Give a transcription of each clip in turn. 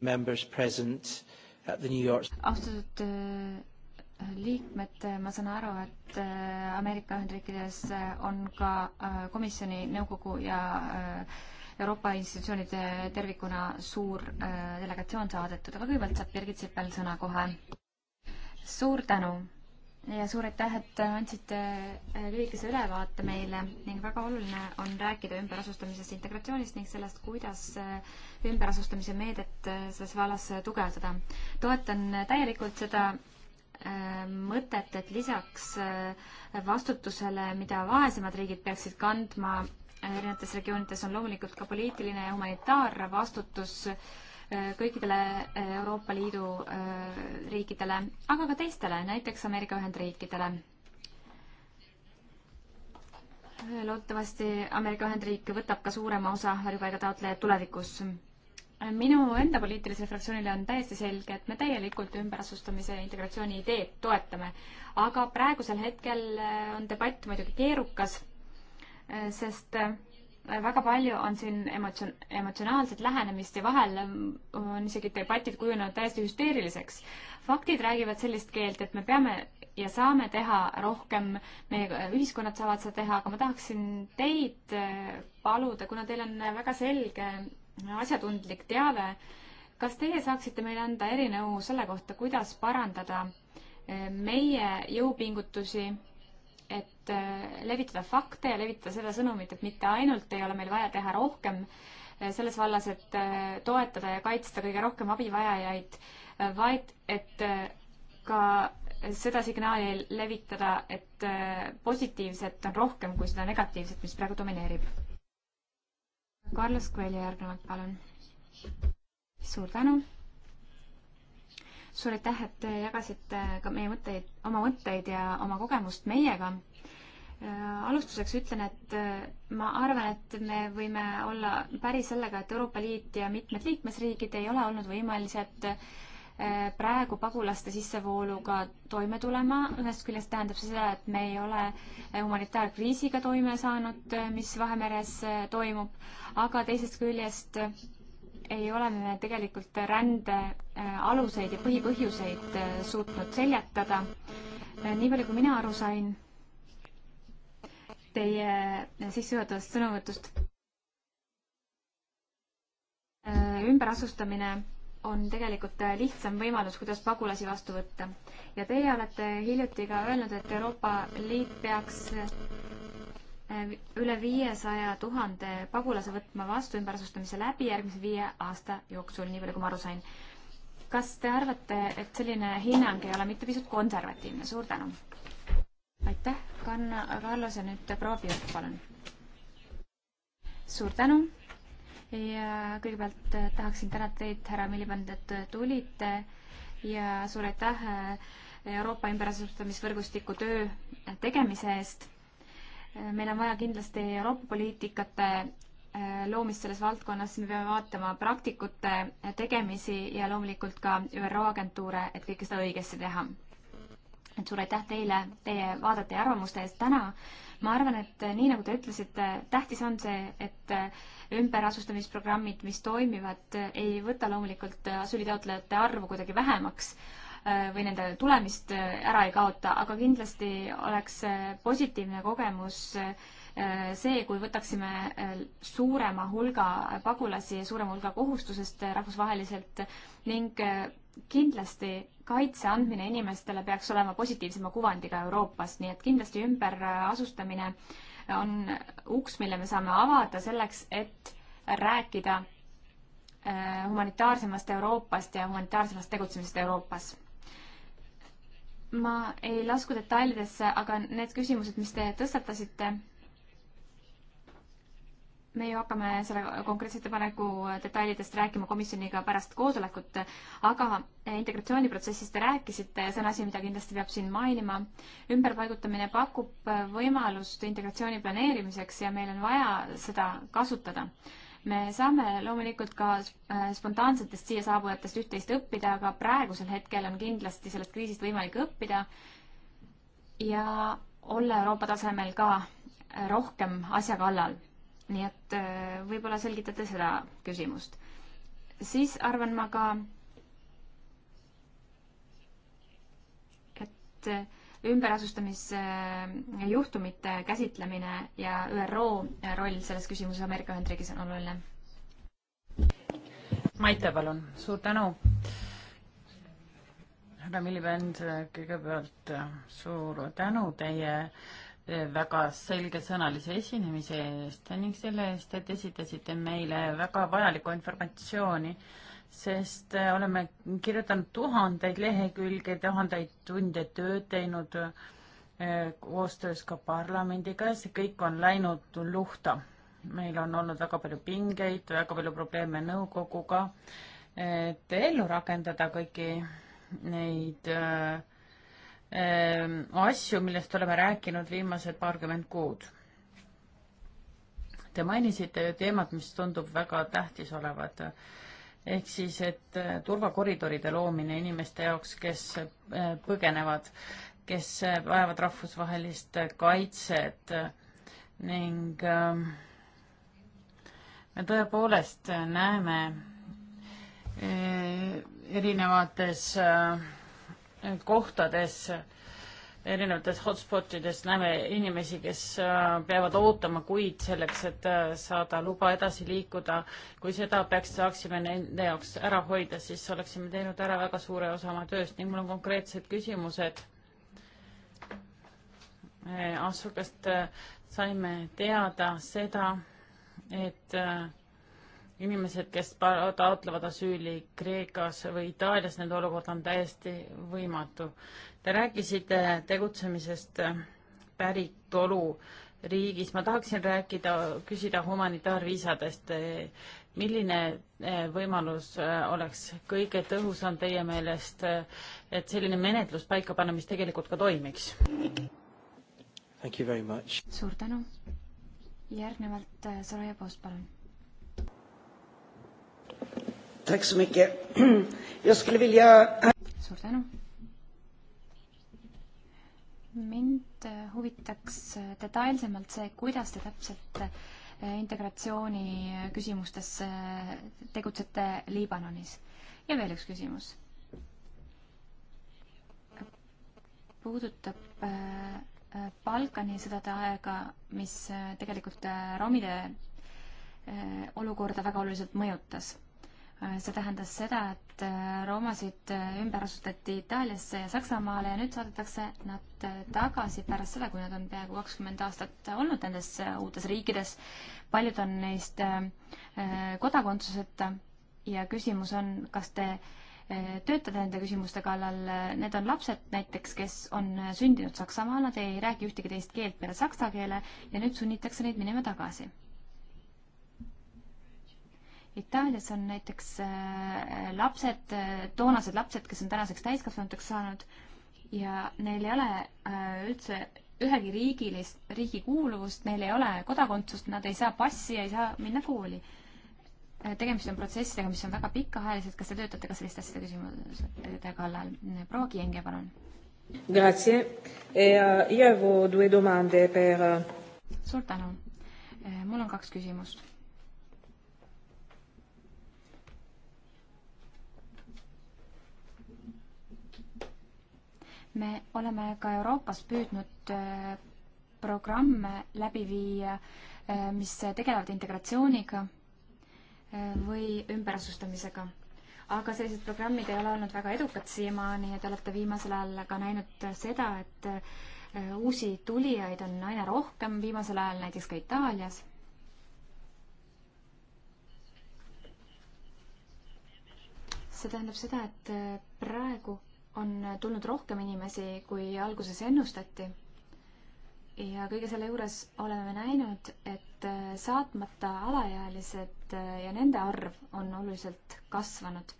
members present at the New York austatud äh, liikmed, äh, ma saan aru, et äh, Ameerika Ühendriikides on ka komisjoni, nõukogu ja Euroopa institutsioonide tervikuna suur delegatsioon saadetud, aga kõigepealt saab Birgit Sipel sõna kohe. suur tänu ja suur aitäh, et andsite äh, lühikese ülevaate meile ning väga oluline on rääkida ümberasustamisest, integratsioonist ning sellest, kuidas äh, ümberasustamise meedet äh, selles vallas tugevdada. toetan täielikult seda mõtet, et lisaks vastutusele, mida vaesemad riigid peaksid kandma erinevates regioonides, on loomulikult ka poliitiline ja humanitaarvastutus äh, Äh, kõikidele äh, Euroopa Liidu äh, riikidele, aga ka teistele, näiteks Ameerika Ühendriikidele loodetavasti Ameerika Ühendriik võtab ka suurema osa varjupaigataotlejaid tulevikus. minu enda poliitilisele fraktsioonile on täiesti selge, et me täielikult ümberasustamise ja integratsiooni ideed toetame, aga praegusel hetkel on debatt muidugi keerukas, sest väga palju on siin emotsioon, emotsionaalset lähenemist ja vahel on isegi debatid kujunenud täiesti hüsteeriliseks. faktid räägivad sellist keelt, et me peame ja saame teha rohkem, meie ühiskonnad saavad seda teha, aga ma tahaksin teid äh, paluda, kuna teil on väga selge äh, asjatundlik teave, kas teie saaksite meile anda erinõu selle kohta, kuidas parandada äh, meie jõupingutusi et äh, levitada fakte ja levitada seda sõnumit, et mitte ainult ei ole meil vaja teha rohkem äh, selles vallas, et äh, toetada ja kaitsta kõige rohkem abivajajaid, vaid et ka seda signaali levitada, et positiivset on rohkem kui seda negatiivset, mis praegu domineerib. Carlos Coelho järgnevalt, palun. suur tänu suur aitäh, et jagasite ka meie mõtteid, oma mõtteid ja oma kogemust meiega. Äh, alustuseks ütlen, et äh, ma arvan, et me võime olla päri sellega, et Euroopa Liit ja mitmed liikmesriigid ei ole olnud võimelised äh, praegu pagulaste sissevooluga toime tulema, ühest küljest tähendab see seda, et me ei ole humanitaarkriisiga toime saanud, mis Vahemeres toimub, aga teisest küljest ei ole me tegelikult rände äh, aluseid ja põhipõhjuseid äh, suutnud seljatada. Äh, nii palju, kui mina aru sain teie sissejuhatavast sõnavõtust, ümberasustamine on tegelikult lihtsam võimalus, kuidas pagulasi vastu võtta. ja teie olete hiljuti ka öelnud, et Euroopa Liit peaks üle viiesaja tuhande pagulase võtma vastu ümberasustamise läbi järgmise viie aasta jooksul, nii palju kui ma aru sain. kas te arvate, et selline hinnang ei ole mitte pisut konservatiivne? suur tänu! aitäh, Kanna Kallas ja nüüd proua Björk, palun! suur tänu! ja kõigepealt äh, tahaksin tänada teid, härra Milliband, et äh, tulite ja suur aitäh äh, Euroopa ümberasustamisvõrgustiku töö tegemise eest meil on vaja kindlasti Euroopa poliitikate äh, loomist selles valdkonnas, me peame vaatama praktikute äh, tegemisi ja loomulikult ka ÜRO agentuure, et kõike seda õigesti teha. et suur aitäh teile teie vaadete ja arvamuste eest täna. ma arvan, et äh, nii nagu te ütlesite, tähtis on see, et ümberasustamisprogrammid, mis toimivad, ei võta loomulikult asüülitaotlejate arvu kuidagi vähemaks, Äh, või nende tulemist äh, ära ei kaota, aga kindlasti oleks äh, positiivne kogemus see, kui võtaksime suurema hulga pagulasi ja suurema hulga kohustusest rahvusvaheliselt ning kindlasti kaitse andmine inimestele peaks olema positiivsema kuvandiga Euroopas, nii et kindlasti ümberasustamine on uks, mille me saame avada selleks, et rääkida humanitaarsemast Euroopast ja humanitaarsemast tegutsemisest Euroopas ma ei lasku detailidesse, aga need küsimused, mis te tõstatasite, me ju hakkame selle konkreetse ettepaneku detailidest rääkima komisjoniga pärast koosolekut, aga integratsiooniprotsessist te rääkisite ja see on asi, mida kindlasti peab siin mainima. ümberpaigutamine pakub võimalust integratsiooni planeerimiseks ja meil on vaja seda kasutada me saame loomulikult ka äh, spontaansetest siia saabujatest üht-teist õppida, aga praegusel hetkel on kindlasti sellest kriisist võimalik õppida ja olla Euroopa tasemel ka äh, rohkem asja kallal. nii et äh, võib-olla selgitate seda küsimust. siis arvan ma ka, et ümberasustamisjuhtumite äh, käsitlemine ja ÜRO äh, roll selles küsimuses Ameerika Ühendriigis on oluline. Maite, palun, suur tänu. härra Millibänd, kõigepealt äh, suur tänu teie väga selgesõnalise esinemise eest ning selle eest, et esitasite meile väga vajalikku informatsiooni äh, sest äh, oleme kirjutanud tuhandeid lehekülge, tuhandeid tunde tööd teinud äh, koostöös ka parlamendiga ja see kõik on läinud luhta. meil on olnud väga palju pingeid, väga palju probleeme nõukoguga, et ellu rakendada kõiki neid äh, äh, asju, millest oleme rääkinud viimased paarkümmend kuud. Te mainisite teemat, mis tundub väga tähtis olevat äh, ehk siis, et äh, turvakoridoride loomine inimeste jaoks, kes äh, põgenevad, kes äh, vajavad rahvusvahelist kaitset ning ähm, me tõepoolest näeme erinevates kohtades äh, erinevates hotspotides näeme inimesi, kes äh, peavad ootama kuid selleks, et äh, saada luba edasi liikuda. kui seda peaks, saaksime nende jaoks ära hoida, siis oleksime teinud ära väga suure osa oma tööst ning mul on konkreetsed küsimused. Äh, asukast saime teada seda, et inimesed, kes taotlevad asüüli Kreekas või Itaalias, nende olukord on täiesti võimatu Te rääkisite tegutsemisest päritolu riigis, ma tahaksin rääkida, küsida humanitaarviisadest. milline eh, võimalus eh, oleks kõige tõhusam teie meelest, eh, et selline menetlus paika panna, mis tegelikult ka toimiks? suur tänu. järgnevalt Soraya Post, palun. suur tänu mind äh, huvitaks äh, detailsemalt see, kuidas te täpselt äh, integratsiooni küsimustes tegutsete Liibanonis. ja veel üks küsimus. puudutab Balkani sõdade aega, mis tegelikult romide olukorda väga oluliselt mõjutas see tähendas seda, et äh, roomasid äh, ümber asutati Itaaliasse ja Saksamaale ja nüüd saadetakse nad äh, tagasi pärast seda, kui nad on peaaegu kakskümmend aastat olnud nendes uutes riikides. paljud on neist kodakondsuseta ja küsimus on, kas te töötada nende küsimuste kallal, need on lapsed näiteks, kes on sündinud Saksamaal, nad ei räägi ühtegi teist keelt peale saksa keele ja nüüd sunnitakse neid minema tagasi. Itaalias on näiteks äh, lapsed, äh, toonased lapsed, kes on tänaseks täiskasvanuteks saanud ja neil ei ole äh, üldse ühegi riigilist, riigi kuuluvust, neil ei ole kodakondsust, nad ei saa passi ja ei saa minna kooli. tegemist on protsessidega, mis on väga pikaajalised, kas te töötate ka selliste asjade küsimuste kallal? proua Kienge, palun. E, eh, eh, suur tänu. mul on kaks küsimust me oleme ka Euroopas püüdnud äh, programme läbi viia, äh, mis tegelevad integratsiooniga äh, või ümberasustamisega. aga sellised programmid ei ole olnud väga edukad siiamaani ja te olete viimasel ajal ka näinud seda, et uusi tulijaid on aina rohkem, viimasel ajal näiteks ka Itaalias see tähendab seda, et praegu on tulnud rohkem inimesi, kui alguses ennustati. ja kõige selle juures oleme näinud, et äh, saatmata alaealised äh, ja nende arv on oluliselt kasvanud.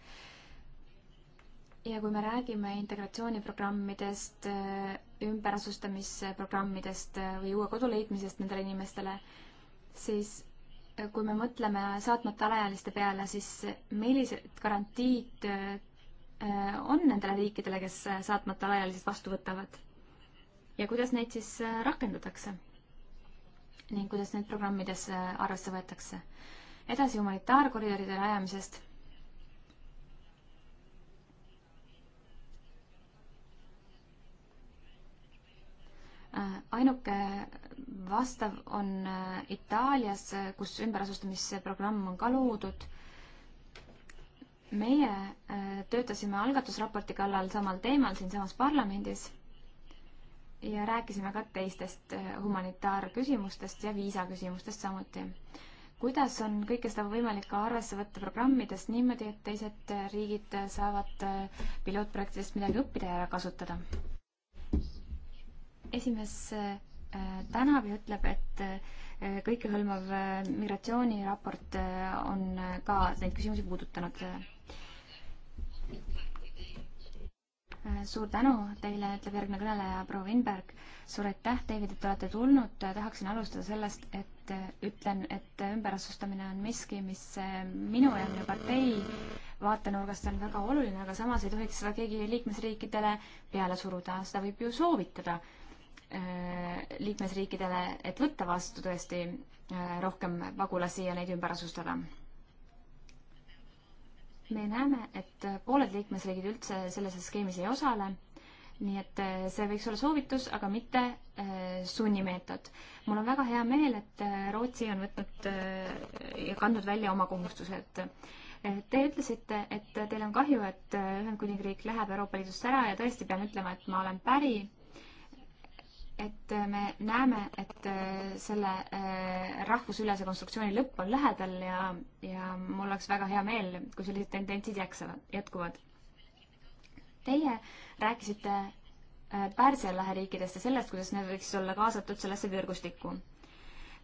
ja kui me räägime integratsiooniprogrammidest, äh, ümberasustamisprogrammidest või uue kodu leidmisest nendele inimestele, siis kui me mõtleme saatmata alaealiste peale, siis millised garantiid Äh, on nendele riikidele, kes äh, saatmata alaealised vastu võtavad ja kuidas neid siis äh, rakendatakse ning kuidas neid programmides arvesse võetakse. edasi humanitaarkoridoride rajamisest. ainuke vastav on Itaalias, kus ümberasustamisprogramm on ka loodud meie äh, töötasime algatusraporti kallal samal teemal siinsamas parlamendis ja rääkisime ka teistest äh, humanitaarküsimustest ja viisaküsimustest samuti. kuidas on kõike seda võimalik ka arvesse võtta programmidest niimoodi, et teised äh, riigid saavad pilootprojektidest midagi õppida ja ära kasutada? esimees tänab ja ütleb, et kõikehõlmav migratsiooniraport on ka neid küsimusi puudutanud Äh, suur tänu teile, ütleb järgmine kõneleja, proua Winberg. suur aitäh, David, et olete tulnud. Äh, tahaksin alustada sellest, et äh, ütlen, et ümberasustamine on miski, mis minu ja minu partei vaatenurgast on väga oluline, aga samas ei tohiks seda keegi liikmesriikidele peale suruda, seda võib ju soovitada liikmesriikidele, et võtta vastu tõesti rohkem pagulasi ja neid ümber asustada me näeme, et pooled liikmesriigid üldse selles skeemis ei osale, nii et äh, see võiks olla soovitus, aga mitte äh, sunnimeetod. mul on väga hea meel, et äh, Rootsi on võtnud ja kandnud välja oma kohustused. Te ütlesite, et teil on kahju, et Ühendkuningriik läheb Euroopa Liidust ära ja tõesti pean ütlema, et ma olen päri et me näeme, et äh, selle äh, rahvusülese konstruktsiooni lõpp on lähedal ja, ja mul oleks väga hea meel, kui sellised tendentsid jäksavad, jätkuvad. Teie rääkisite äh, Pärsia lahe riikidest ja sellest, kuidas need võiksid olla kaasatud sellesse võrgustikku.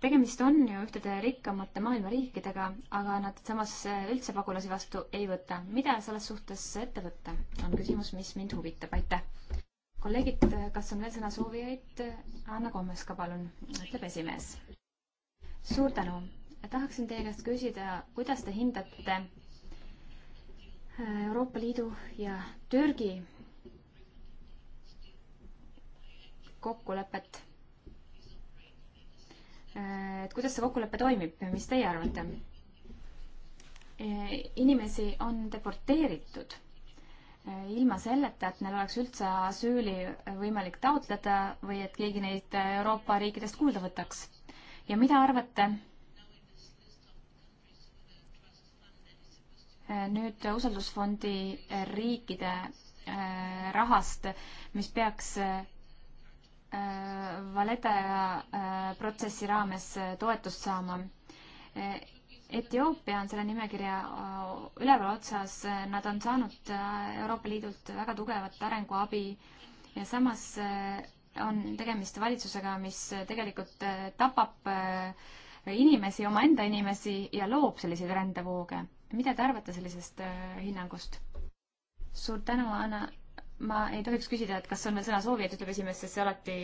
tegemist on ju ühtede rikkamate maailma riikidega, aga nad samas üldse pagulasi vastu ei võta. mida selles suhtes ette võtta, on küsimus, mis mind huvitab, aitäh! kolleegid, kas on veel sõnasoovijaid? Anna Kommes ka palun, ütleb esimees. suur tänu. tahaksin teie käest küsida, kuidas te hindate äh, Euroopa Liidu ja Türgi kokkulepet? Äh, et kuidas see kokkulepe toimib, mis teie arvate? Äh, inimesi on deporteeritud ilma selleta, et neil oleks üldse asüüli võimalik taotleda või et keegi neid Euroopa riikidest kuulda võtaks. ja mida arvate nüüd usaldusfondi riikide äh, rahast, mis peaks äh, Valeta äh, protsessi raames toetust saama. Etioopia on selle nimekirja äh, üleval otsas, nad on saanud äh, Euroopa Liidult väga tugevat arenguabi ja samas äh, on tegemist valitsusega, mis tegelikult tapab inimesi, omaenda inimesi ja loob selliseid rändevooge. mida te arvate sellisest hinnangust? suur tänu, Anna. ma ei tohiks küsida, et kas on veel sõnasoovijaid, ütleb esimees, sest see alati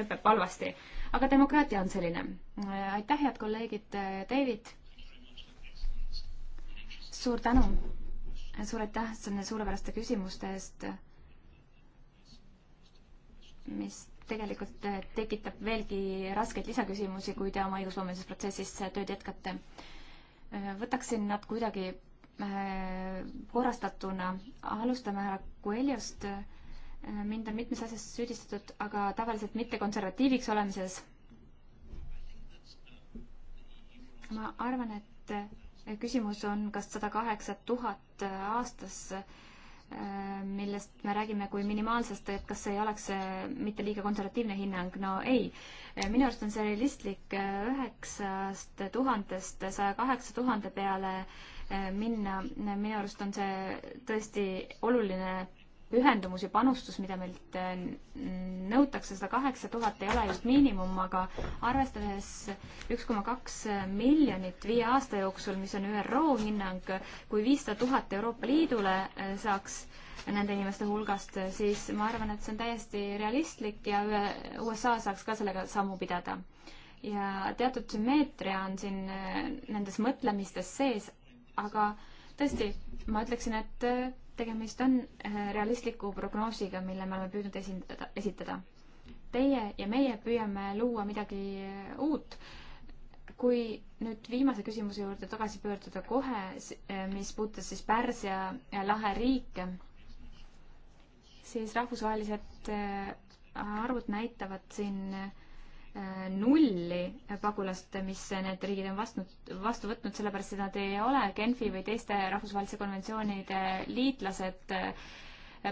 lõpeb halvasti. aga demokraatia on selline. aitäh, head kolleegid, David suur tänu, suur aitäh selle suurepäraste küsimuste eest, mis tegelikult tekitab veelgi raskeid lisaküsimusi, kui te oma õigusloomelises protsessis tööd jätkate. võtaksin nad kuidagi äh, korrastatuna, alustame härra Coelhost. mind on mitmes asjas süüdistatud, aga tavaliselt mitte konservatiiviks olemises. ma arvan, et küsimus on, kas sada kaheksa tuhat aastas, äh, millest me räägime kui minimaalsest, et kas see ei oleks mitte liiga konservatiivne hinnang, no ei. Äh, minu arust on see realistlik äh, üheksast tuhandest saja kaheksa tuhande peale minna, minu arust on see tõesti oluline pühendumus ja panustus, mida meilt äh, nõutakse, sada kaheksa tuhat ei ole just miinimum, aga arvestades üks koma kaks miljonit viie aasta jooksul, mis on ÜRO hinnang, kui viissada tuhat Euroopa Liidule äh, saaks nende inimeste hulgast, siis ma arvan, et see on täiesti realistlik ja USA saaks ka sellega sammu pidada. ja teatud sümmeetria on siin äh, nendes mõtlemistes sees, aga tõesti, ma ütleksin, et tegemist on äh, realistliku prognoosiga, mille me oleme püüdnud esindada, esitada. Teie ja meie püüame luua midagi äh, uut. kui nüüd viimase küsimuse juurde tagasi pöörduda kohe, äh, mis puudutas siis Pärsia lahe riike, siis rahvusvahelised arvud näitavad siin äh, Äh, nulli pagulast, mis need riigid on vastnud, vastu võtnud, sellepärast et nad ei ole Genfi või teiste rahvusvahelise konventsioonide liitlased äh,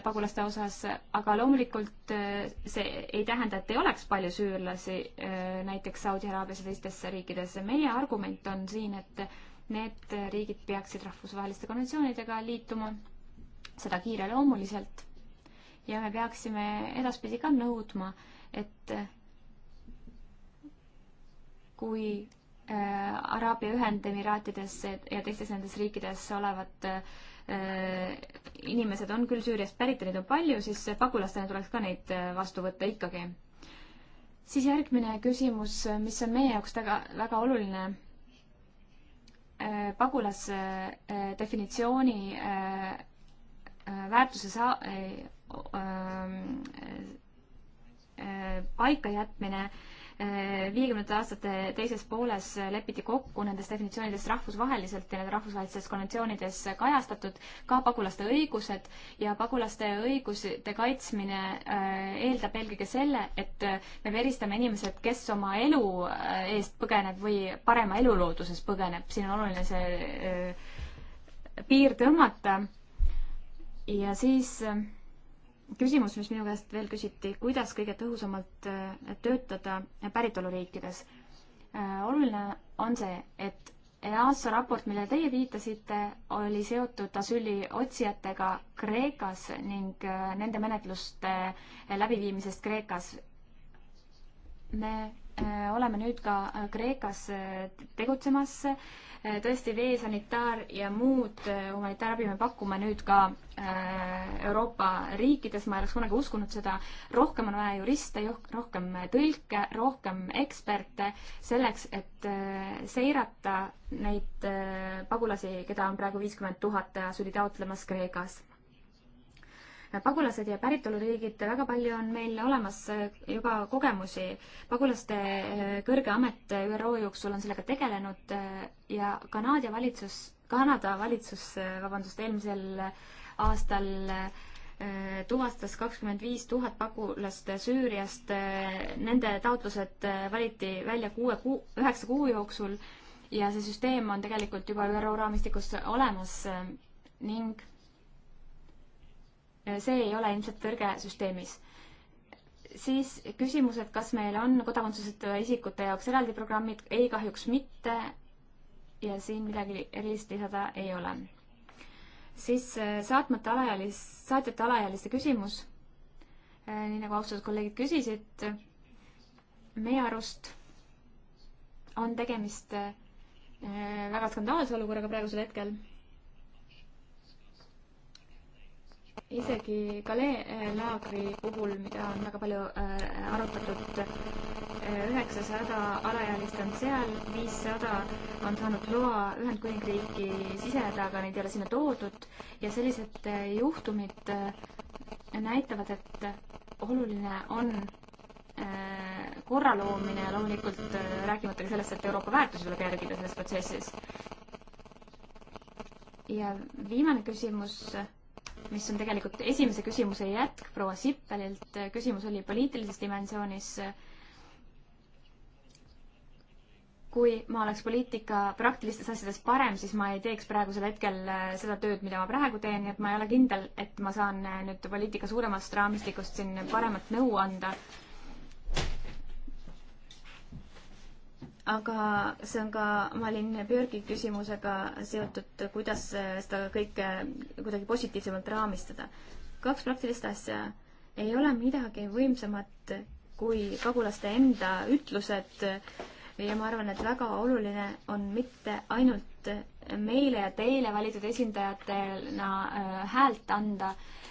pagulaste osas, aga loomulikult äh, see ei tähenda, et ei oleks palju süürlasi näiteks Saudi Araabias ja teistesse riikidesse. meie argument on siin, et need riigid peaksid rahvusvaheliste konventsioonidega liituma, seda kiireloomuliselt, ja me peaksime edaspidi ka nõudma, et kui äh, Araabia Ühendemiraatides ja teistes nendes riikides olevad äh, inimesed on küll Süüriast pärit ja neid on palju, siis pagulastena tuleks ka neid äh, vastu võtta ikkagi. siis järgmine küsimus, mis on meie jaoks väga, väga oluline pagulase definitsiooni väärtuse saa-, paika jätmine viiekümnendate aastate teises pooles lepiti kokku nendes definitsioonides rahvusvaheliselt ja need rahvusvahelistes konventsioonides kajastatud ka pagulaste õigused ja pagulaste õiguste kaitsmine äh, eeldab eelkõige selle, et me veristame inimesed, kes oma elu äh, eest põgeneb või parema elulooduses põgeneb, siin on oluline see äh, piir tõmmata ja siis küsimus, mis minu käest veel küsiti, kuidas kõige tõhusamalt äh, töötada päritoluriikides. Äh, oluline on see, et EASO raport, millele teie viitasite, oli seotud asüüliotsijatega Kreekas ning äh, nende menetluste läbiviimisest Kreekas. me Äh, oleme nüüd ka äh, Kreekas äh, tegutsemas. tõesti, vee, sanitaar ja muud humanitaarabi me pakume nüüd ka Euroopa riikides, ma ei oleks kunagi uskunud seda. rohkem on vaja juriste, rohkem tõlke, rohkem eksperte selleks, et seirata neid pagulasi, keda on praegu viiskümmend tuhat asüüli taotlemas Kreekas pagulased ja päritoluriigid, väga palju on meil olemas äh, juba kogemusi. pagulaste äh, kõrge amet äh, ÜRO jooksul on sellega tegelenud ja Kanada valitsus, Kanada valitsus, vabandust, eelmisel aastal tuvastas kakskümmend viis tuhat pagulast Süüriast. Nende taotlused valiti välja kuue kuu, üheksa kuu jooksul ja see süsteem on tegelikult juba ÜRO raamistikus olemas ning Äh, see ei ole ilmselt tõrge süsteemis. siis küsimus, et kas meil on kodakondsuseta isikute jaoks eraldi programmid, ei kahjuks mitte. ja siin midagi erilist lisada ei ole. siis äh, saatmata alaealis, saatjate alaealiste küsimus. Äh, nii nagu austatud kolleegid küsisid, meie arust on tegemist väga skandaalse olukorraga praegusel hetkel isegi Calais äh, laagri puhul, mida on väga palju äh, arutatud, äh, üheksasada alaealist on seal, viissada on saanud loa Ühendkuningriiki siseneda, aga neid ei ole sinna toodud ja sellised juhtumid näitavad, et oluline on korra loomine ja loomulikult rääkimata ka sellest, et Euroopa väärtusi tuleb järgida selles protsessis. ja viimane küsimus mis on tegelikult esimese küsimuse jätk proua Sippelilt. küsimus oli poliitilises dimensioonis. kui ma oleks poliitika praktilistes asjades parem, siis ma ei teeks praegusel hetkel äh, seda tööd, mida ma praegu teen, nii et ma ei ole kindel, et ma saan äh, nüüd poliitika suuremast raamistikust siin paremat nõu anda aga see on ka, ma olin Björgi küsimusega seotud, kuidas seda kõike kuidagi positiivsemalt raamistada. kaks praktilist asja. ei ole midagi võimsamat kui pagulaste enda ütlused ja ma arvan, et väga oluline on mitte ainult meile ja teile valitud esindajatena äh, häält anda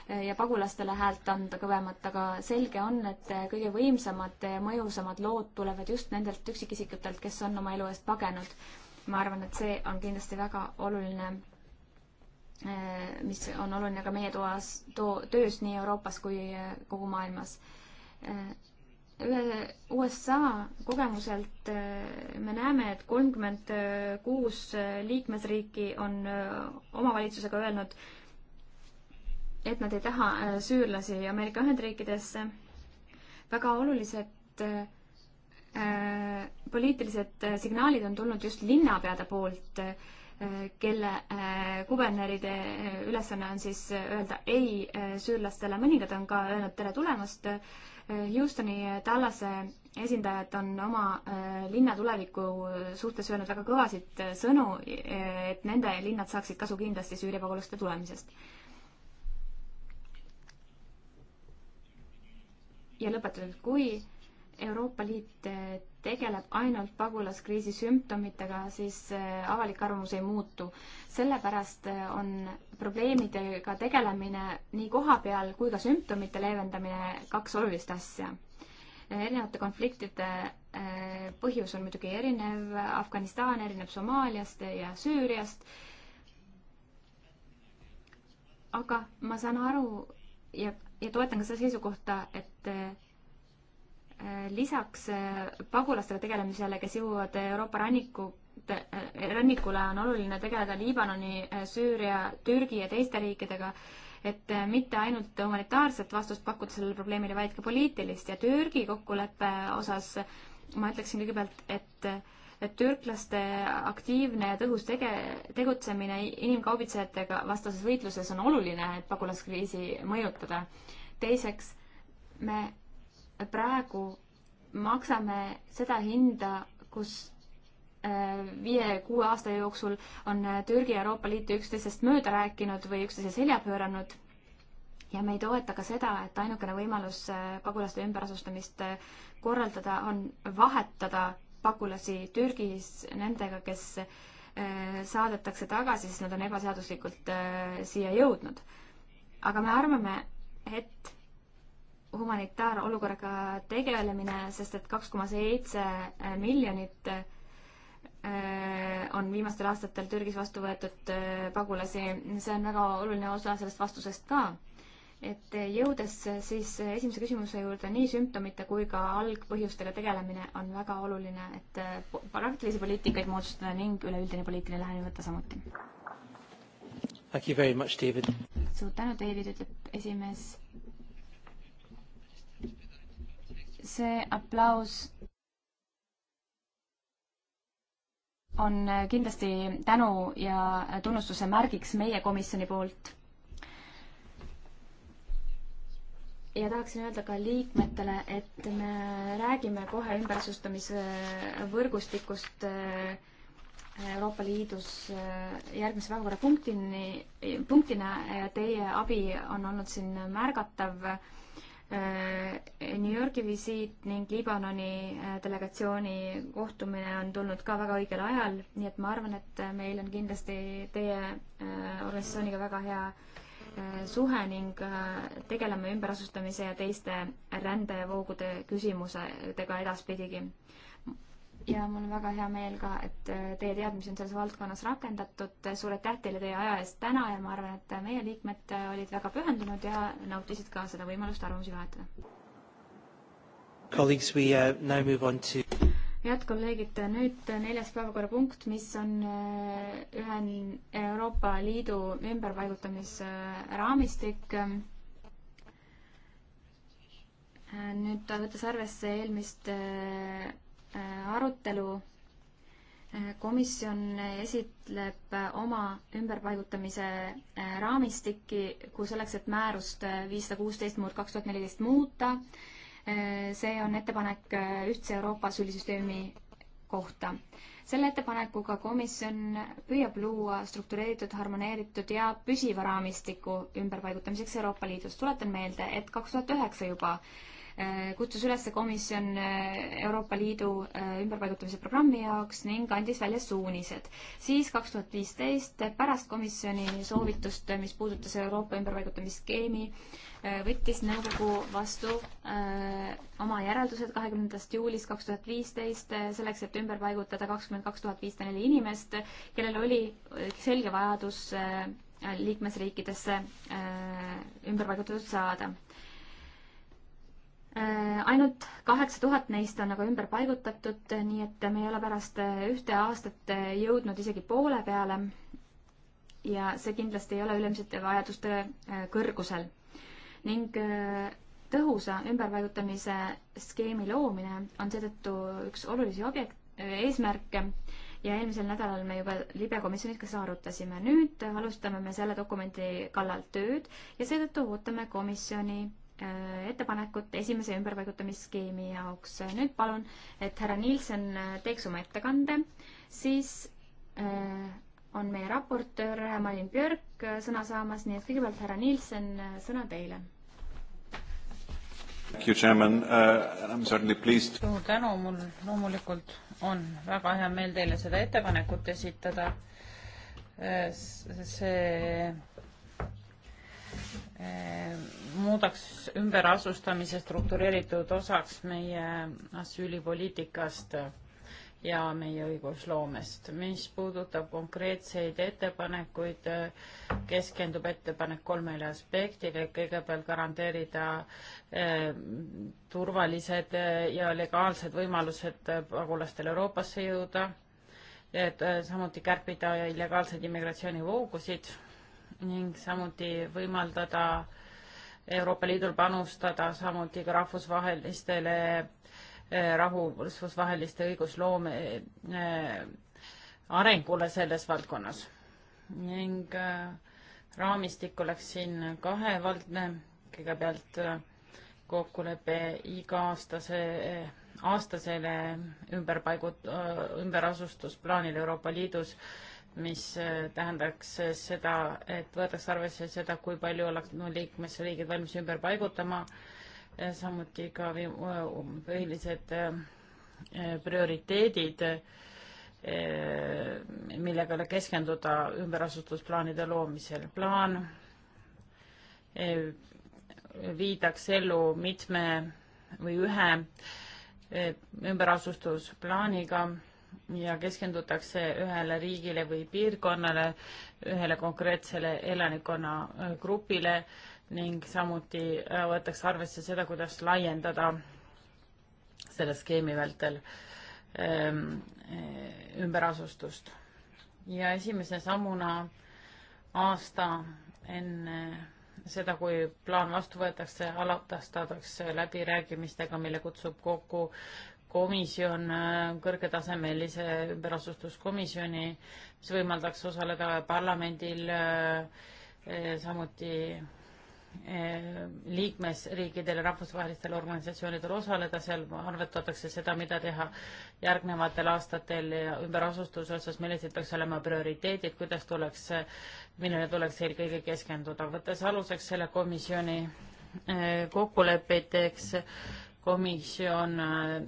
äh, ja pagulastele häält anda kõvemat, aga selge on, et äh, kõige võimsamad ja mõjusamad lood tulevad just nendelt üksikisikutelt, kes on oma elu eest pagenud. ma arvan, et see on kindlasti väga oluline mis on oluline ka meie toas, too, töös nii Euroopas kui kogu maailmas. USA kogemuselt äh, me näeme, et kolmkümmend kuus äh, liikmesriiki on äh, omavalitsusega öelnud, et nad ei taha süürlasi Ameerika Ühendriikidesse. väga olulised poliitilised signaalid on tulnud just linnapeade poolt, kelle kuberneride ülesanne on siis öelda ei süürlastele, mõningad on ka öelnud tere tulemast Houstoni, Tallase esindajad on oma äh, linna tuleviku suhtes öelnud väga kõvasid äh, sõnu, äh, et nende linnad saaksid kasu kindlasti Süüria pagulaste tulemisest. ja lõpetuseks, kui Euroopa Liit tegeleb ainult pagulaskriisi sümptomitega, siis äh, avalik arvamus ei muutu. sellepärast äh, on probleemidega tegelemine nii kohapeal kui ka sümptomite leevendamine kaks olulist asja. Äh, erinevate konfliktide põhjus on muidugi erinev, Afganistan erineb Somaaliast ja Süüriast, aga ma saan aru ja, ja toetan ka seda seisukohta, et lisaks äh, pagulastega tegelemisele, kes jõuavad Euroopa ranniku, äh, rannikule, on oluline tegeleda Liibanoni, äh, Süüria, Türgi ja teiste riikidega, et mitte ainult humanitaarset vastust pakkuda sellele probleemile, vaid ka poliitilist ja Türgi kokkuleppe osas ma ütleksin kõigepealt, et et türklaste aktiivne ja tõhus tege-, tegutsemine inimkaubitsejatega vastases võitluses on oluline, et pagulaskriisi mõjutada. teiseks, me praegu maksame seda hinda, kus äh, viie-kuue aasta jooksul on äh, Türgi ja Euroopa Liit üksteisest mööda rääkinud või üksteise selja pööranud. ja me ei toeta ka seda, et ainukene võimalus äh, pagulaste ümberasustamist korraldada on vahetada pagulasi Türgis nendega, kes saadetakse tagasi, sest nad on ebaseaduslikult siia jõudnud. aga me arvame, et humanitaarolukorraga tegelemine, sest et kaks koma seitse miljonit äh, on viimastel aastatel Türgis vastu võetud äh, pagulasi, see on väga oluline osa sellest vastusest ka. et jõudes siis esimese küsimuse juurde, nii sümptomite kui ka algpõhjustega tegelemine on väga oluline, et äh, praktilisi poliitikaid moodustada ning üleüldine poliitiline lähenemine võtta samuti. suur tänu, David, ütleb esimees see aplaus on kindlasti tänu ja tunnustuse märgiks meie komisjoni poolt. ja tahaksin öelda ka liikmetele, et me räägime kohe ümberasustamise võrgustikust Euroopa Liidus järgmise päevakorrapunktini, punktina. Teie abi on olnud siin märgatav Äh, New Yorgi visiit ning Liibanoni äh, delegatsiooni kohtumine on tulnud ka väga õigel ajal, nii et ma arvan, et äh, meil on kindlasti teie organisatsiooniga väga hea suhe ning tegeleme ümberasustamise ja teiste rändevoogude küsimusedega edaspidigi ja mul on väga hea meel ka, et äh, teie teadmisi on selles valdkonnas rakendatud. suur aitäh teile teie aja eest täna ja ma arvan, et meie liikmed äh, olid väga pühendunud ja nautisid ka seda võimalust arvamusi vahetada. Uh, head kolleegid, nüüd neljas päevakorrapunkt, mis on äh, ühe Euroopa Liidu ümberpaigutamisraamistik nüüd võttes arvesse eelmist Äh, arutelu. Äh, komisjon esitleb oma ümberpaigutamise äh, raamistikki, kui selleks, et määrust viissada kuusteist murd kaks tuhat neliteist muuta. see on ettepanek ühtse Euroopa asüülisüsteemi kohta. selle ettepanekuga komisjon püüab luua struktureeritud, harmoneeritud ja püsiva raamistiku ümberpaigutamiseks Euroopa Liidus. tuletan meelde, et kaks tuhat üheksa juba äh, Äh, kutsus üles komisjon äh, Euroopa Liidu äh, ümberpaigutamise programmi jaoks ning andis välja suunised. siis kaks tuhat viisteist pärast komisjoni soovitust, mis puudutas Euroopa ümberpaigutamisskeemi, võttis nõukogu vastu öö, oma järeldused kahekümnendast juulist kaks tuhat viisteist selleks, et ümber paigutada kakskümmend kaks tuhat viissada neli inimest, kellel oli selge vajadus öö, liikmesriikidesse ümber paigutatud saada Äh, ainult kaheksa tuhat neist on aga nagu ümber paigutatud, nii et me ei ole pärast äh, ühte aastat äh, jõudnud isegi poole peale. ja see kindlasti ei ole ülemisete vajaduste kõrgusel. ning tõhusa ümberpaigutamise skeemi loomine on seetõttu üks olulisi objekt, eesmärke ja eelmisel nädalal me juba libekomisjonis ka seda arutasime. nüüd alustame me selle dokumendi kallal tööd ja seetõttu ootame komisjoni Äh, ettepanekut esimese ümberpaigutamisskeemi jaoks. nüüd palun, et härra Nielsen äh, teeks oma ettekande, siis äh, on meie raportöör Malin Björk sõna saamas, nii et kõigepealt härra Nielsen, sõna teile. Uh, suur tänu, mul loomulikult on väga hea meel teile seda ettepanekut esitada. see muudaks ümberasustamise struktureeritud osaks meie asüülipoliitikast ja meie õigusloomest. mis puudutab konkreetseid ettepanekuid, keskendub ettepanek kolmele aspektile, kõigepealt garanteerida eh, turvalised eh, ja legaalsed võimalused eh, pagulastel Euroopasse jõuda, et samuti kärpida illegaalseid immigratsioonivoogusid ning samuti võimaldada Euroopa Liidul panustada samuti ka rahvusvahelistele eh, rahu, rahvusvaheliste õigusloome eh, arengule selles valdkonnas. ning eh, raamistik oleks siin kahevaldne, kõigepealt kokkulepe iga-aastase, aastasele ümberpaigut-, ümberasustusplaanile Euroopa Liidus mis äh, tähendaks äh, seda, et võetakse arvesse seda, kui palju oleks no, liikmesriigid valmis ümber paigutama, äh, samuti ka põhilised prioriteedid, millega keskenduda ümberasustusplaanide loomisel. plaan viidaks ellu mitme või ühe ümberasustusplaaniga ja keskendutakse ühele riigile või piirkonnale, ühele konkreetsele elanikkonna grupile ning samuti äh, võetakse arvesse seda, kuidas laiendada selle skeemi vältel ähm, äh, ümberasustust. ja esimese sammuna aasta enne seda, kui plaan vastu võetakse, alatastatakse läbirääkimistega, mille kutsub kokku komisjon, äh, kõrgetasemelise ümberasustuskomisjoni, mis võimaldaks osaleda parlamendil, äh, äh, samuti liikmesriikidel ja rahvusvahelistel organisatsioonidel osaleda, seal arvestatakse seda, mida teha järgnevatel aastatel ja ümberasustuse osas, millised peaks olema prioriteedid, kuidas tuleks, millele tuleks eelkõige keskenduda, võttes aluseks selle komisjoni kokkulepeteks komisjon äh,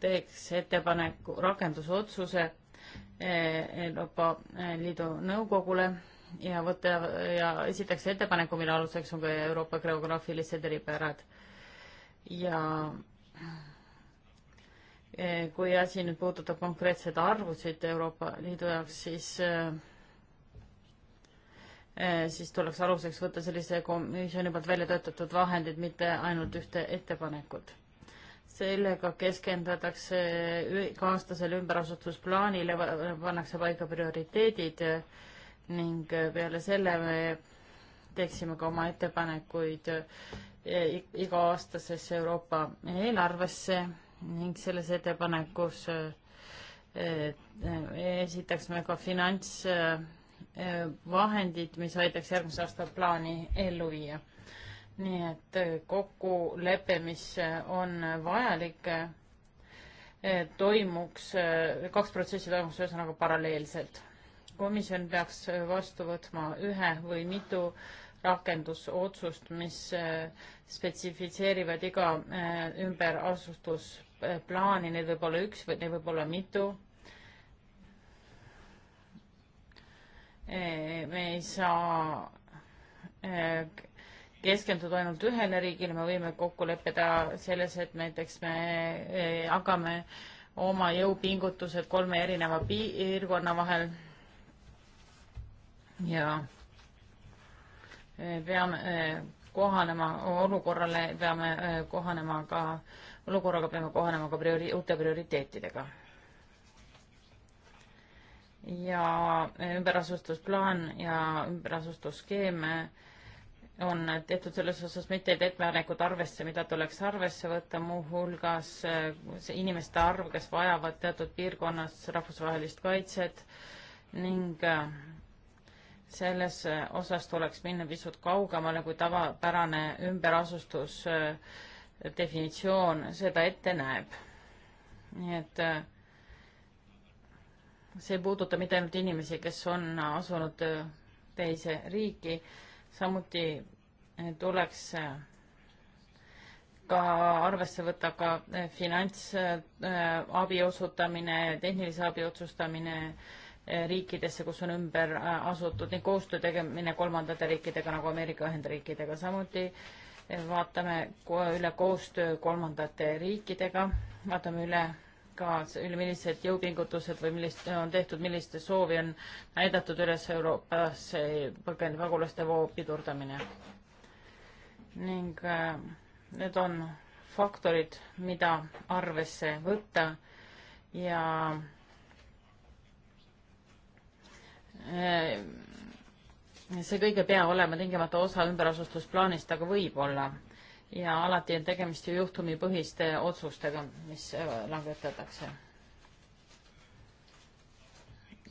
teeks ettepaneku, rakendusotsuse äh, Euroopa Liidu Nõukogule ja võtta ja esitaks ettepaneku, mille aluseks on ka Euroopa geograafilised eripärad. ja äh, kui asi nüüd puudutab konkreetseid arvusid Euroopa Liidu jaoks, siis siis tuleks aluseks võtta sellise komisjoni poolt välja töötatud vahendid, mitte ainult ühte ettepanekut sellega keskendatakse iga-aastasele ümberasustusplaanile, pannakse paika prioriteedid ning peale selle me teeksime ka oma ettepanekuid e-, iga-aastasesse Euroopa eelarvesse ning selles ettepanekus e-, e-, esitaksime ka finantsvahendid, mis aitaks järgmise aasta plaani ellu viia nii et äh, kokkulepe, mis on vajalik, äh, toimuks, äh, kaks protsessi toimuks ühesõnaga paralleelselt. komisjon peaks vastu võtma ühe või mitu rakendusotsust, mis spetsifitseerivad iga ümberasustusplaani, neid võib olla üks või neid võib olla mitu. me ei saa keskenduda ainult ühele riigile, me võime kokku leppida selles, et näiteks me e, jagame oma jõupingutused kolme erineva piirkonna vahel ja e, peame e, kohanema olukorrale, peame kohanema ka, olukorraga peame kohanema ka priori-, uute prioriteetidega. ja ümberasustusplaan ja ümberasustusskeem on tehtud selles osas mitmeid ettepanekuid arvesse, mida tuleks arvesse võtta, muuhulgas eh, see inimeste arv, kes vajavad teatud piirkonnas rahvusvahelist kaitset ning eh, selles eh, osas tuleks minna pisut kaugemale, kui tavapärane ümberasustus definitsioon seda ette näeb. nii et see ei puuduta mitte ainult inimesi, kes on asunud teise riiki samuti eh, tuleks eh, ka arvesse võtta ka eh, finantsabi osutamine, tehnilise abi otsustamine riikidesse, kus on ümber asutud ning koostöö tegemine kolmandate riikidega nagu Ameerika Ühendriikidega. samuti vaatame üle koostöö kolmandate riikidega, vaatame üle ka, millised jõupingutused või millist on tehtud, milliste soovi on näidatud üles Euroopas põgenik-, pagulaste voo pidurdamine. ning äh, need on faktorid, mida arvesse võtta ja äh, see kõik ei pea olema tingimata osa ümberasustusplaanist, aga võib-olla ja alati on tegemist ju juhtumipõhiste otsustega, mis äh, langetatakse.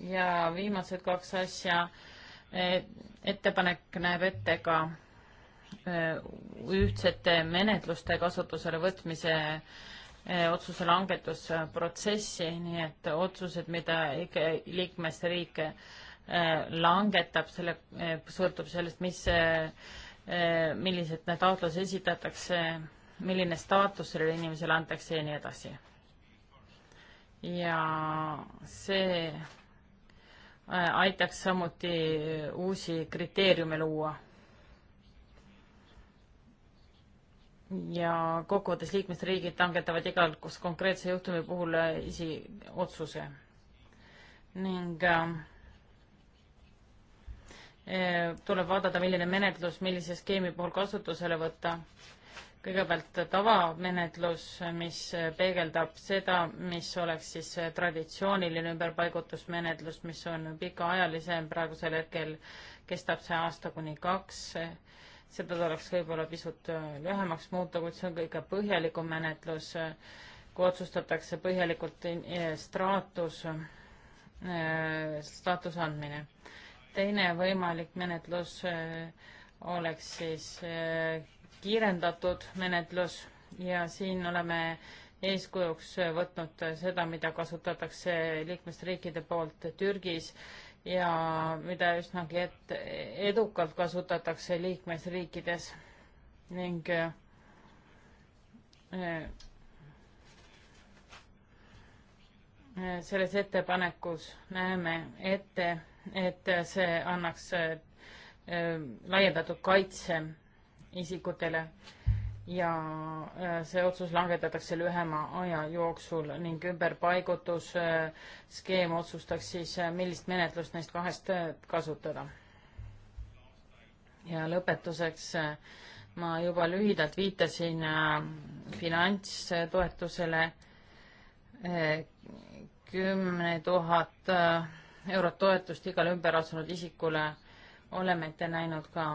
ja viimased kaks asja. E, ettepanek näeb ette ka äh, ühtsete menetluste kasutusele võtmise äh, otsuse langetusprotsessi, nii et otsused, mida liikmesriik langetab, selle, sõltub sellest, mis Eh, millised taotlusi esitatakse, milline staatus sellele inimesele antakse ja nii edasi. ja see eh, aitaks samuti uusi kriteeriume luua. ja kokkuvõttes liikmesriigid langetavad igal, kus konkreetse juhtumi puhul eh, isi otsuse ning äh, Eh, tuleb vaadata, milline menetlus millise skeemi puhul kasutusele võtta. kõigepealt tavamenetlus, mis peegeldab seda, mis oleks siis traditsiooniline ümberpaigutusmenetlus, mis on pikaajalisem, praegusel hetkel kestab see aasta kuni kaks, seda tuleks võib-olla pisut äh, lühemaks muuta, kuid see on kõige põhjalikum menetlus, kui otsustatakse põhjalikult äh, straatus, äh, staatuse andmine teine võimalik menetlus äh, oleks siis äh, kiirendatud menetlus ja siin oleme eeskujuks võtnud seda, mida kasutatakse liikmesriikide poolt Türgis ja mida üsnagi et edukalt kasutatakse liikmesriikides ning äh, selles ettepanekus näeme ette et see annaks äh, laiendatud kaitse isikutele ja äh, see otsus langetatakse lühema aja jooksul ning ümberpaigutusskeem äh, otsustaks siis, millist menetlust neist kahest kasutada. ja lõpetuseks ma juba lühidalt viitasin finantstoetusele kümme tuhat 000 eurot toetust igale ümber asunud isikule, oleme ette näinud ka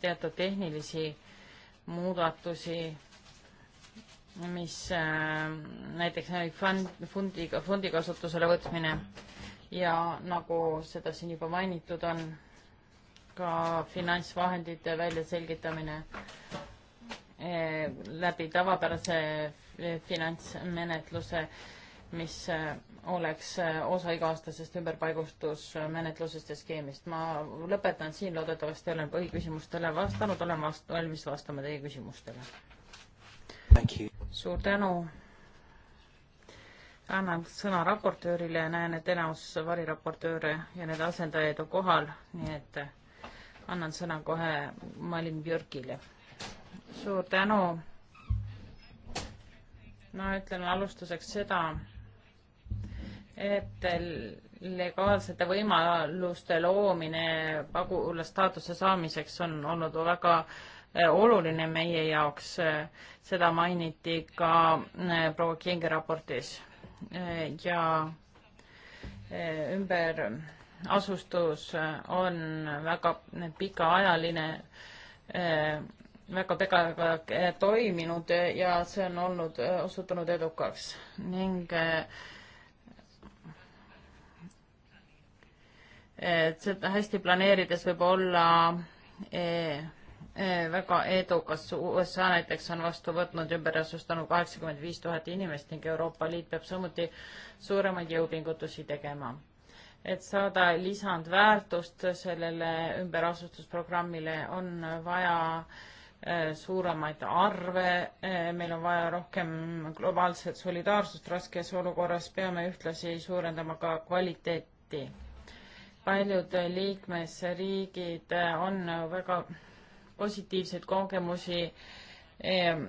teatud tehnilisi muudatusi, mis äh, näiteks fondi, fondi kasutusele võtmine ja nagu seda siin juba mainitud on, ka finantsvahendite väljaselgitamine äh, läbi tavapärase äh, finantsmenetluse, mis oleks äh, osa iga-aastasest ümberpaigustusmenetlusest ja skeemist. ma lõpetan siin, loodetavasti olen põhiküsimustele vastanud, olen vast-, valmis vastama teie küsimustele. suur tänu. annan sõna raportöörile ja näen, et enamus variraportööre ja nende asendajaid on kohal, nii et annan sõna kohe Malin Björkile. suur tänu. no ütleme alustuseks seda, et legaalsete võimaluste loomine pagulastaatuse saamiseks on olnud väga eh, oluline meie jaoks, seda mainiti ka eh, proua Kingi raportis eh, ja ümberasustus on väga pikaajaline, väga pikaga toiminud ja see on olnud, osutunud edukaks ning äh, et seda hästi planeerides võib olla e, e, väga edukas. USA näiteks on vastu võtnud ümberasustanud kaheksakümmend viis tuhat inimest ning Euroopa Liit peab samuti suuremaid jõupingutusi tegema. et saada lisandväärtust sellele ümberasustusprogrammile, on vaja e, suuremaid arve, meil on vaja rohkem globaalset solidaarsust raskes olukorras, peame ühtlasi suurendama ka kvaliteeti paljud liikmesriigid on väga positiivseid kogemusi ehm,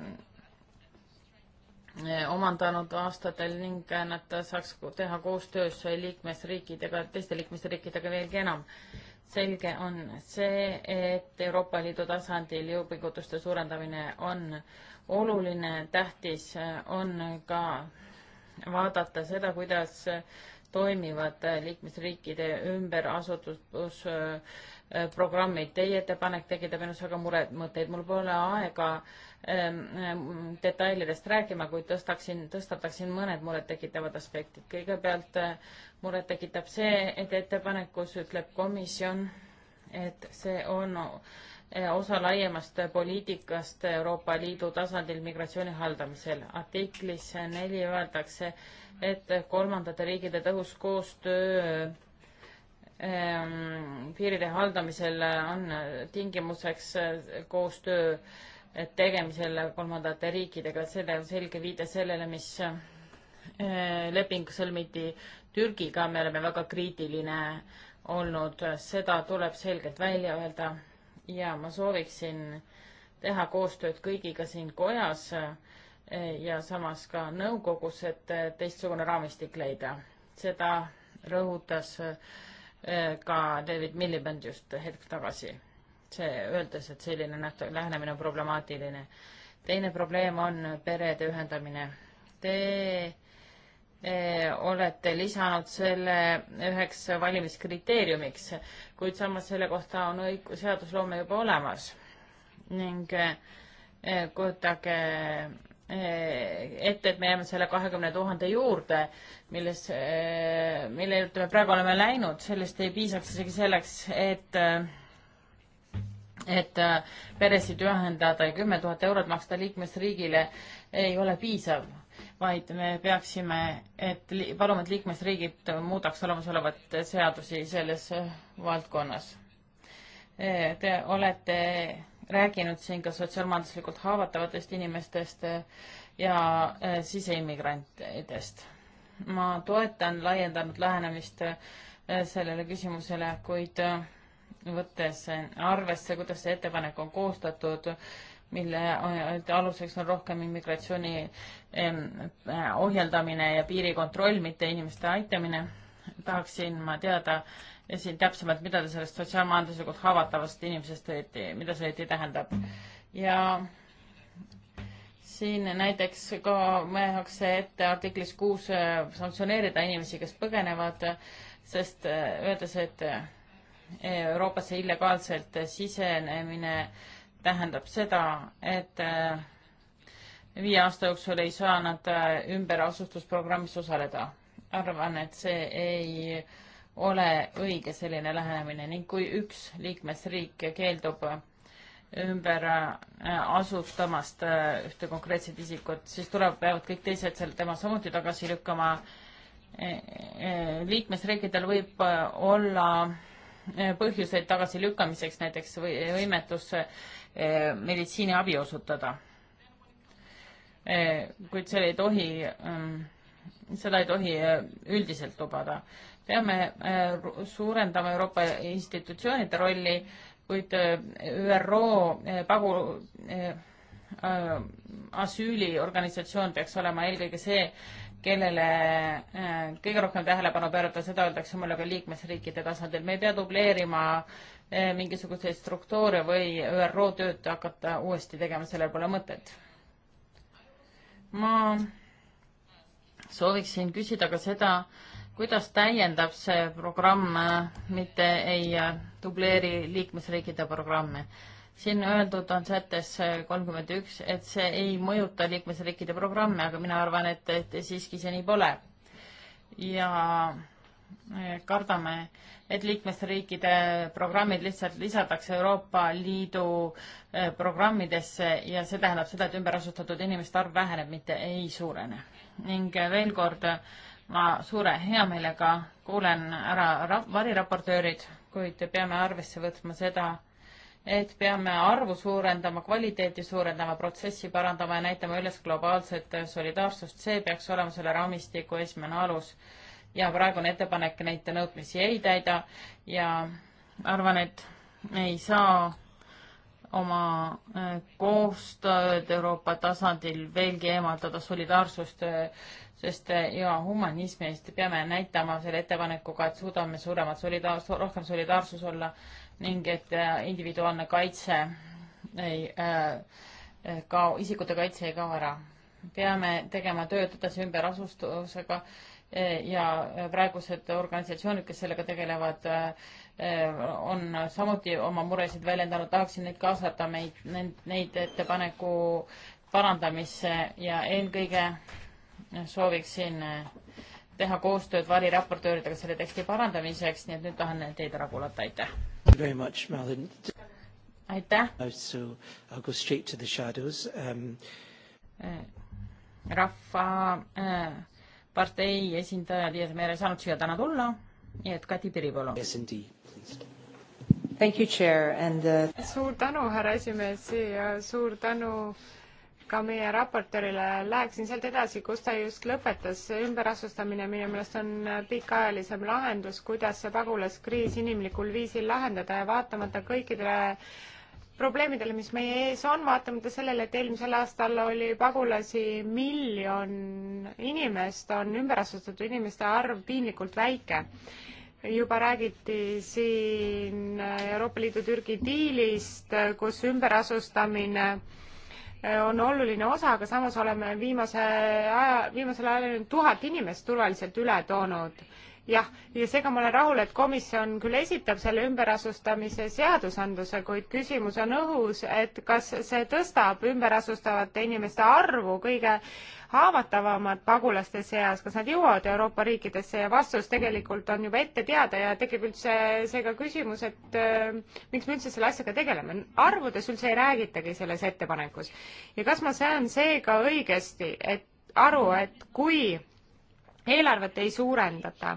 eh, omandanud aastatel ning nad saaks teha koostöös liikmesriikidega, teiste liikmesriikidega veelgi enam. selge on see, et Euroopa Liidu tasandil jõupingutuste suurendamine on oluline, tähtis on ka vaadata seda, kuidas toimivad äh, liikmesriikide ümberasustusprogrammid. Teie ettepanek tekitab minus väga muret, mõtteid, mul pole aega ähm, ähm, detailidest rääkima, kuid tõstaksin, tõstataksin mõned murettekitavad aspektid. kõigepealt äh, muret tekitab see, et ettepanekus ütleb komisjon, et see on Eh, osa laiemast poliitikast Euroopa Liidu tasandil migratsiooni haldamisel. artiklis neli öeldakse, et kolmandate riikide tõhus koostöö ehm, piiride haldamisel on tingimuseks koostöö tegemisel kolmandate riikidega, et see on selge viide sellele, mis eh, leping sõlmiti Türgiga, me oleme väga kriitiline olnud, seda tuleb selgelt välja öelda ja ma sooviksin teha koostööd kõigiga siin kojas eh, ja samas ka nõukogus, et eh, teistsugune raamistik leida. seda rõhutas eh, ka David Milliband just hetk tagasi, see, öeldes, et selline näht-, lähenemine on problemaatiline. teine probleem on perede ühendamine. Te Eh, olete lisanud selle üheks valimiskriteeriumiks, kuid samas selle kohta on õig-, seadusloome juba olemas ning eh, kujutage eh, ette, et me jääme selle kahekümne tuhande juurde, milles, mille juurde me praegu oleme läinud, sellest ei piisaks isegi selleks, et et peresid ühendada ja kümme tuhat eurot maksta liikmesriigile ei ole piisav vaid me peaksime, et paluma, et liikmesriigid muudaks olemasolevat seadusi selles valdkonnas. Te olete rääkinud siin ka sotsiaalmajanduslikult haavatavatest inimestest ja siseimmigrantidest. ma toetan laiendanud lähenemist sellele küsimusele, kuid võttes arvesse, kuidas see ettepanek on koostatud, mille aluseks on rohkem immigratsiooni äh, ohjeldamine ja piirikontroll, mitte inimeste aitamine. tahaksin ma teada siin täpsemalt, mida te sellest sotsiaalmajanduslikult haavatavast inimesest õieti, mida see õieti tähendab. ja siin näiteks ka nähakse ette artiklis kuus äh, sanktsioneerida inimesi, kes põgenevad, sest äh, öeldes, et Euroopasse illegaalselt sisenemine tähendab seda, et äh, viie aasta jooksul ei saa nad äh, ümberasustusprogrammis osaleda. arvan, et see ei ole õige selline lähenemine ning kui üks liikmesriik keeldub äh, ümber asutamast ühte konkreetset isikut, siis tuleb, peavad kõik teised seal tema samuti tagasi lükkama. liikmesriikidel võib olla põhjuseid tagasilükkamiseks, näiteks või võimetus eh, meditsiiniabi osutada. Eh, kuid seal ei tohi, mm, seda ei tohi eh, üldiselt lubada. peame suurendama Euroopa institutsioonide rolli, kuid ÜRO pagu, asüüliorganisatsioon peaks olema eelkõige see, kellele äh, kõige rohkem tähelepanu pöörata, seda öeldakse mulle ka liikmesriikide tasandil. me ei pea dubleerima äh, mingisuguseid struktuure või ÜRO tööd hakata uuesti tegema, sellel pole mõtet. ma sooviksin küsida ka seda, kuidas täiendab see programm, äh, mitte ei dubleeri liikmesriikide programme siin öeldud on sättes kolmkümmend üks, et see ei mõjuta liikmesriikide programme, aga mina arvan, et, et siiski see nii pole. ja eh, kardame, et liikmesriikide programmid lihtsalt lisatakse Euroopa Liidu eh, programmidesse ja see tähendab seda, et ümberasustatud inimeste arv väheneb, mitte ei suurene. ning veel kord, ma suure heameelega kuulen ära variraportöörid, kuid peame arvesse võtma seda, et peame arvu suurendama, kvaliteeti suurendama, protsessi parandama ja näitama üles globaalset solidaarsust, see peaks olema selle raamistiku esimene alus. ja praegune ettepanek neid nõudmisi ei täida ja arvan, et ei saa oma äh, koostööd Euroopa tasandil veelgi eemaldada solidaarsust, äh, sest äh, ja humanismi eest peame näitama selle ettepanekuga, et suudame suuremat solidaarsus, rohkem solidaarsus olla ning et äh, individuaalne kaitse ei äh, äh, kao, isikute kaitse ei kao ära. peame tegema tööd edasi ümberasustusega ja praegused organisatsioonid, kes sellega tegelevad, on samuti oma muresid väljendanud, tahaksin neid kaasata, meid, neid, neid ettepaneku parandamisse ja eelkõige sooviksin teha koostööd variraportööridega selle teksti parandamiseks, nii et nüüd tahan teid ära kuulata, aitäh! very much, Malin. aitäh! So I will go straight to the shadows um.... Eh, rahvapartei eh, äh, esindaja Liia Mere ei saanud siia täna tulla, nii et Kati Piri, palun yes,. Thank you, chair and uh.... suur tänu, härra esimees ja suur tänu uh, ka meie raportöörile, läheksin sealt edasi, kus ta just lõpetas, ümberasustamine minu meelest on pikaajalisem lahendus, kuidas see pagulaskriis inimlikul viisil lahendada ja vaatamata kõikidele probleemidele, mis meie ees on, vaatamata sellele, et eelmisel aastal oli pagulasi miljon inimest, on ümberasustatud inimeste arv piinlikult väike juba räägiti siin Euroopa Liidu Türgi diilist, kus ümberasustamine äh, on oluline osa, aga samas oleme viimase aja, viimasel ajal ainult tuhat inimest turvaliselt üle toonud. jah, ja seega ma olen rahul, et komisjon küll esitab selle ümberasustamise seadusandluse, kuid küsimus on õhus, et kas see tõstab ümberasustavate inimeste arvu kõige äh, haavatavamad pagulaste seas, kas nad jõuavad Euroopa riikidesse ja vastus tegelikult on juba ette teada ja tekib üldse seega küsimus, et äh, miks me üldse selle asjaga tegeleme. arvudes üldse ei räägitagi selles ettepanekus. ja kas ma saan seega õigesti, et aru, et kui eelarvet ei suurendata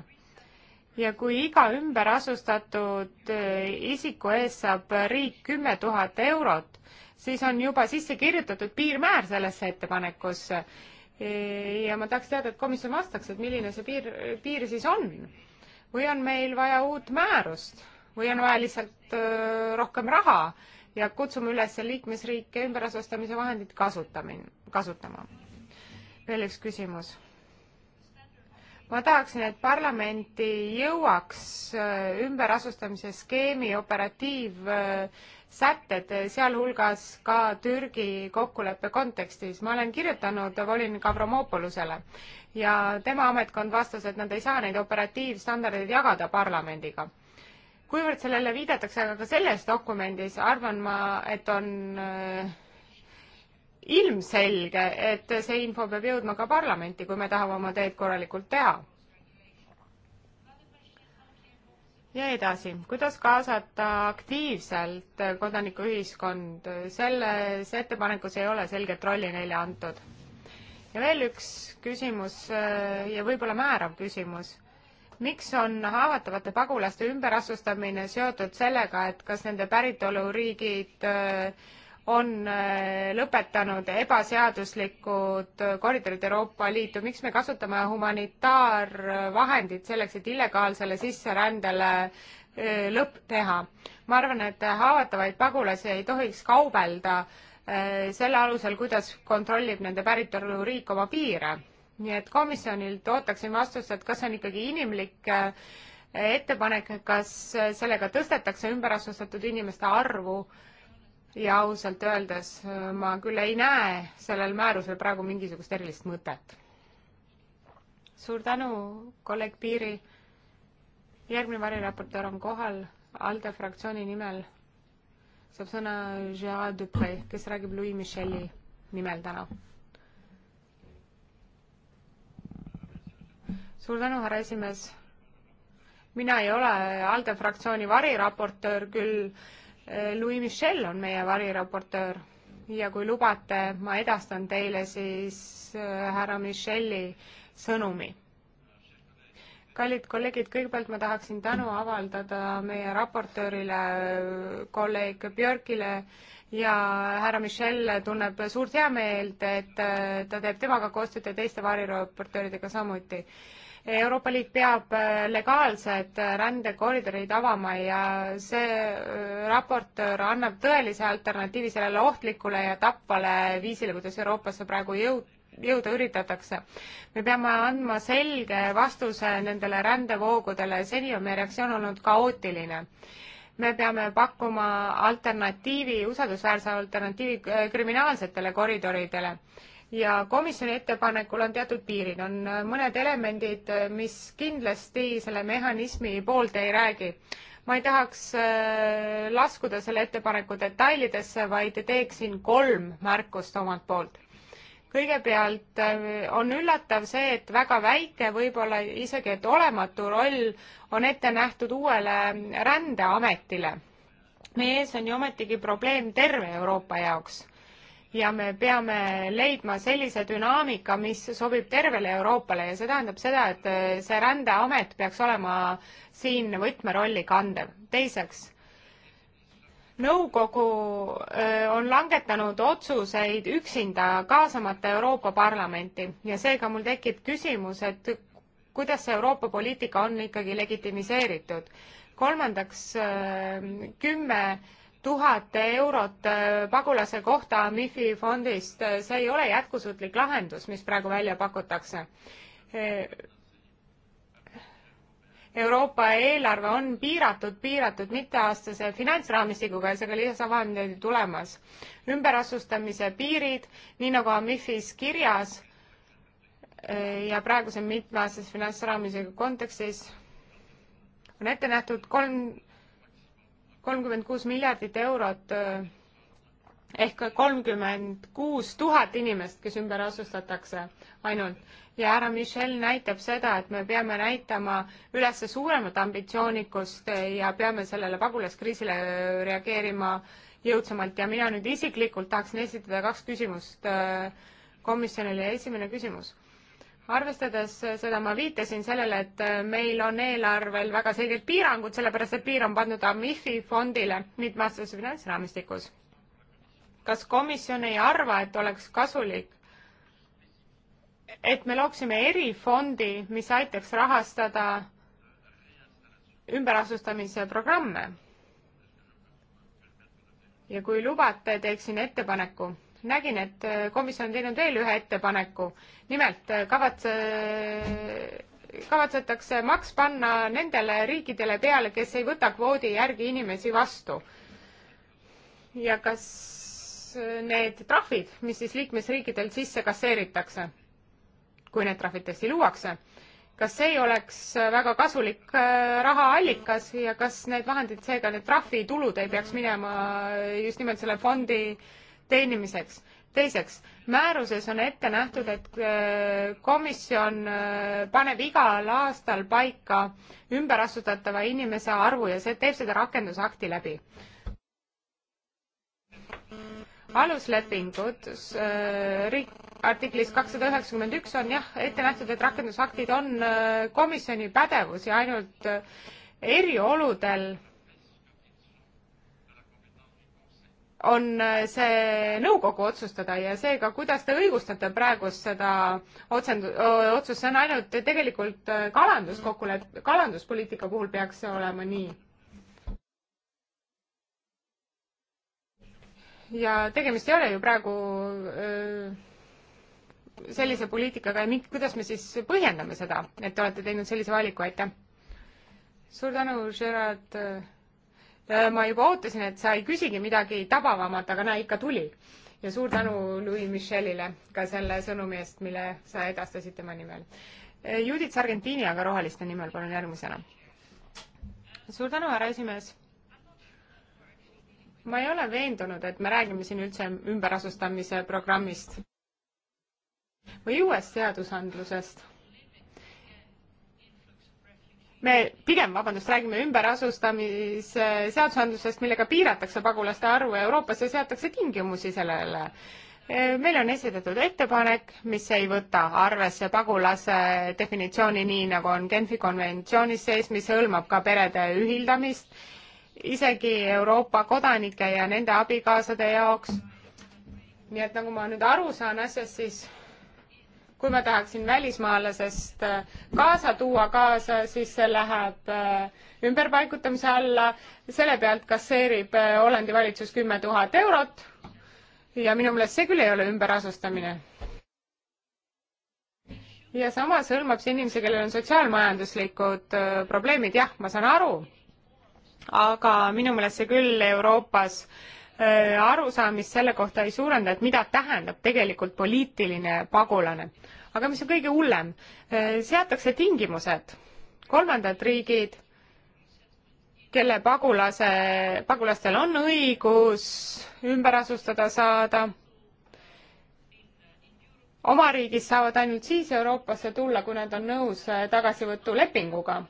ja kui iga ümberasustatud äh, isiku eest saab riik kümme tuhat eurot, siis on juba sisse kirjutatud piirmäär sellesse ettepanekusse ja ma tahaks teada, et komisjon vastaks, et milline see piir, piir siis on. või on meil vaja uut määrust või on vaja lihtsalt rohkem raha ja kutsume üles liikmesriike ümberasustamise vahendit kasutamine, kasutama. veel üks küsimus. ma tahaksin, et parlamenti jõuaks ümberasustamise skeemi operatiiv äh, sätted, sealhulgas ka Türgi kokkuleppe kontekstis. ma olen kirjutanud volinik Avramopolusele ja tema ametkond vastas, et nad ei saa neid operatiivstandardeid jagada parlamendiga. kuivõrd sellele viidatakse aga ka selles dokumendis, arvan ma, et on äh, ilmselge, et see info peab jõudma ka parlamenti, kui me tahame oma teed korralikult teha ja edasi, kuidas kaasata aktiivselt kodanikuühiskond, selles ettepanekus ei ole selget rolli neile antud. ja veel üks küsimus äh, ja võib-olla määrav küsimus. miks on haavatavate pagulaste ümberasustamine seotud sellega, et kas nende päritoluriigid äh, on äh, lõpetanud ebaseaduslikud koridorid Euroopa Liitu, miks me kasutame humanitaarvahendit selleks, et illegaalsele sisserändele äh, lõpp teha? ma arvan, et haavatavaid pagulasi ei tohiks kaubelda äh, selle alusel, kuidas kontrollib nende päritoluriik oma piire. nii et komisjonilt ootaksin vastust, et kas see on ikkagi inimlik ettepanek, kas sellega tõstetakse ümberasustatud inimeste arvu äh, ja ausalt öeldes äh, ma küll ei näe sellel määrusel praegu mingisugust erilist mõtet. suur tänu, kolleeg Piiri. järgmine variraportöör on kohal, ALDE fraktsiooni nimel saab sõna Gerard Dupre, kes räägib Louis Michel'i nimel täna. suur tänu, härra esimees. mina ei ole ALDE fraktsiooni variraportöör küll Eh, Louis Michel on meie variraportöör ja kui lubate, ma edastan teile siis eh, härra Micheli sõnumi. kallid kolleegid, kõigepealt ma tahaksin tänu avaldada meie raportöörile, eh, kolleeg Björkile ja härra Michel tunneb suurt heameelt, et ta teeb temaga koostööd ja teiste variraportööridega samuti Euroopa Liit peab äh, legaalsed äh, rändekoridorid avama ja see äh, raportöör annab tõelise alternatiivi sellele ohtlikule ja tapvale viisile, kuidas Euroopasse praegu jõud-, jõuda üritatakse. me peame andma selge vastuse nendele rändevoogudele, seni on meie reaktsioon olnud kaootiline me peame pakkuma alternatiivi, usaldusväärse alternatiivi kriminaalsetele koridoridele ja komisjoni ettepanekul on teatud piirid, on äh, mõned elemendid, äh, mis kindlasti selle mehhanismi poolt ei räägi. ma ei tahaks äh, laskuda selle ettepaneku detailidesse, vaid teeksin kolm märkust omalt poolt. kõigepealt on üllatav see, et väga väike, võib-olla isegi et olematu roll on ette nähtud uuele rändeametile. meie ees on ju ometigi probleem terve Euroopa jaoks ja me peame leidma sellise dünaamika, mis sobib tervele Euroopale ja see tähendab seda, et äh, see rändeamet peaks olema siin võtmerolli kandev. teiseks, nõukogu äh, on langetanud otsuseid üksinda kaasamata Euroopa Parlamenti ja seega mul tekib küsimus, et kuidas see Euroopa poliitika on ikkagi legitimiseeritud. kolmandaks, äh, kümme tuhat eurot äh, pagulase kohta MIFI fondist, see ei ole jätkusuutlik lahendus, mis praegu välja pakutakse. Äh, Euroopa eelarve on piiratud, piiratud mitteaastase finantsraamistikuga ja seega lisavahendeid tulemas. ümberasustamise piirid, nii nagu on MIFis kirjas äh, ja praeguse mitmeaastase finantsraamistiku kontekstis, on ette nähtud kolm kolmkümmend kuus miljardit eurot eh, ehk kolmkümmend kuus tuhat inimest, kes ümber asustatakse ainult. ja härra Michel näitab seda, et me peame näitama üles suuremat ambitsioonikust ja peame sellele pagulaskriisile reageerima jõudsamalt ja mina nüüd isiklikult tahaksin esitada kaks küsimust eh, komisjonile ja esimene küsimus arvestades seda, ma viitasin sellele, et meil on eelarvel väga selged piirangud, sellepärast et piir on pandud AMIF-i fondile mitmeaastases finantsraamistikus. kas komisjon ei arva, et oleks kasulik, et me looksime erifondi, mis aitaks rahastada ümberasustamise programme? ja kui lubate, teeksin ettepaneku nägin, et äh, komisjon on teinud veel ühe ettepaneku. nimelt äh, kavatse, kavatsetakse maks panna nendele riikidele peale, kes ei võta kvoodi järgi inimesi vastu. ja kas äh, need trahvid, mis siis liikmesriikidel sisse kasseeritakse, kui need trahvid tõesti luuakse, kas see ei oleks väga kasulik rahaallikas ja kas need vahendid, seega need trahvitulud ei peaks minema just nimelt selle fondi äh, teenimiseks. teiseks, määruses on ette nähtud, et äh, komisjon äh, paneb igal aastal paika ümberasutatava inimese arvu ja see teeb seda rakendusakti läbi aluslepingus äh, artiklis kakssada üheksakümmend üks on jah ette nähtud, et rakendusaktid on äh, komisjoni pädevus ja ainult äh, erioludel on äh, see nõukogu otsustada ja seega, kuidas te õigustate praegust seda otsend-, otsust, see on ainult tegelikult äh, kalanduskokkulepp, kalanduspoliitika puhul peaks see olema nii. ja tegemist ei ole ju praegu öö, sellise poliitikaga ja mink-, kuidas me siis põhjendame seda, et te olete teinud sellise valiku, aitäh! suur tänu, Gerard! Äh, ma juba ootasin, et sa ei küsigi midagi tabavamat, aga näe, ikka tuli. ja suur tänu Louis Michelile ka selle sõnumi eest, mille sa edastasid tema nimel. Äh, Judith Sargentini aga Roheliste nimel, palun järgmisena. suur tänu, härra esimees. ma ei ole veendunud, et me räägime siin üldse ümberasustamise programmist või uuest seadusandlusest me pigem, vabandust, räägime ümberasustamise seadusandlusest, millega piiratakse pagulaste arvu Euroopas ja seatakse tingimusi sellele. meil on esitatud ettepanek, mis ei võta arvesse pagulase definitsiooni, nii nagu on Genfi konventsioonis sees, mis hõlmab ka perede ühildamist, isegi Euroopa kodanike ja nende abikaasade jaoks. nii et nagu ma nüüd aru saan asjast, siis kui ma tahaksin välismaalasest äh, kaasa tuua kaasa, siis see läheb äh, ümberpaigutamise alla, selle pealt kasseerib äh, Hollandi valitsus kümme tuhat eurot ja minu meelest see küll ei ole ümberasustamine. ja samas hõlmab see inimesi, kellel on sotsiaalmajanduslikud probleemid, jah, ma saan aru, aga minu meelest see küll Euroopas äh, Äh, arusaamist selle kohta ei suurenda, et mida tähendab tegelikult poliitiline pagulane. aga mis on kõige hullem, äh, seatakse tingimused. kolmandad riigid, kelle pagulase, pagulastel on õigus ümber asustada saada, oma riigis saavad ainult siis Euroopasse tulla, kui nad on nõus äh, tagasivõtulepinguga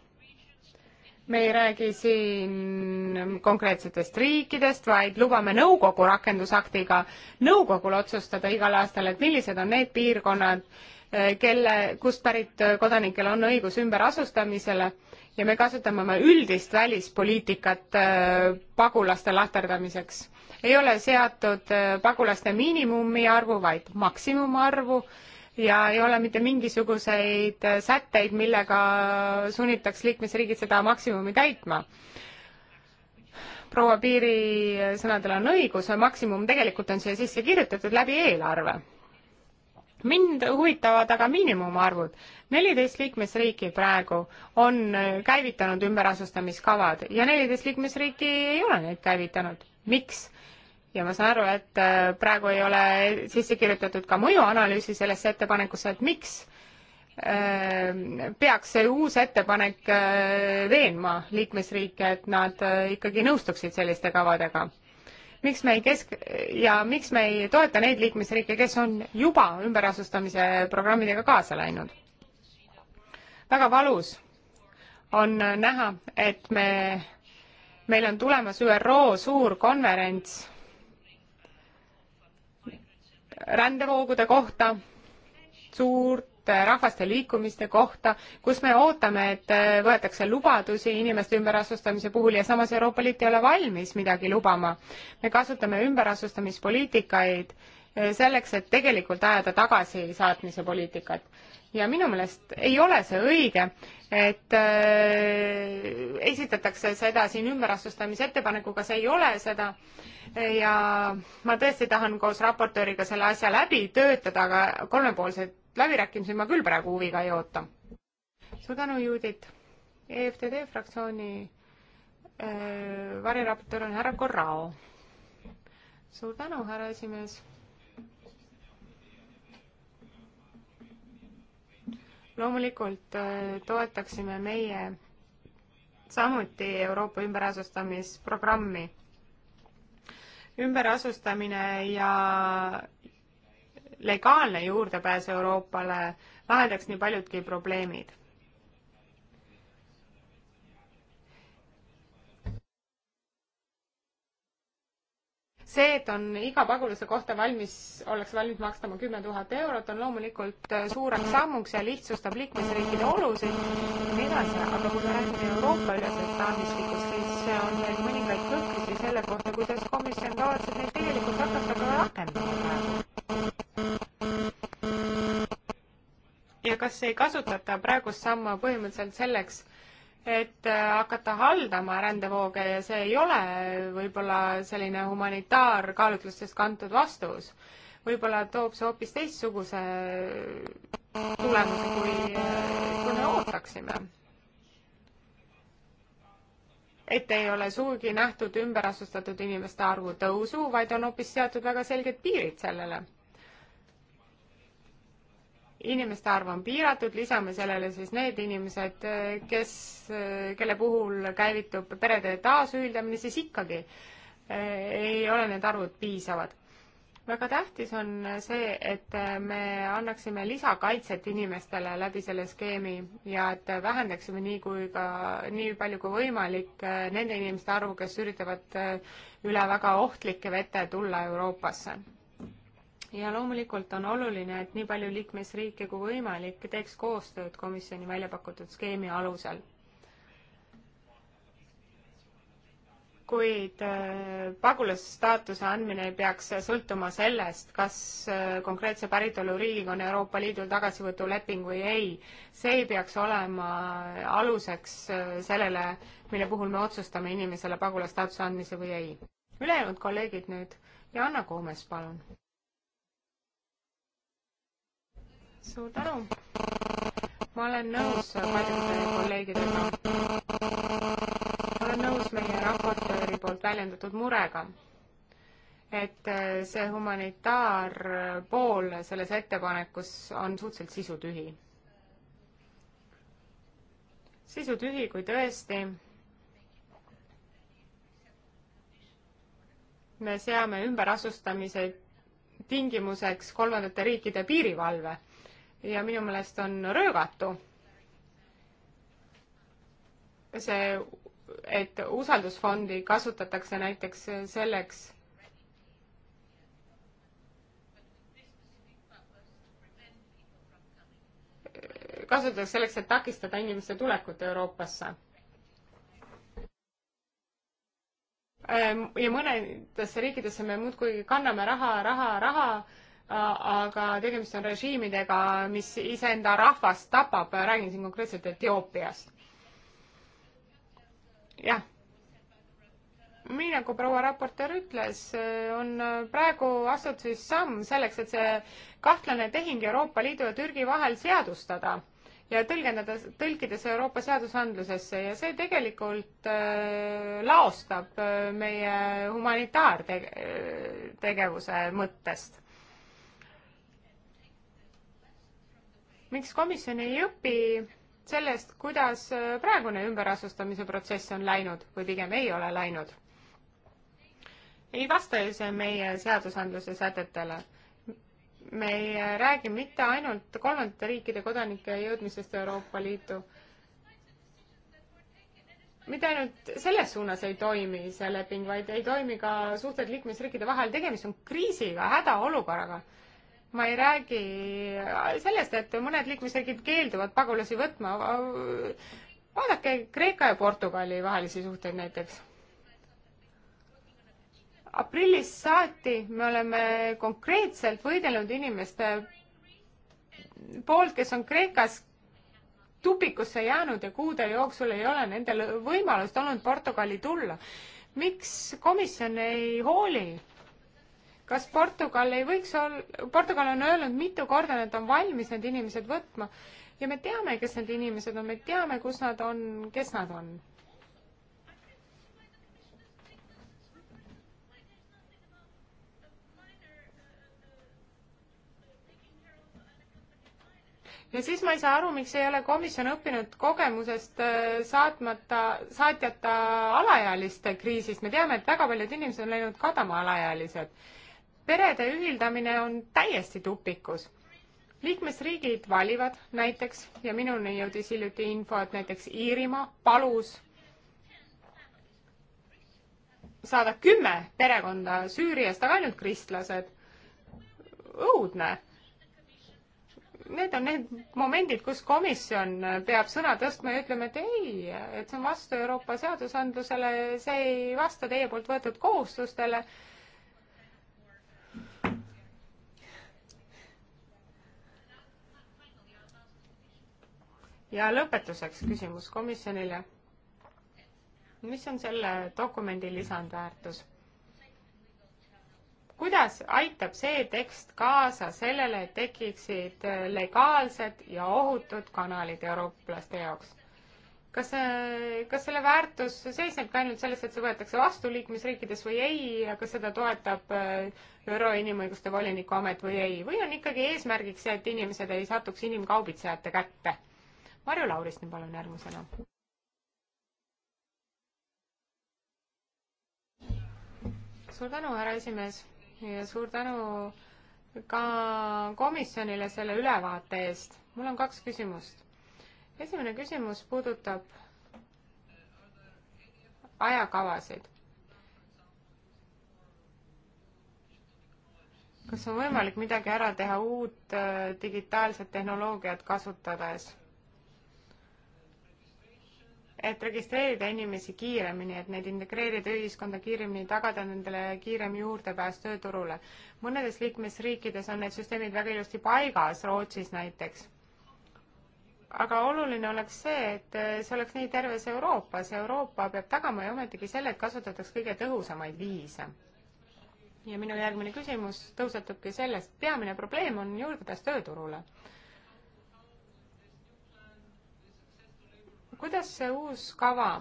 me ei räägi siin konkreetsetest riikidest, vaid lubame nõukogu rakendusaktiga nõukogul otsustada igal aastal, et millised on need piirkonnad, eh, kelle, kust pärit kodanikel on õigus ümberasustamisele ja me kasutame oma üldist välispoliitikat eh, pagulaste lahterdamiseks. ei ole seatud eh, pagulaste miinimumi arvu, vaid maksimumarvu ja ei ole mitte mingisuguseid sätteid, millega sunnitaks liikmesriigid seda maksimumi täitma proua Piiri sõnadel on õigus, maksimum tegelikult on siia sisse kirjutatud läbi eelarve. mind huvitavad aga miinimumarvud. neliteist liikmesriiki praegu on käivitanud ümberasustamiskavad ja neliteist liikmesriiki ei ole neid käivitanud. miks? ja ma saan aru, et äh, praegu ei ole sisse kirjutatud ka mõjuanalüüsi sellesse ettepanekusse, et miks äh, peaks see uus ettepanek äh, veenma liikmesriike, et nad ikkagi nõustuksid selliste kavadega? miks me ei kesk- ja miks me ei toeta neid liikmesriike, kes on juba ümberasustamise programmidega kaasa läinud? väga valus on näha, et me, meil on tulemas ÜRO suur konverents rändevoogude kohta, suurte rahvaste liikumiste kohta, kus me ootame, et äh, võetakse lubadusi inimeste ümberasustamise puhul ja samas Euroopa Liit ei ole valmis midagi lubama. me kasutame ümberasustamispoliitikaid äh, selleks, et tegelikult ajada tagasisaatmise poliitikat. ja minu meelest ei ole see õige, et äh, esitatakse seda siin ümberasustamise ettepanekuga, see ei ole seda äh, ja ma tõesti tahan koos raportööriga selle asja läbi töötada, aga kolmepoolseid läbirääkimisi ma küll praegu huviga ei oota. suur tänu, Judit. EFTD fraktsiooni äh, variraportöör on härra Corrao. suur tänu, härra esimees. loomulikult äh, toetaksime meie samuti Euroopa ümberasustamisprogrammi ümberasustamine ja legaalne juurdepääs Euroopale lahendaks nii paljudki probleemid. see, et on iga pagulase kohta valmis, ollakse valmis makstama kümme tuhat eurot, on loomulikult äh, suureks sammuks ja lihtsustab liikmesriikide olusid ja nii edasi, aga kui me räägime Euroopa ülesest raamistikust, siis on meil mõni selle kohta, kuidas komisjon kavatseb neid tegelikult hakata ka rakendama praegu. ja kas ei kasutata praegust sammu põhimõtteliselt selleks, et äh, hakata haldama rändevooge ja see ei ole võib-olla selline humanitaarkaalutlustest kantud vastus. võib-olla toob see hoopis teistsuguse tulemuse, kui, äh, kui me ootaksime et ei ole sugugi nähtud ümberasustatud inimeste arvu tõusu, vaid on hoopis seatud väga selged piirid sellele. inimeste arv on piiratud, lisame sellele siis need inimesed, kes, kelle puhul käivitub perede taasühildamine, siis ikkagi eh, ei ole need arvud piisavad väga tähtis on see, et me annaksime lisakaitset inimestele läbi selle skeemi ja et vähendaksime nii kui ka, nii palju kui võimalik eh, nende inimeste arvu, kes üritavad eh, üle väga ohtlikke vete tulla Euroopasse. ja loomulikult on oluline, et nii palju liikmesriike kui võimalik teeks koostööd komisjoni välja pakutud skeemi alusel kuid äh, pagulasstaatuse andmine ei peaks sõltuma sellest, kas äh, konkreetse päritoluriigiga on Euroopa Liidul tagasivõtuleping või ei. see ei peaks olema aluseks äh, sellele, mille puhul me otsustame inimesele pagulasstaatuse andmise või ei. ülejäänud kolleegid nüüd ja Anna Koomes, palun. suur tänu. ma olen nõus paljude kolleegidega olen nõus meie raport raportööri poolt väljendatud murega, et äh, see humanitaarpool äh, selles ettepanekus on suhteliselt sisutühi. sisutühi, kui tõesti me seame ümberasustamise tingimuseks kolmandate riikide piirivalve ja minu meelest on röögatu see et usaldusfondi kasutatakse näiteks selleks, kasutatakse selleks, et takistada inimeste tulekut Euroopasse. Ehm, ja mõnedesse riikidesse me muudkui kanname raha, raha, raha, aga tegemist on režiimidega, mis iseenda rahvast tapab, räägin siin konkreetselt Etioopiast jah. nii nagu proua raportöör ütles, on praegu astutud siis samm selleks, et see kahtlane tehing Euroopa Liidu ja Türgi vahel seadustada ja tõlgendada, tõlkida see Euroopa seadusandlusesse ja see tegelikult äh, laostab äh, meie humanitaartegevuse äh, mõttest. miks komisjon ei õpi sellest, kuidas äh, praegune ümberasustamise protsess on läinud või pigem ei ole läinud. ei vasta ju see meie seadusandluse sätetele. me ei räägi mitte ainult kolmandate riikide kodanike jõudmisest Euroopa Liitu, mitte ainult selles suunas ei toimi see leping, vaid ei toimi ka suhted liikmesriikide vahel, tegemist on kriisiga, hädaolukorraga ma ei räägi äh, sellest, et mõned liikmesriigid keelduvad pagulasi võtma. vaadake Kreeka ja Portugali vahelisi suhteid näiteks. aprillist saati me oleme konkreetselt võidelnud inimeste poolt, kes on Kreekas tupikusse jäänud ja kuude jooksul ei ole nendel võimalust olnud Portugali tulla. miks komisjon ei hooli kas Portugal ei võiks ol-, Portugal on öelnud mitu korda, et on valmis need inimesed võtma ja me teame, kes need inimesed on, me teame, kus nad on, kes nad on. ja siis ma ei saa aru, miks ei ole komisjon õppinud kogemusest äh, saatmata, saatjata alaealiste kriisist. me teame, et väga paljud inimesed on läinud kadama alaealised perede ühildamine on täiesti tupikus. liikmesriigid valivad näiteks ja minuni jõudis hiljuti info, et näiteks Iirimaa palus saada kümme perekonda Süüriast, aga ainult kristlased. õudne. Need on need momendid, kus komisjon peab sõna tõstma ja ütlema, et ei, et see on vastu Euroopa seadusandlusele, see ei vasta teie poolt võetud kohustustele ja lõpetuseks küsimus komisjonile. mis on selle dokumendi lisandväärtus? kuidas aitab see tekst kaasa sellele, et tekiksid legaalsed ja ohutud kanalid eurooplaste jaoks? kas see, kas selle väärtus seisnebki ainult selles, et see võetakse vastu liikmesriikides või ei ja kas seda toetab äh, ÜRO Inimõiguste Voliniku Amet või ei, või on ikkagi eesmärgiks see, et inimesed ei satuks inimkaubitsejate kätte? Marju Lauristin, palun järgmisena. suur tänu, härra esimees ja suur tänu ka komisjonile selle ülevaate eest. mul on kaks küsimust. esimene küsimus puudutab ajakavasid. kas on võimalik midagi ära teha uut äh, digitaalset tehnoloogiat kasutades? et registreerida inimesi kiiremini, et neid integreerida ühiskonda kiiremini, tagada nendele kiirem juurdepääs tööturule. mõnedes liikmesriikides on need süsteemid väga ilusti paigas, Rootsis näiteks. aga oluline oleks see, et see oleks nii terves Euroopas, Euroopa peab tagama ju ometigi selle, et kasutataks kõige tõhusamaid viise ja minu järgmine küsimus tõusetubki sellest, peamine probleem on juurdepääs tööturule kuidas see uus kava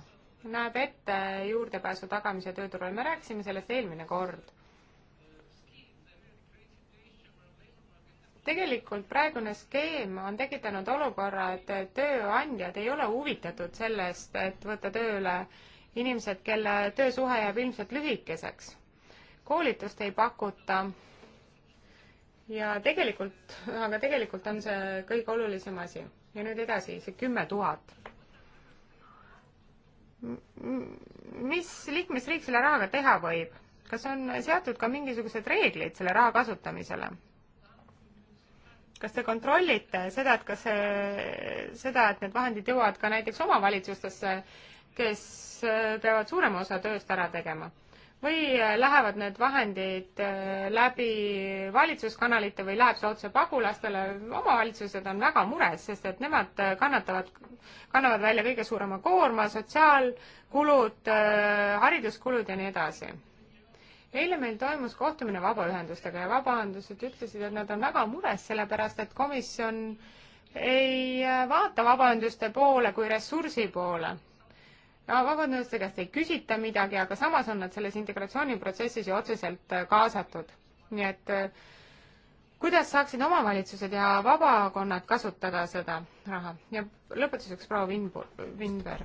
näeb ette juurdepääsu tagamise tööturule, me rääkisime sellest eelmine kord. tegelikult praegune skeem on tekitanud olukorra, et tööandjad ei ole huvitatud sellest, et võtta tööle inimesed, kelle töösuhe jääb ilmselt lühikeseks. koolitust ei pakuta ja tegelikult, aga tegelikult on see kõige olulisem asi. ja nüüd edasi, see kümme tuhat mis liikmesriik selle rahaga teha võib? kas on seatud ka mingisugused reeglid selle raha kasutamisele? kas te kontrollite seda, et kas see, seda, et need vahendid jõuavad ka näiteks omavalitsustesse, kes peavad suurema osa tööst ära tegema? või äh, lähevad need vahendid äh, läbi valitsuskanalite või läheb see otse pagulastele, omavalitsused on väga mures, sest et nemad äh, kannatavad, kannavad välja kõige suurema koorma, sotsiaalkulud, hariduskulud ja nii edasi. eile meil toimus kohtumine vabaühendustega ja vabaühendused ütlesid, et nad on väga mures, sellepärast et komisjon ei vaata vabaühenduste poole kui ressursi poole Ah, vabaühenduste käest ei küsita midagi, aga samas on nad selles integratsiooniprotsessis ju otseselt äh, kaasatud. nii et äh, kuidas saaksid omavalitsused ja vabakonnad kasutada seda raha? ja lõpetuseks proua Vin-, Vinber.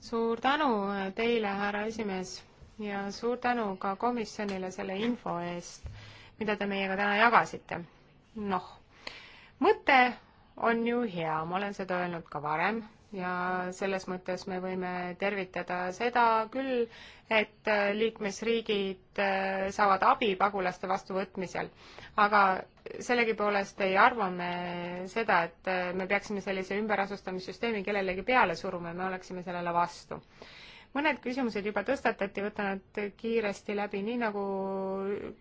suur tänu äh, teile, härra esimees, ja suur tänu ka komisjonile selle info eest, mida te meiega täna jagasite. noh, mõte on ju hea, ma olen seda öelnud ka varem ja selles mõttes me võime tervitada seda küll, et äh, liikmesriigid äh, saavad abi pagulaste vastuvõtmisel. aga sellegipoolest ei arva me seda, et äh, me peaksime sellise ümberasustamissüsteemi kellelegi peale suruma ja me oleksime sellele vastu. mõned küsimused juba tõstatati, võtan nad kiiresti läbi, nii nagu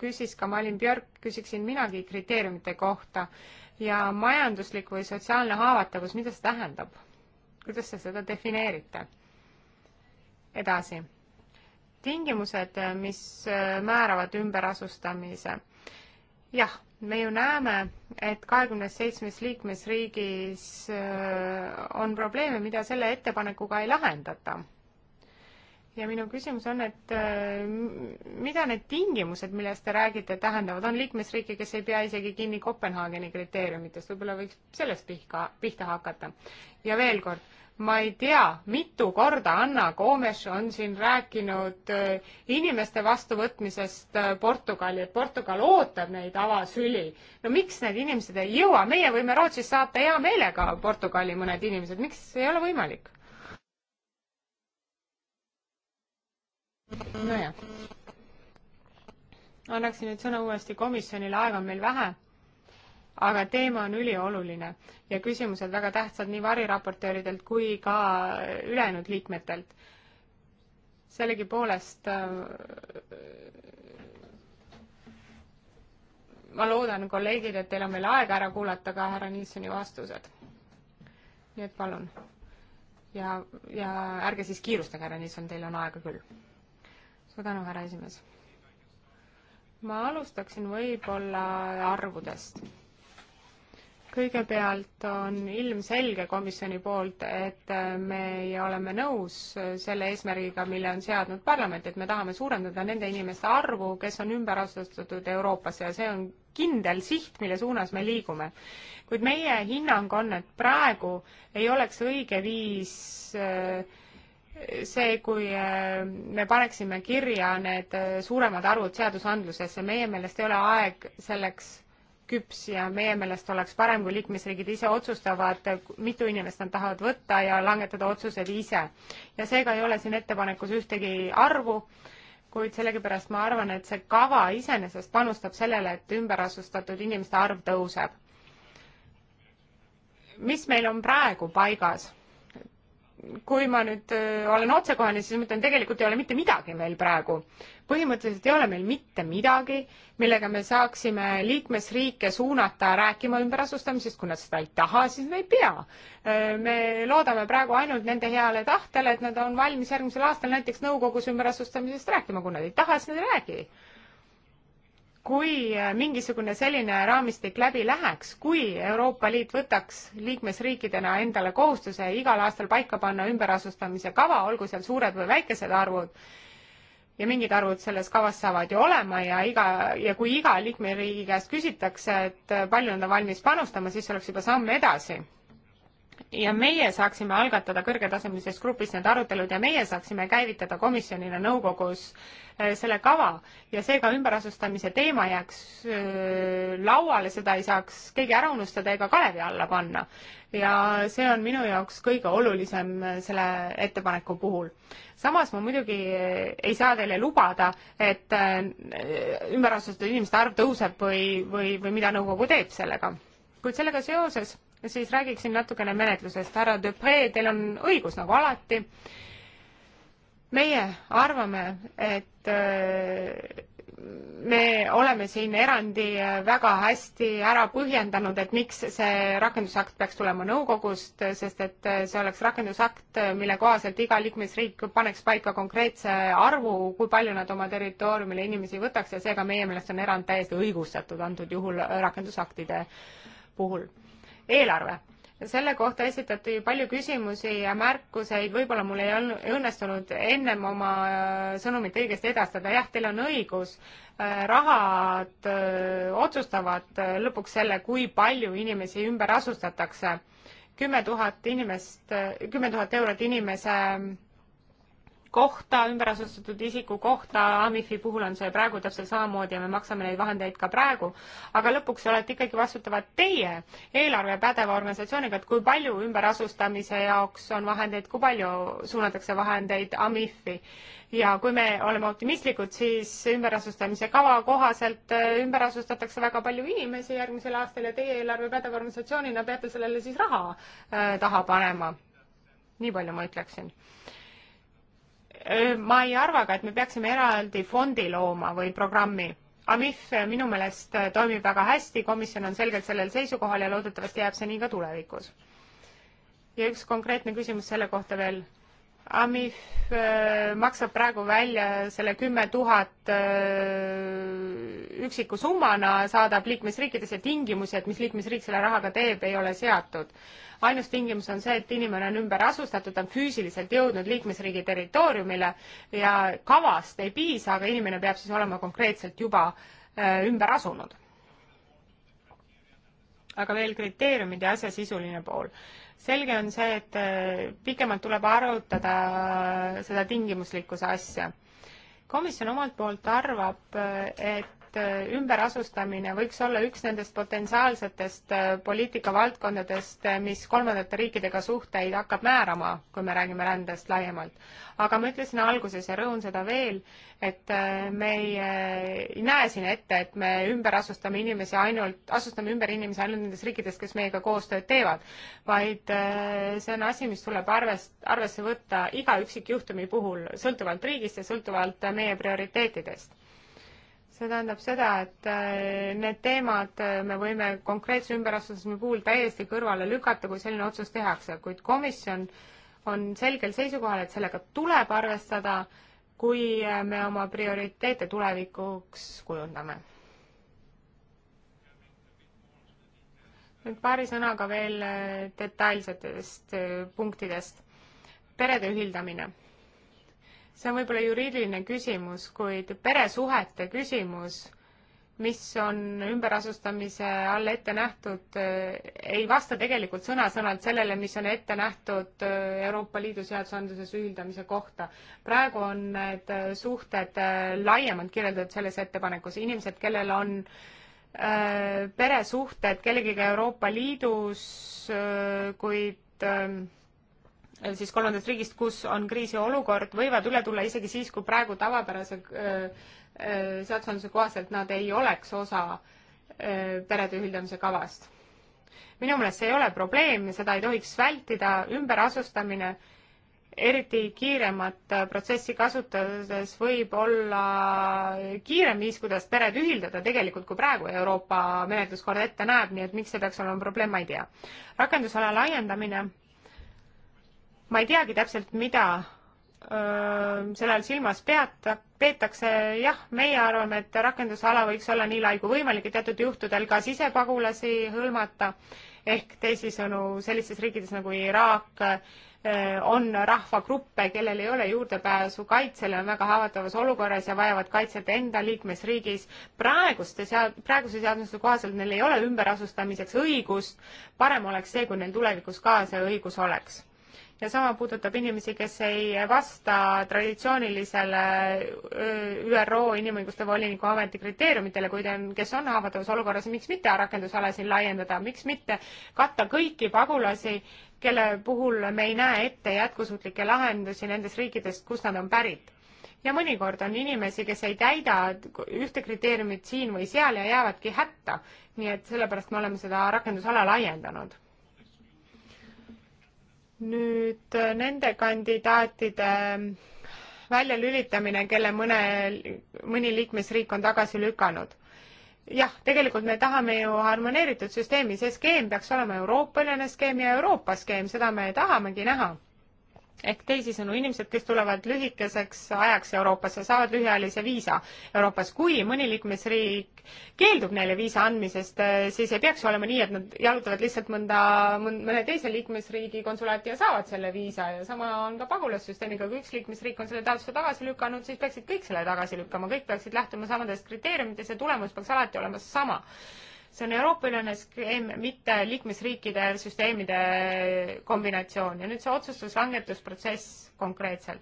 küsis ka Malin Björk, küsiksin minagi kriteeriumite kohta ja majanduslik või sotsiaalne haavatavus, mida see tähendab? kuidas te seda defineerite? edasi, tingimused, mis äh, määravad ümberasustamise. jah, me ju näeme, et kahekümne seitsmes liikmesriigis äh, on probleeme, mida selle ettepanekuga ei lahendata ja minu küsimus on, et äh, mida need tingimused, millest te räägite, tähendavad, on liikmesriike, kes ei pea isegi kinni Kopenhaageni kriteeriumitest, võib-olla võiks sellest pihka, pihta hakata. ja veel kord, ma ei tea, mitu korda Anna Gomes on siin rääkinud äh, inimeste vastuvõtmisest äh, Portugali, et Portugal ootab neid avasüli. no miks need inimesed ei jõua, meie võime Rootsis saata hea meelega Portugali mõned inimesed, miks ei ole võimalik? nojah. annaksin nüüd sõna uuesti komisjonile, aega on meil vähe, aga teema on ülioluline ja küsimused väga tähtsad nii variraportööridelt kui ka ülejäänud liikmetelt. sellegipoolest äh, ma loodan, kolleegid, et teil on veel aega ära kuulata ka härra Nilssoni vastused. nii et palun. ja, ja ärge siis kiirustage, härra Nilsson, teil on aega küll suur tänu, härra esimees. ma alustaksin võib-olla arvudest. kõigepealt on ilmselge komisjoni poolt, et meie oleme nõus selle eesmärgiga, mille on seadnud parlament, et me tahame suurendada nende inimeste arvu, kes on ümber asustatud Euroopasse ja see on kindel siht, mille suunas me liigume. kuid meie hinnang on, et praegu ei oleks õige viis äh, see, kui äh, me paneksime kirja need äh, suuremad arvud seadusandlusesse, meie meelest ei ole aeg selleks küps ja meie meelest oleks parem, kui liikmesriigid ise otsustavad, mitu inimest nad tahavad võtta ja langetada otsused ise. ja seega ei ole siin ettepanekus ühtegi arvu, kuid sellegipärast ma arvan, et see kava iseenesest panustab sellele, et ümberasustatud inimeste arv tõuseb. mis meil on praegu paigas kui ma nüüd äh, olen otsekohane, siis ma ütlen, tegelikult ei ole mitte midagi meil praegu. põhimõtteliselt ei ole meil mitte midagi, millega me saaksime liikmesriike suunata rääkima ümberasustamisest, kui nad seda ei taha, siis nad ei pea. Äh, me loodame praegu ainult nende heale tahtele, et nad on valmis järgmisel aastal näiteks nõukogus ümberasustamisest rääkima, kui nad ei taha, siis nad ei räägi kui äh, mingisugune selline raamistik läbi läheks, kui Euroopa Liit võtaks liikmesriikidena endale kohustuse igal aastal paika panna ümberasustamise kava, olgu seal suured või väikesed arvud, ja mingid arvud selles kavas saavad ju olema ja iga, ja kui iga liikmeriigi käest küsitakse, et palju nad on valmis panustama, siis oleks juba samm edasi ja meie saaksime algatada kõrgetasemelises grupis need arutelud ja meie saaksime käivitada komisjonina nõukogus äh, selle kava ja seega ümberasustamise teema jääks äh, lauale, seda ei saaks keegi ära unustada ega kalevi alla panna. ja see on minu jaoks kõige olulisem äh, selle ettepaneku puhul. samas ma muidugi ei saa teile lubada, et ümberasustatud inimeste arv tõuseb või, või, või mida nõukogu teeb sellega. kuid sellega seoses siis räägiksin natukene menetlusest. härra Dupre, teil on õigus nagu alati. meie arvame, et äh, me oleme siin erandi äh, väga hästi ära põhjendanud, et miks see rakendusakt peaks tulema nõukogust, sest et äh, see oleks rakendusakt, mille kohaselt iga liikmesriik paneks paika konkreetse arvu, kui palju nad oma territooriumile inimesi võtaks ja seega meie meelest on erand täiesti õigustatud antud juhul rakendusaktide puhul eelarve. selle kohta esitati palju küsimusi ja märkuseid, võib-olla mul ei õnnestunud ennem oma äh, sõnumit õigesti edastada, jah, teil on õigus, äh, rahad äh, otsustavad lõpuks selle, kui palju inimesi ümber asustatakse. kümme tuhat inimest, kümme tuhat eurot inimese kohta, ümberasustatud isiku kohta, Amifi puhul on see praegu täpselt samamoodi ja me maksame neid vahendeid ka praegu, aga lõpuks olete ikkagi vastutavad teie eelarvepädeva organisatsiooniga, et kui palju ümberasustamise jaoks on vahendeid, kui palju suunatakse vahendeid Amifi. ja kui me oleme optimistlikud, siis ümberasustamise kava kohaselt äh, ümberasustatakse väga palju inimesi järgmisel aastal ja teie eelarvepädeva organisatsioonina peate sellele siis raha äh, taha panema nii palju ma ütleksin ma ei arva ka, et me peaksime eraldi fondi looma või programmi. AMIF äh, minu meelest äh, toimib väga hästi, komisjon on selgelt sellel seisukohal ja loodetavasti jääb see nii ka tulevikus. ja üks konkreetne küsimus selle kohta veel Amif äh, maksab praegu välja selle kümme tuhat äh, üksiku summana, saadab liikmesriikidesse tingimusi, et mis liikmesriik selle rahaga teeb, ei ole seatud. ainus tingimus on see, et inimene on ümber asustatud, ta on füüsiliselt jõudnud liikmesriigi territooriumile ja kavast ei piisa, aga inimene peab siis olema konkreetselt juba äh, ümber asunud. aga veel kriteeriumid ja asja sisuline pool selge on see, et äh, pikemalt tuleb arutada äh, seda tingimuslikkuse asja. komisjon omalt poolt arvab, äh, et et äh, ümberasustamine võiks olla üks nendest potentsiaalsetest äh, poliitikavaldkondadest, äh, mis kolmandate riikidega suhteid hakkab määrama, kui me räägime rändest laiemalt. aga ma ütlesin alguses ja rõhun seda veel, et me ei, ei näe siin ette, et me ümber asustame inimesi ainult, asustame ümber inimesi ainult nendest riikidest, kes meiega koostööd teevad, vaid see on asi, mis tuleb arvest, arvesse võtta iga üksikjuhtumi puhul, sõltuvalt riigist ja sõltuvalt meie prioriteetidest see tähendab seda, et äh, need teemad äh, me võime konkreetse ümberasustamise puhul täiesti kõrvale lükata, kui selline otsus tehakse, kuid komisjon on selgel seisukohal, et sellega tuleb arvestada, kui äh, me oma prioriteete tulevikuks kujundame. nüüd paari sõnaga veel detailsetest punktidest. perede ühildamine see on võib-olla juriidiline küsimus, kuid peresuhete küsimus, mis on ümberasustamise all ette nähtud, eh, ei vasta tegelikult sõna-sõnalt sellele, mis on ette nähtud eh, Euroopa Liidu seadusandluses ühildamise kohta. praegu on need eh, suhted laiemalt kirjeldatud selles ettepanekus, inimesed, kellel on peresuhted kellegiga Euroopa Liidus, kuid Äh, siis kolmandast riigist, kus on kriisiolukord, võivad üle tulla isegi siis, kui praegu tavapärase äh, äh, seadusandluse kohaselt nad ei oleks osa perede ühildamise kavast. minu meelest see ei ole probleem ja seda ei tohiks vältida, ümberasustamine, eriti kiiremat protsessi kasutades võib olla kiirem viis, kuidas pered ühildada tegelikult, kui praegu Euroopa menetluskord ette näeb, nii et miks see peaks olema probleem, ma ei tea. rakendusala laiendamine ma ei teagi täpselt, mida sellel silmas peata, peetakse, jah, meie arvame, et rakendusala võiks olla nii lai kui võimalik ja teatud juhtudel ka sisepagulasi hõlmata, ehk teisisõnu, sellistes riikides nagu Iraak on rahvagruppe, kellel ei ole juurdepääsu kaitsele, on väga haavatavas olukorras ja vajavad kaitset enda liikmesriigis. praeguste sead-, praeguse seaduste kohaselt neil ei ole ümberasustamiseks õigust, parem oleks see, kui neil tulevikus ka see õigus oleks ja sama puudutab inimesi, kes ei vasta traditsioonilisele ÜRO inimõiguste voliniku ametikriteeriumitele, kuid on, kes on haavatavas olukorras, miks mitte rakendusala siin laiendada, miks mitte katta kõiki pagulasi, kelle puhul me ei näe ette jätkusuutlikke lahendusi nendest riikidest, kust nad on pärit ja mõnikord on inimesi, kes ei täida ühte kriteeriumit siin või seal ja jäävadki hätta. nii et sellepärast me oleme seda rakendusala laiendanud nüüd äh, nende kandidaatide väljalülitamine, kelle mõne, mõni liikmesriik on tagasi lükanud. jah, tegelikult me tahame ju harmoneeritud süsteemi, see skeem peaks olema Euroopa-ülene skeem ja Euroopa skeem, seda me tahamegi näha ehk teisisõnu, inimesed, kes tulevad lühikeseks ajaks Euroopasse, saavad lühiajalise viisa Euroopas. kui mõni liikmesriik keeldub neile viisa andmisest, eh, siis ei peaks olema nii, et nad jalutavad lihtsalt mõnda, mõne teise liikmesriigi konsulaati ja saavad selle viisa ja sama on ka pagulassüsteemiga, kui üks liikmesriik on selle taotluse tagasi lükanud, siis peaksid kõik selle tagasi lükkama, kõik peaksid lähtuma samadest kriteeriumitest ja tulemus peaks alati olema sama see on Euroopa-ülene skeem, mitte liikmesriikide süsteemide kombinatsioon ja nüüd see otsustuslangetusprotsess konkreetselt.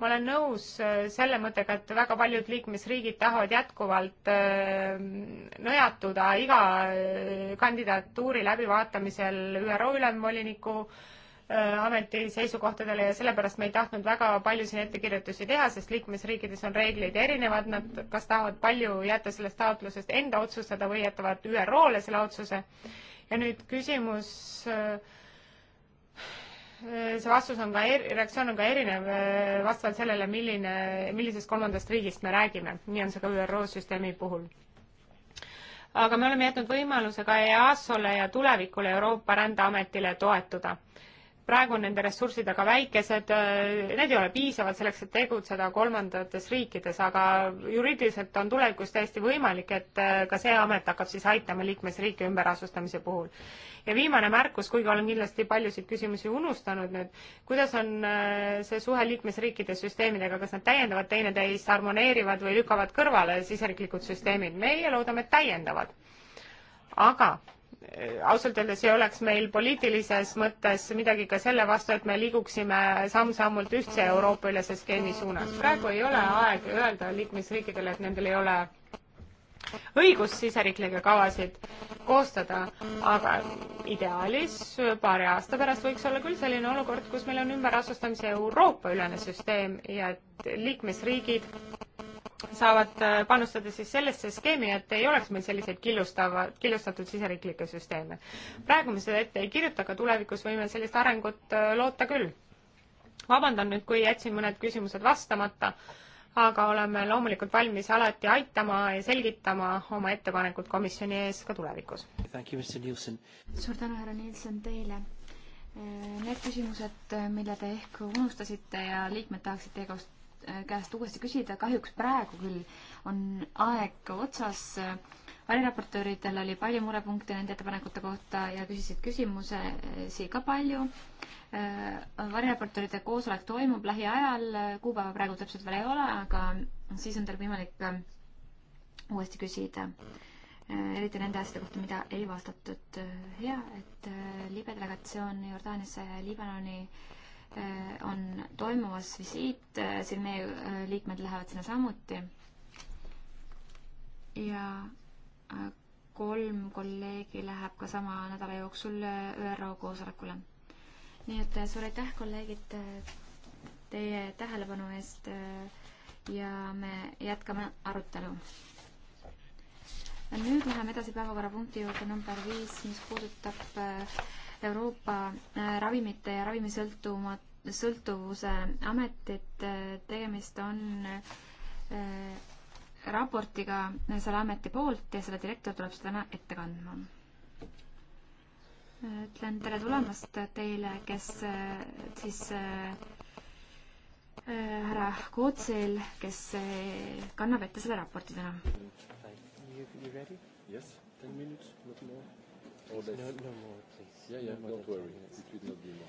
ma olen nõus äh, selle mõttega, et väga paljud liikmesriigid tahavad jätkuvalt äh, nõjatuda iga äh, kandidatuuri läbivaatamisel ÜRO ülemvoliniku äh, Äh, ameti seisukohtadele ja sellepärast me ei tahtnud väga palju siin ettekirjutusi teha, sest liikmesriikides on reeglid erinevad, nad kas tahavad palju jätta sellest taotlusest enda otsustada või jätavad ÜRO-le selle otsuse. ja nüüd küsimus, äh, see vastus on ka, er-, reaktsioon on ka erinev äh, vastavalt sellele, milline, millisest kolmandast riigist me räägime, nii on see ka ÜRO süsteemi puhul aga me oleme jätnud võimaluse ka EASO-le ja tulevikule Euroopa Rändeametile toetuda praegu on nende ressursid aga väikesed, äh, need ei ole piisavad selleks, et tegutseda kolmandates riikides, aga juriidiliselt on tulevikus täiesti võimalik, et äh, ka see amet hakkab siis aitama liikmesriike ümberasustamise puhul. ja viimane märkus, kuigi olen kindlasti paljusid küsimusi unustanud nüüd, kuidas on äh, see suhe liikmesriikide süsteemidega, kas nad täiendavad teineteist, harmoneerivad või lükkavad kõrvale siseriiklikud süsteemid? meie loodame, et täiendavad. aga Äh, ausalt öeldes ei oleks meil poliitilises mõttes midagi ka selle vastu, et me liiguksime samm-sammult ühtse Euroopa-ülese skeemi suunas. praegu ei ole aeg öelda liikmesriikidele, et nendel ei ole õigust siseriiklikke kavasid koostada, aga ideaalis paari aasta pärast võiks olla küll selline olukord, kus meil on ümberasustamise Euroopa-ülene süsteem ja et liikmesriigid saavad äh, panustada siis sellesse skeemi, et ei oleks meil selliseid killustava, killustatud siseriiklikke süsteeme. praegu me seda ette ei kirjuta, aga tulevikus võime sellist arengut äh, loota küll. vabandan nüüd, kui jätsin mõned küsimused vastamata, aga oleme loomulikult valmis alati aitama ja selgitama oma ettepanekud komisjoni ees ka tulevikus. suur tänu, härra Nielsen, teile äh, Need küsimused, mille te ehk unustasite ja liikmed tahaksid teie käest käest uuesti küsida, kahjuks praegu küll on aeg otsas. variraportööridel oli palju murepunkte nende ettepanekute kohta ja küsisid küsimusi ka palju. Äh, variraportööride koosolek toimub lähiajal, kuupäeva praegu täpselt veel ei ole, aga siis on teil võimalik äh, uuesti küsida äh, eriti nende asjade kohta, mida ei vastatud. hea, et libe delegatsioon Jordaaniasse ja Liibanoni äh, Äh, on toimumas visiit, äh, siin meie äh, liikmed lähevad sinna samuti. ja kolm kolleegi läheb ka sama nädala jooksul ÜRO koosolekule. nii et suur aitäh, kolleegid, teie tähelepanu eest ja me jätkame arutelu. nüüd läheme edasi päevakorrapunkti juurde number viis, mis puudutab Euroopa äh, Ravimite ja Ravimisõltumat-, sõltuvuse ametit, äh, tegemist on äh, raportiga selle ameti poolt ja selle direktor tuleb seda täna ette kandma. ütlen tere tulemast teile, kes siis härra Kootsil, kes kannab ette selle raporti täna. You, you ready? Yes, ten minutes, not more. No, no more. Yeah, yeah, don't worry. It will not be long.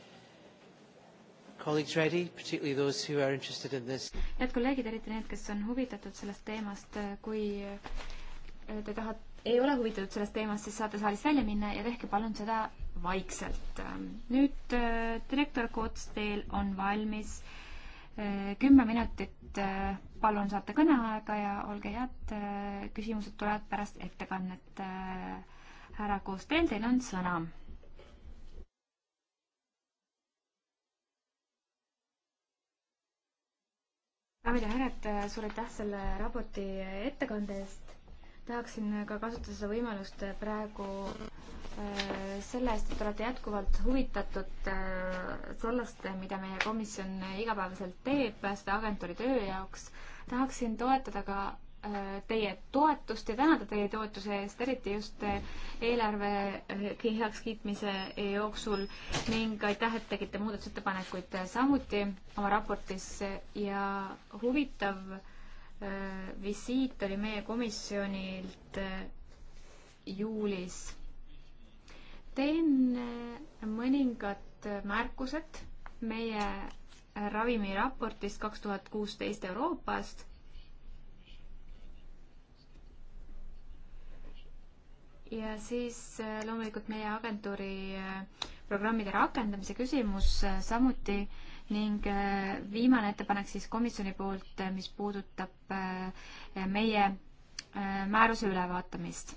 Colleagues ready, particularly those who are interested in this. head kolleegid, eriti need, kes on huvitatud sellest teemast, äh, kui äh, te tahate, ei ole huvitatud sellest teemast, siis saate saalist välja minna ja tehke palun seda vaikselt. Ähm, nüüd äh, direktor Koots, teil on valmis kümme minutit, palun saate kõneaega ja olge head, küsimused tulevad pärast ettekannet. härra Koots, teil, teil on sõna daamid ja härrad, suur aitäh selle raporti ettekande eest. tahaksin ka kasutada seda võimalust praegu äh, selle eest, et olete jätkuvalt huvitatud äh, sellest, mida meie komisjon igapäevaselt teeb Päästeagentuuri töö jaoks. tahaksin toetada ka teie toetust ja tänada teie toetuse eest, eriti just eelarve äh, heakskiitmise jooksul ning aitäh, et tegite muudatusettepanekuid samuti oma raportis ja huvitav äh, visiit oli meie komisjonilt äh, juulis. teen mõningad märkused meie ravimiraportist kaks tuhat kuusteist Euroopast ja siis äh, loomulikult meie agentuuri äh, programmide rakendamise küsimus äh, samuti ning viimane ettepanek siis komisjoni poolt, mis puudutab meie määruse ülevaatamist.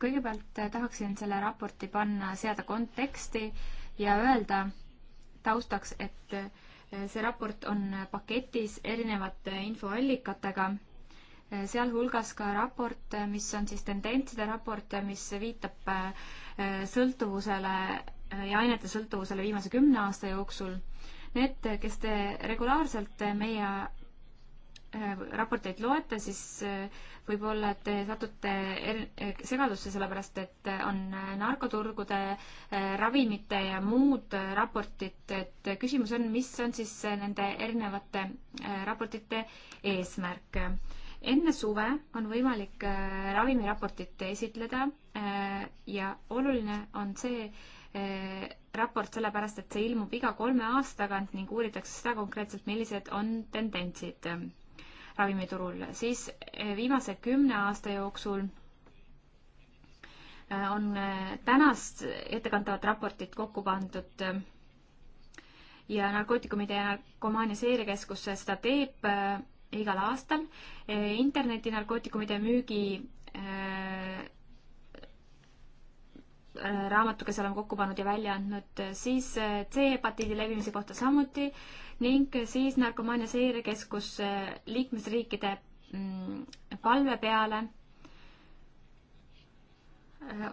kõigepealt tahaksin selle raporti panna, seada konteksti ja öelda taustaks, et see raport on paketis erinevate infoallikatega Eh, sealhulgas ka raport, eh, mis on siis tendentside raport, eh, mis viitab sõltuvusele ja ainete sõltuvusele viimase kümne aasta jooksul. Need, kes te regulaarselt meie raporteid loete, siis võib-olla te satute er-, segadusse, sellepärast et on narkoturgude, ravimite ja muud raportid, et küsimus on, mis on siis nende erinevate raportite eesmärk enne suve on võimalik äh, ravimiraportit esitleda äh, ja oluline on see äh, raport sellepärast, et see ilmub iga kolme aasta tagant ning uuritakse seda konkreetselt, millised on tendentsid ähm, ravimiturul. siis viimase kümne aasta jooksul on tänast ettekantavat raportit kokku pandud ähm, ja narkootikumide ja narkomaania seirekeskus seda teeb igal aastal. Eh, internetinarkootikumide müügi eh, eh, raamatuga seal on kokku pannud ja välja andnud, siis C-hepatiidi levimise kohta samuti ning siis Narkomaania Seirekeskus liikmesriikide mm, palve peale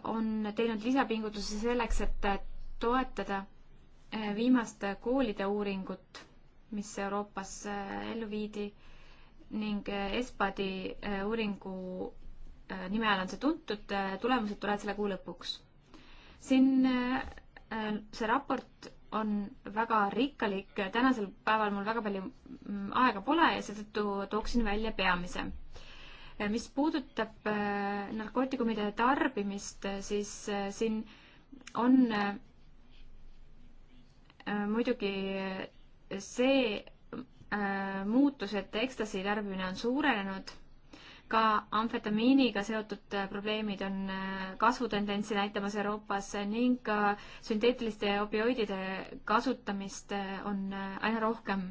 on teinud lisapingutusi selleks, et toetada viimast koolide uuringut, mis Euroopas ellu viidi ning eh, ESPADi eh, uuringu eh, nime all on see tuntud, tulemused tulevad selle kuu lõpuks. siin see raport on väga rikkalik, tänasel päeval mul väga palju mm, aega pole ja seetõttu tooksin välja peamise. mis puudutab narkootikumide tarbimist, siis siin on muidugi see Äh, muutus, et ekstasi tarbimine on suurenenud. ka amfetamiiniga seotud äh, probleemid on äh, kasvutendentsi näitamas Euroopas ning ka sünteetiliste opioidide kasutamist on aina rohkem.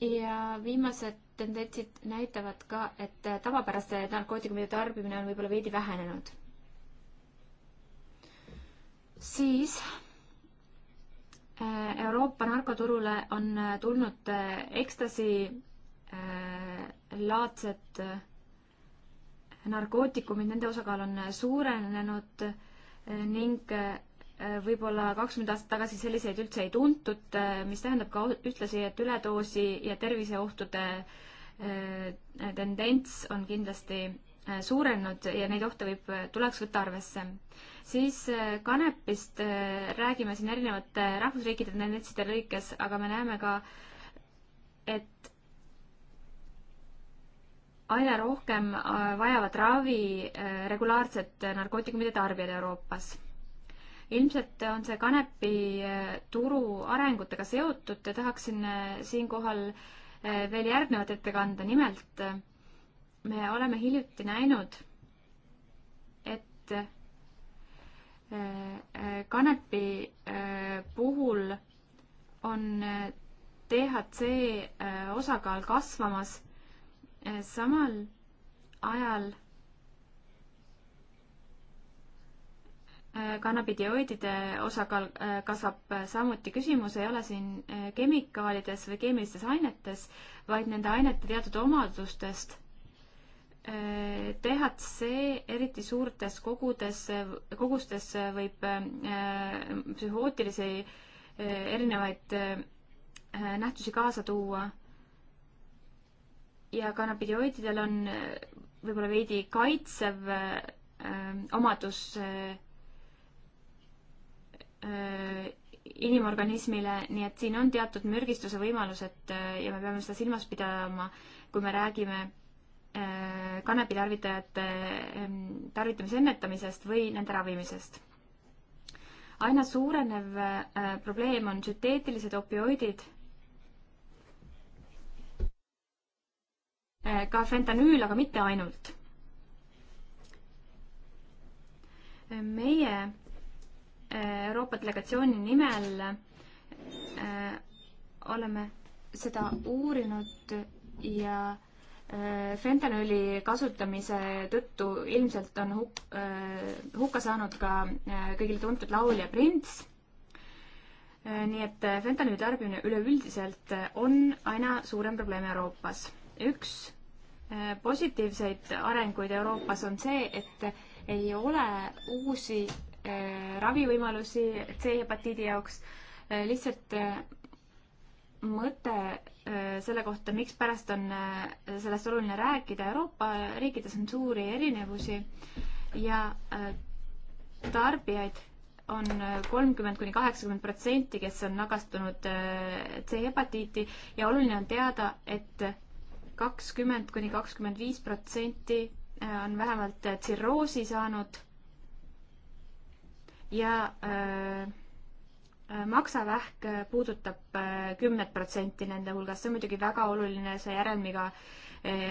ja viimased tendentsid näitavad ka, et tavapäraste narkootikumide tarbimine on võib-olla veidi vähenenud. siis Euroopa narkoturule on tulnud äh, ekstasi äh, laadsed äh, narkootikumid, nende osakaal on suurenenud ning võib-olla kakskümmend aastat tagasi selliseid üldse ei tuntud, mis tähendab ka ühtlasi, et üledoosi ja terviseohtude tendents on kindlasti suurenenud ja neid ohte võib, tuleks võtta arvesse siis äh, kanepist äh, räägime siin erinevate rahvusriikide tendentside lõikes, aga me näeme ka, et aina rohkem äh, vajavad ravi regulaarset narkootikumide tarbijad Euroopas. ilmselt on see kanepi turu arengutega seotud ja tahaksin siinkohal veel järgnevat ette kanda, nimelt me oleme hiljuti näinud, et kanepi äh, puhul on DHC äh, äh, osakaal kasvamas, samal ajal kannabidioidide osakaal kasvab samuti. küsimus ei ole siin kemikaalides või keemilistes ainetes, vaid nende ainete teatud omadustest THC eriti suurtes kogudes, kogustes võib äh, psühhootilisi äh, erinevaid äh, nähtusi kaasa tuua. ja kannabidioididel on võib-olla veidi kaitsev omadus inimorganismile, nii et siin on teatud mürgistuse võimalused ja me peame seda silmas pidama, kui me räägime kanepitarvitajate tarvitamise ennetamisest või nende ravimisest. aina suurenev äh, probleem on sünteetilised opioidid. Äh, ka fentanüül, aga mitte ainult. meie äh, Euroopa delegatsiooni nimel oleme seda uurinud ja Äh, fentanüüli kasutamise tõttu ilmselt on huk-, äh, hukka saanud ka äh, kõigile tuntud laulja Prince. nii et fentanüüli tarbimine üleüldiselt on aina suurem probleem Euroopas. üks positiivseid arenguid Euroopas on see, et ei ole uusi ravivõimalusi C-hepatiidi jaoks, lihtsalt mõte äh, selle kohta, mikspärast on äh, sellest oluline rääkida. Euroopa riikides on suuri erinevusi ja äh, tarbijaid on kolmkümmend kuni kaheksakümmend protsenti, kes on nakastunud C-hepatiiti ja oluline on teada et, et kakskümmend kuni kakskümmend viis protsenti on vähemalt tsirroosi saanud ja öö, Äh, maksavähk äh, puudutab äh, kümnet protsenti nende hulgast, see on muidugi väga oluline, see järelmiga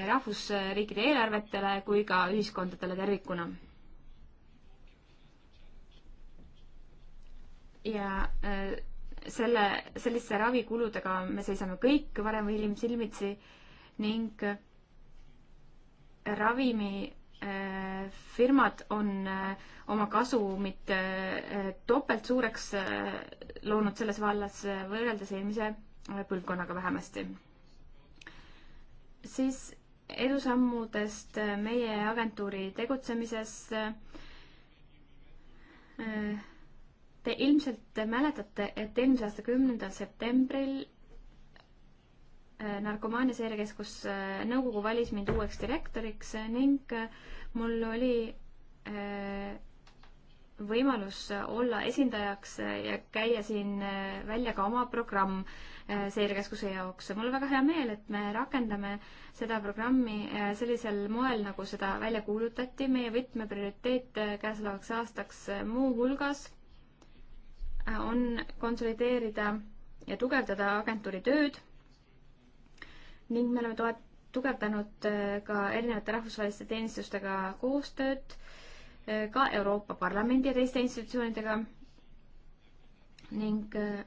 rahvusriikide eelarvetele kui ka ühiskondadele tervikuna. ja selle, selliste ravikuludega me seisame kõik varem või hiljem silmitsi ning ravimi firmad on äh, oma kasumit äh, topelt suureks äh, loonud selles vallas võrreldes eelmise põlvkonnaga vähemasti. siis edusammudest meie agentuuri tegutsemises. Te ilmselt mäletate, et eelmise aasta kümnendal septembril Äh, narkomaania seirekeskus äh, nõukogu valis mind uueks direktoriks äh, ning mul oli võimalus olla esindajaks ja käia siin välja ka oma programm seirekeskuse jaoks. mul on väga hea meel, et me rakendame seda programmi sellisel moel, nagu seda välja kuulutati. meie võtmeprioriteet käesolevaks aastaks muuhulgas on konsolideerida ja tugevdada agentuuri tööd ning me oleme toet-, tugevdanud äh, ka erinevate rahvusvaheliste teenistustega koostööd, äh, ka Euroopa Parlamendi ja teiste institutsioonidega ning äh,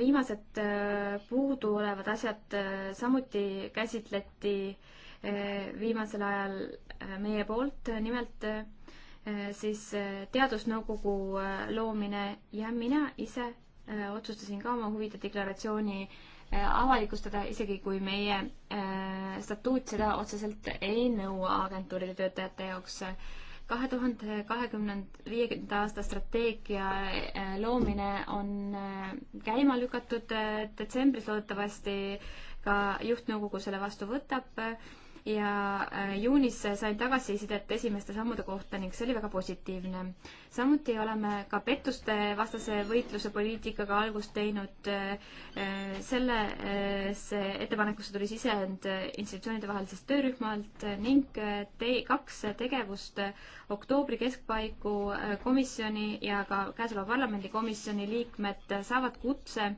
viimased puuduolevad asjad samuti käsitleti viimasel ajal meie poolt, nimelt siis teadusnõukogu loomine ja mina ise otsustasin ka oma huvide deklaratsiooni äh, Äh, avalikustada, isegi kui meie äh, statuut seda otseselt ei nõua agentuuride töötajate jaoks. kahe tuhande kahekümnenda, viiekümnenda aasta strateegia äh, loomine on käima lükatud detsembris loodetavasti ka juhtnõukogu selle vastu võtab ja äh, juunis sain tagasisidet esimeste sammude kohta ning see oli väga positiivne. samuti oleme ka pettuste vastase võitluse poliitikaga algust teinud. Äh, äh, sellesse ettepanekusse tuli sisend institutsioonide vahelisest töörühmalt ning tei-, kaks tegevust oktoobri keskpaiku komisjoni ja ka käesoleva parlamendikomisjoni liikmed saavad kutse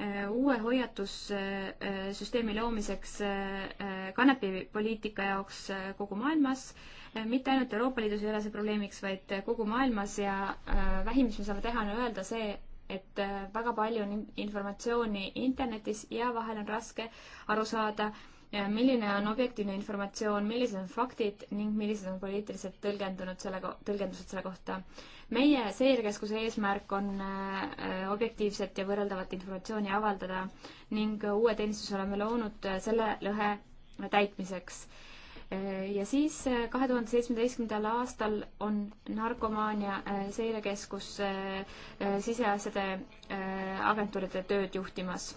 Äh, uue hoiatussüsteemi äh, loomiseks äh, kanepipoliitika jaoks kogu maailmas. mitte ainult Euroopa Liidus ei ole see probleemiks, vaid kogu maailmas ja vähim, mis me saame teha, on öelda see, et väga palju on informatsiooni internetis ja vahel on raske aru saada, milline on objektiivne informatsioon, millised on faktid ning millised on poliitiliselt tõlgendunud selle, tõlgendused selle kohta. meie seirekeskuse eesmärk on äh, objektiivset ja võrreldavat informatsiooni avaldada ning uue teenistuse oleme loonud äh, selle lõhe täitmiseks äh, ja siis kahe tuhande seitsmeteistkümnendal aastal on narkomaania seirekeskus siseasjade agentuuride tööd juhtimas.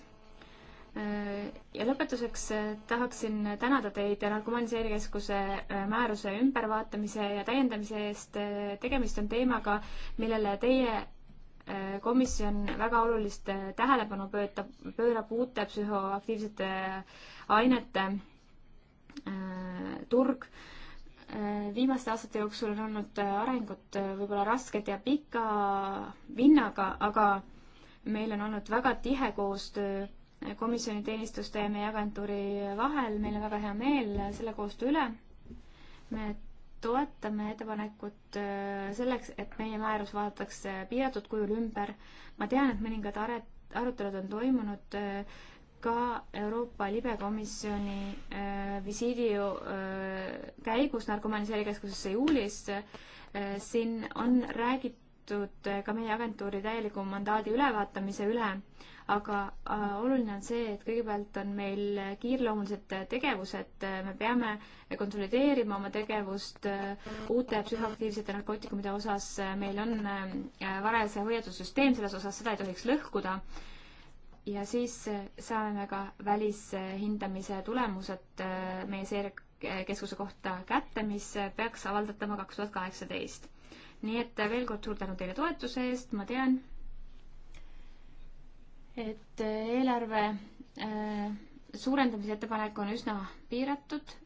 Äh, ja lõpetuseks äh, tahaksin tänada teid Narkomaaniaseerekeskuse äh, määruse ümbervaatamise ja täiendamise eest. tegemist on teemaga, millele teie komisjon väga olulist tähelepanu pöötab, pöörab uute psühhoaktiivsete ainete turg viimaste aastate jooksul on olnud arengud võib-olla rasked ja pika vinnaga, aga meil on olnud väga tihe koostöö komisjoni teenistuste ja meie agentuuri vahel, meil on väga hea meel selle koostöö üle. me toetame ettepanekut äh, selleks, et meie määrus vaadatakse äh, piiratud kujul ümber. ma tean, et mõningad aret-, arutelud on toimunud äh, ka Euroopa libekomisjoni visiidi käigus narkomaniserikeskusesse juulis. siin on räägitud ka meie agentuuri täieliku mandaadi ülevaatamise üle aga äh, oluline on see, et kõigepealt on meil kiirloomulised tegevused, me peame konsolideerima oma tegevust äh, uute psühhoaktiivsete narkootikumide osas, meil on äh, varajase hoiatussüsteem selles osas, seda ei tohiks lõhkuda ja siis saame me ka välishindamise tulemused meie seirekeskuse kohta kätte, mis peaks avaldatama kaks tuhat kaheksateist. nii et veel kord suur tänu teile toetuse eest, ma tean, et äh, eelarve äh, suurendamise ettepanek on üsna piiratud äh,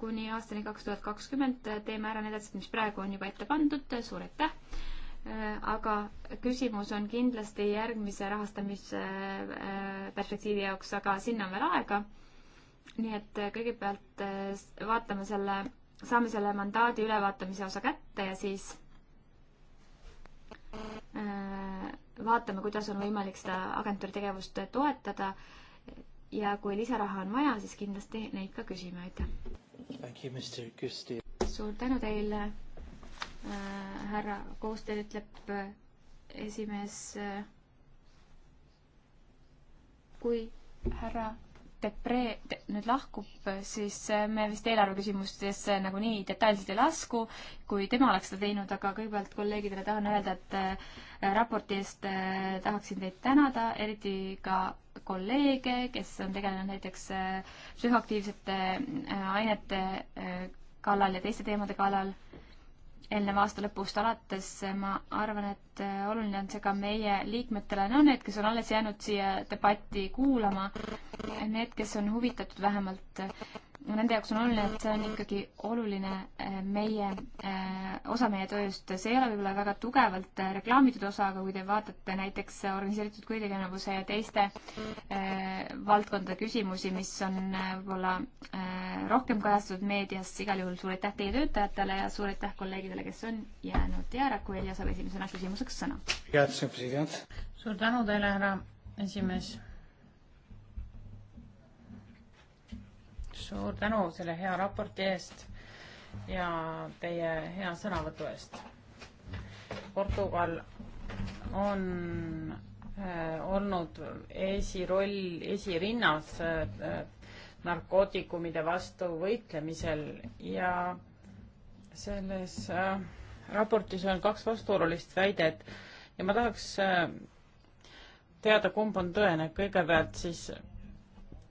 kuni aastani kaks tuhat kakskümmend teeme ära need asjad, mis praegu on juba ette pandud, suur aitäh. aga küsimus on kindlasti järgmise rahastamisperspektiivi jaoks, aga sinna on veel aega. nii et kõigepealt vaatame selle, saame selle mandaadi ülevaatamise osa kätte ja siis vaatame, kuidas on võimalik seda agentuuri tegevust toetada ja kui lisaraha on vaja, siis kindlasti neid ka küsime, aitäh! suur tänu teile äh,, härra Koostöö ütleb äh, esimees äh,, kui härra Depre de, nüüd lahkub, siis äh, me vist eelarveküsimustesse äh, nagunii detailselt ei lasku, kui tema oleks seda teinud, aga kõigepealt kolleegidele tahan öelda, et äh, raporti eest tahaksin teid tänada, eriti ka kolleege, kes on tegelenud näiteks psühhoaktiivsete ainete kallal ja teiste teemade kallal eelneva aasta lõpust alates ma arvan, et äh, oluline on see ka meie liikmetele, no need, kes on alles jäänud siia debatti kuulama, need, kes on huvitatud vähemalt, äh, nende jaoks on oluline, et see on ikkagi oluline äh, meie, osa meie tööst. see ei ole võib-olla väga tugevalt reklaamitud osa, aga kui te vaatate näiteks organiseeritud kuritegevuse ja teiste valdkondade küsimusi, mis on võib-olla rohkem kajastatud meedias, igal juhul suur aitäh teie töötajatele ja suur aitäh kolleegidele, kes on jäänud ja Raku Helja saab esimesena küsimuseks sõna. suur tänu teile, härra esimees. suur tänu selle hea raporti eest ja teie hea sõnavõtu eest. Portugal on äh, olnud esiroll, esirinnas äh, narkootikumide vastu võitlemisel ja selles äh, raportis on kaks vastuolulist väidet ja ma tahaks äh, teada, kumb on tõene. kõigepealt siis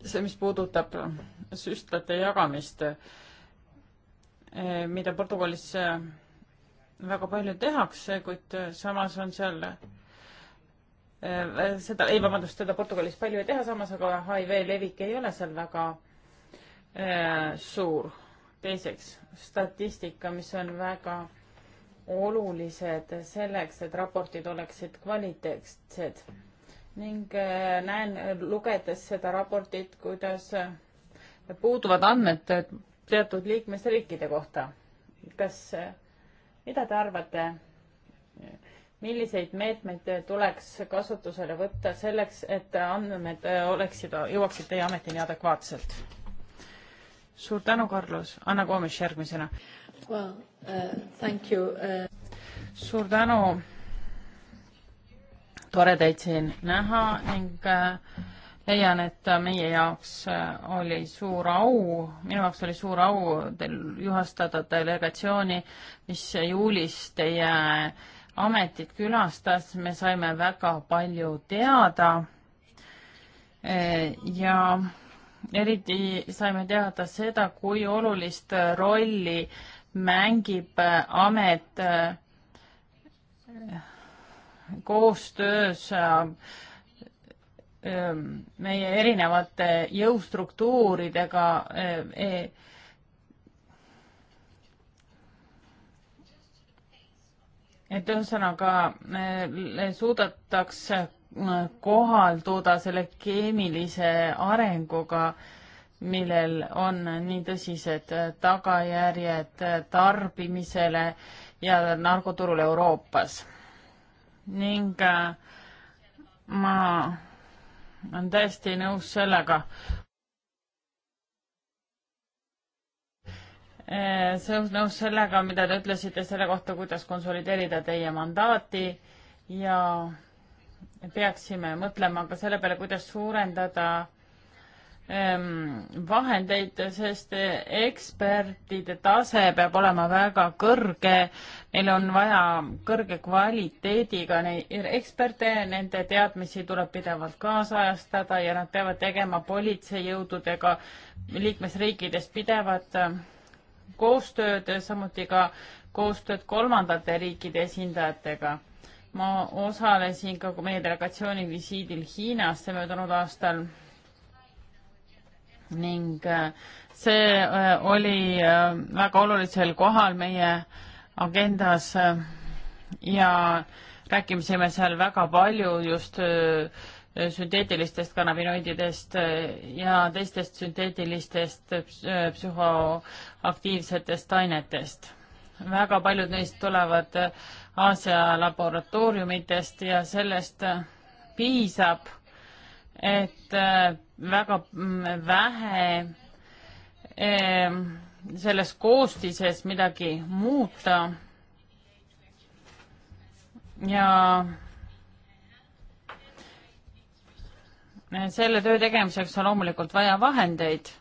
see, mis puudutab süstlate jagamist, äh, mida Portugalis väga palju tehakse, kuid samas on seal seda, ei vabandust, seda Portugalis palju ei teha, samas aga HIV levik ei ole seal väga Äh, suur. teiseks, statistika, mis on väga olulised selleks, et raportid oleksid kvaliteetsed ning äh, näen, lugedes seda raportit, kuidas äh, puuduvad andmed teatud liikmesriikide kohta. kas, mida te arvate, milliseid meetmeid tuleks kasutusele võtta selleks, et andmed oleksid, jõuaksid teie ametini adekvaatselt? suur tänu, Carlos, Anna Koomes järgmisena well,. Uh, uh... suur tänu, tore teid siin näha ning uh, leian, et meie jaoks uh, oli suur au, minu jaoks oli suur au teil juhastada delegatsiooni, mis juulis teie ametit külastas, me saime väga palju teada eh, ja eriti saime teada seda, kui olulist rolli mängib äh, amet äh, koostöös äh, ähm, meie erinevate jõustruktuuridega e- et ühesõnaga suudetakse kohalduda selle keemilise arenguga, millel on nii tõsised tagajärjed tarbimisele ja narkoturul Euroopas. ning äh, ma olen täiesti nõus sellega, äh, see on nõus sellega, mida te ütlesite selle kohta, kuidas konsolideerida teie mandaati ja peaksime mõtlema ka selle peale, kuidas suurendada ehm, vahendeid, sest ekspertide tase peab olema väga kõrge, neil on vaja kõrge kvaliteediga neid eksperte, nende teadmisi tuleb pidevalt kaasajastada ja nad peavad tegema politseijõududega liikmesriikides pidevat ehm, koostööd, samuti ka koostööd kolmandate riikide esindajatega ma osalesin ka meie delegatsiooni visiidil Hiinasse möödunud aastal ning äh, see äh, oli äh, väga olulisel kohal meie agendas ja rääkisime seal väga palju just sünteetilistest kannabinoididest ja teistest sünteetilistest psühhoaktiivsetest ainetest väga paljud neist tulevad äh, Aasia laboratooriumitest ja sellest äh, piisab, et äh, väga mm, vähe selles koostises midagi muuta. ja selle töö tegemiseks on loomulikult vaja vahendeid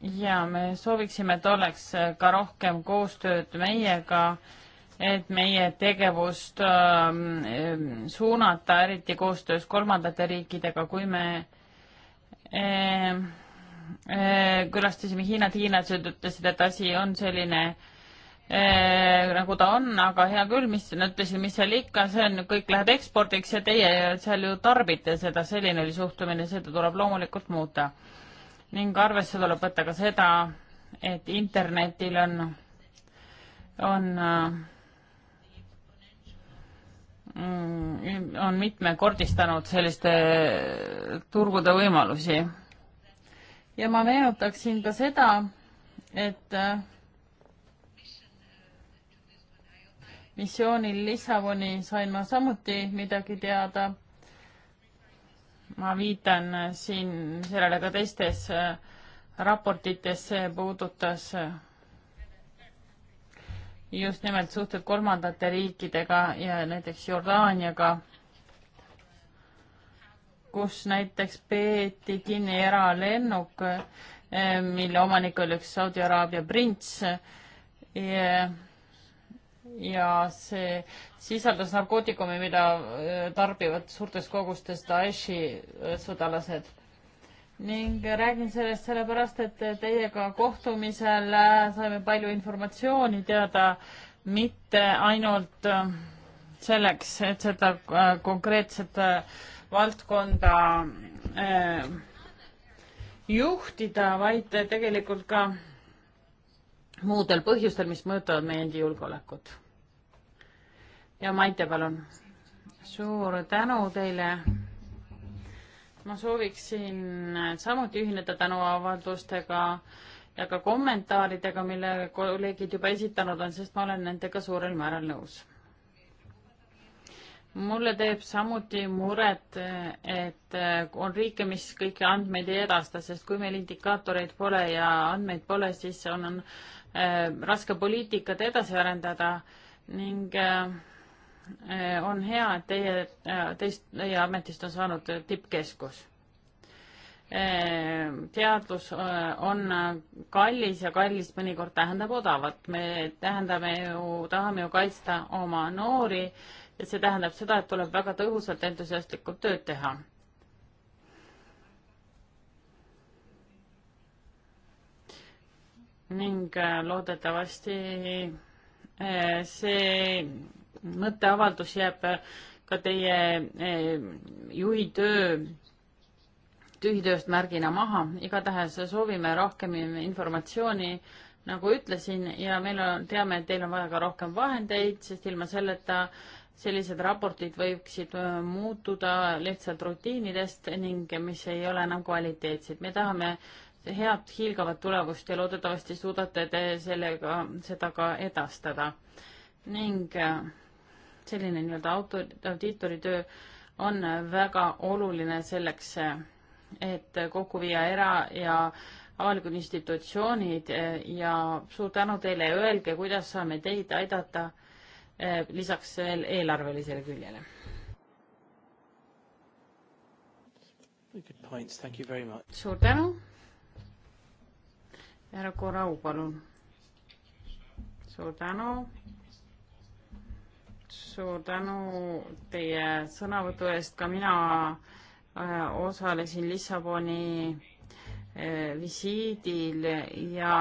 ja me sooviksime, et oleks ka rohkem koostööd meiega, et meie tegevust äh, suunata, eriti koostöös kolmandate riikidega, kui me äh, äh, külastasime Hiinat, Hiinad ütlesid, et asi on selline äh, nagu ta on, aga hea küll, mis, nad ütlesid, mis seal ikka, see on, kõik läheb ekspordiks ja teie seal ju tarbite seda, selline oli suhtumine, seda tuleb loomulikult muuta ning arvesse tuleb võtta ka seda, et internetil on, on mm, on mitmekordistanud selliste turgude võimalusi. ja ma meenutaksin ka seda, et missioonil Lissaboni sain ma samuti midagi teada ma viitan siin sellele ka teistes äh, raportites, see puudutas äh, just nimelt suhted kolmandate riikidega ja näiteks Jordaaniaga, kus näiteks peeti kinni eralennuk, äh, mille omanik oli üks Saudi Araabia prints ja ja see sisaldas narkootikumi, mida äh, tarbivad suurtes kogustes Daeshi äh, sõdalased. ning räägin sellest sellepärast, et teiega kohtumisel äh, saime palju informatsiooni teada, mitte ainult selleks, et seda konkreetset valdkonda juhtida, vaid tegelikult ka muudel põhjustel, mis mõjutavad meie endi julgeolekut. ja Maite, palun. suur tänu teile. ma sooviksin samuti ühineda tänuavaldustega ja ka kommentaaridega, mille kolleegid juba esitanud on, sest ma olen nendega suurel määral nõus. mulle teeb samuti muret, et on riike, mis kõiki andmeid ei edasta, sest kui meil indikaatoreid pole ja andmeid pole, siis on, on Äh, raske poliitikat edasi arendada ning äh, äh, on hea, et teie, teist, teie ametist on saanud tippkeskus. teadus on kallis ja kallis mõnikord tähendab odavat. me tähendame ju, tahame ju kaitsta oma noori ja see tähendab seda, et tuleb väga tõhusalt, entusiastlikult tööd teha ning äh, loodetavasti äh, see mõtteavaldus jääb ka teie äh, juhi töö tühitööst märgina maha, igatahes soovime rohkem informatsiooni, nagu ütlesin, ja meil on, teame, et teil on vaja ka rohkem vahendeid, sest ilma selleta sellised raportid võiksid muutuda lihtsalt rutiinidest ning mis ei ole enam kvaliteetsed. me tahame äh, head hiilgavat tulemust ja loodetavasti suudate te sellega, seda ka edastada. ning äh, selline nii-öelda autor, audiitori töö on väga oluline selleks, et kokku viia era- ja avalikud institutsioonid äh, ja suur tänu teile ja öelge, kuidas saame teid aidata äh, lisaks veel eelarvelisele küljele. suur tänu härra Korau, palun. suur tänu. suur tänu teie sõnavõtu eest, ka mina äh, osalesin Lissaboni äh, visiidil ja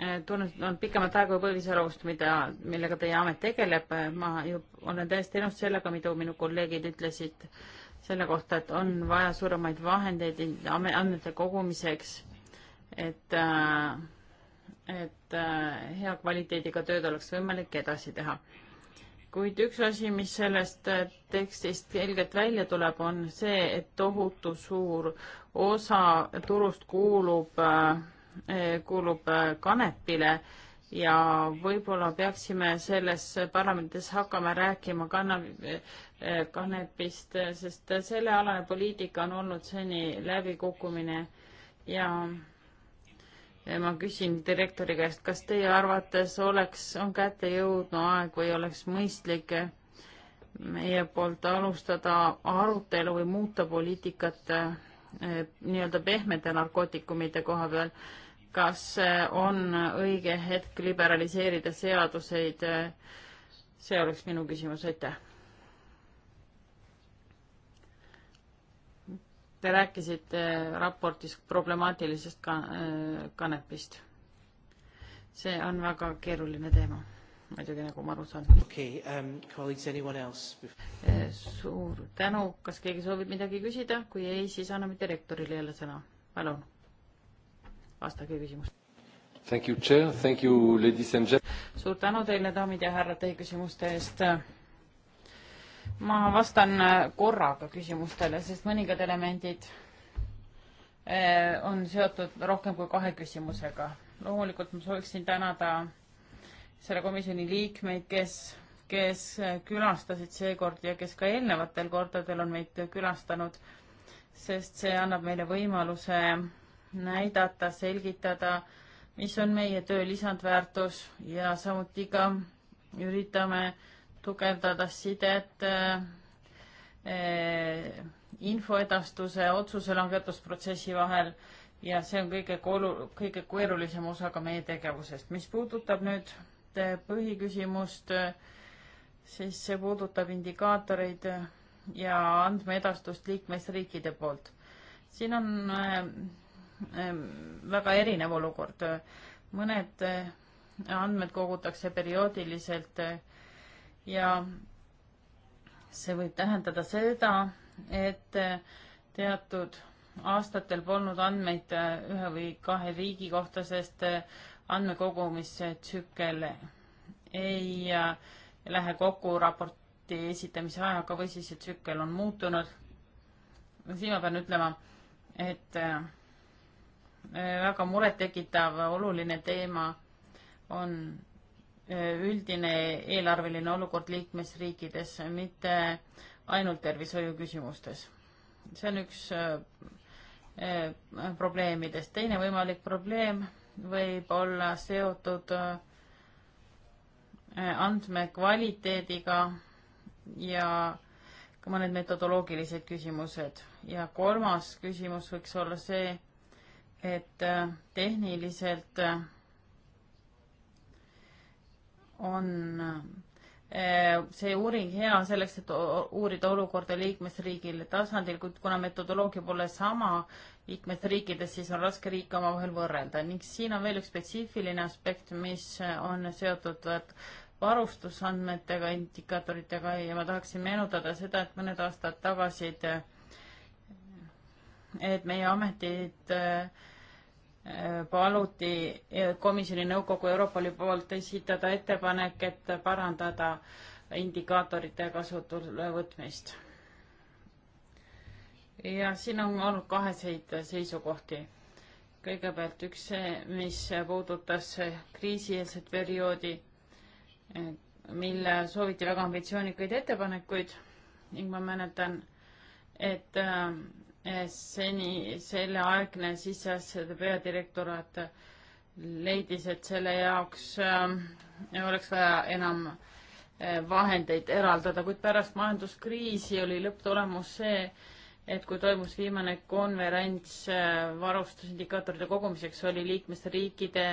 äh, tunnen, on pikemat aega põhiseadust, mida, millega teie amet tegeleb, ma ju olen täiesti nõus sellega, mida minu kolleegid ütlesid äh, selle kohta, et on vaja suuremaid vahendeid andmete kogumiseks, et, äh, et äh, hea kvaliteediga tööd oleks võimalik edasi teha. kuid üks asi, mis sellest äh, tekstist selgelt välja tuleb, on see, et tohutu suur osa turust kuulub, kuulub kanepile ja võib-olla peaksime selles parlamendis hakkama rääkima kanna-, eh, kanepist, sest sellealane poliitika on olnud seni läbikukkumine ja eh, ma küsin direktori käest, kas teie arvates oleks, on kätte jõudnud aeg või oleks mõistlik meie poolt alustada arutelu või muuta poliitikat eh, nii-öelda pehmete narkootikumide koha peal kas eh, on õige hetk liberaliseerida seaduseid, see oleks minu küsimus, aitäh. Te rääkisite raportis problemaatilisest ka-, eh, kanepist. see on väga keeruline teema, muidugi, nagu ma aru saan okay,. Um, eh, suur tänu, kas keegi soovib midagi küsida, kui ei, siis anname direktorile jälle sõna, palun vastage küsimustele. Thank you, chair, thank you, ladies and gentlemen. suur tänu teile, daamid ja härrad, teie küsimuste eest. ma vastan äh, korraga küsimustele, sest mõningad elemendid äh, on seotud rohkem kui kahe küsimusega. loomulikult ma sooviksin tänada selle komisjoni liikmeid, kes, kes äh, külastasid seekord ja kes ka eelnevatel kordadel on meid külastanud, sest see annab meile võimaluse näidata, selgitada, mis on meie töö lisandväärtus ja samuti ka üritame tugevdada sidet eh, eh, infoedastuse, otsuse langetusprotsessi vahel ja see on kõige kolu-, kõige keerulisem osa ka meie tegevusest. mis puudutab nüüd eh, põhiküsimust, siis see puudutab indikaatoreid ja andmeedastust liikmesriikide poolt. siin on väga erinev olukord. mõned eh, andmed kogutakse perioodiliselt eh, ja see võib tähendada seda, et eh, teatud aastatel polnud andmeid ühe või kahe riigi kohta, sest andmekogumise tsükkel ei lähe kokku raporti esitamise ajaga või siis see tsükkel on muutunud. siin ma pean ütlema, et Äh, väga murettekitav oluline teema on äh, üldine eelarveline olukord liikmesriikides, mitte ainult tervishoiu küsimustes. see on üks äh, probleemidest. teine võimalik probleem võib olla seotud andmekvaliteediga ja ka mõned metodoloogilised küsimused. ja kolmas küsimus võiks olla see, et äh, tehniliselt äh, on äh, see uuring hea selleks, et uurida olukorda liikmesriigil tasandil, kuid kuna metodoloogia pole sama liikmesriikides, siis on raske riike omavahel võrrelda ning siin on veel üks spetsiifiline aspekt, mis on seotud varustusandmetega, indikaatoritega ja ma tahaksin meenutada seda, et mõned aastad tagasi te et meie ametid äh, paluti komisjoni nõukogu Europoli poolt esitada ettepanek, et parandada indikaatorite kasutusele võtmist. ja siin on olnud kaheseid seisukohti. kõigepealt üks see, mis puudutas kriisieelset perioodi, mille sooviti väga ambitsioonikaid ettepanekuid ning ma mäletan, et äh, seni selleaegne siseasjade peadirektoraat leidis, et selle jaoks äh, oleks vaja enam äh, vahendeid eraldada, kuid pärast majanduskriisi oli lõpptulemus see, et kui toimus viimane konverents äh, varustusindikaatorite kogumiseks, oli liikmesriikide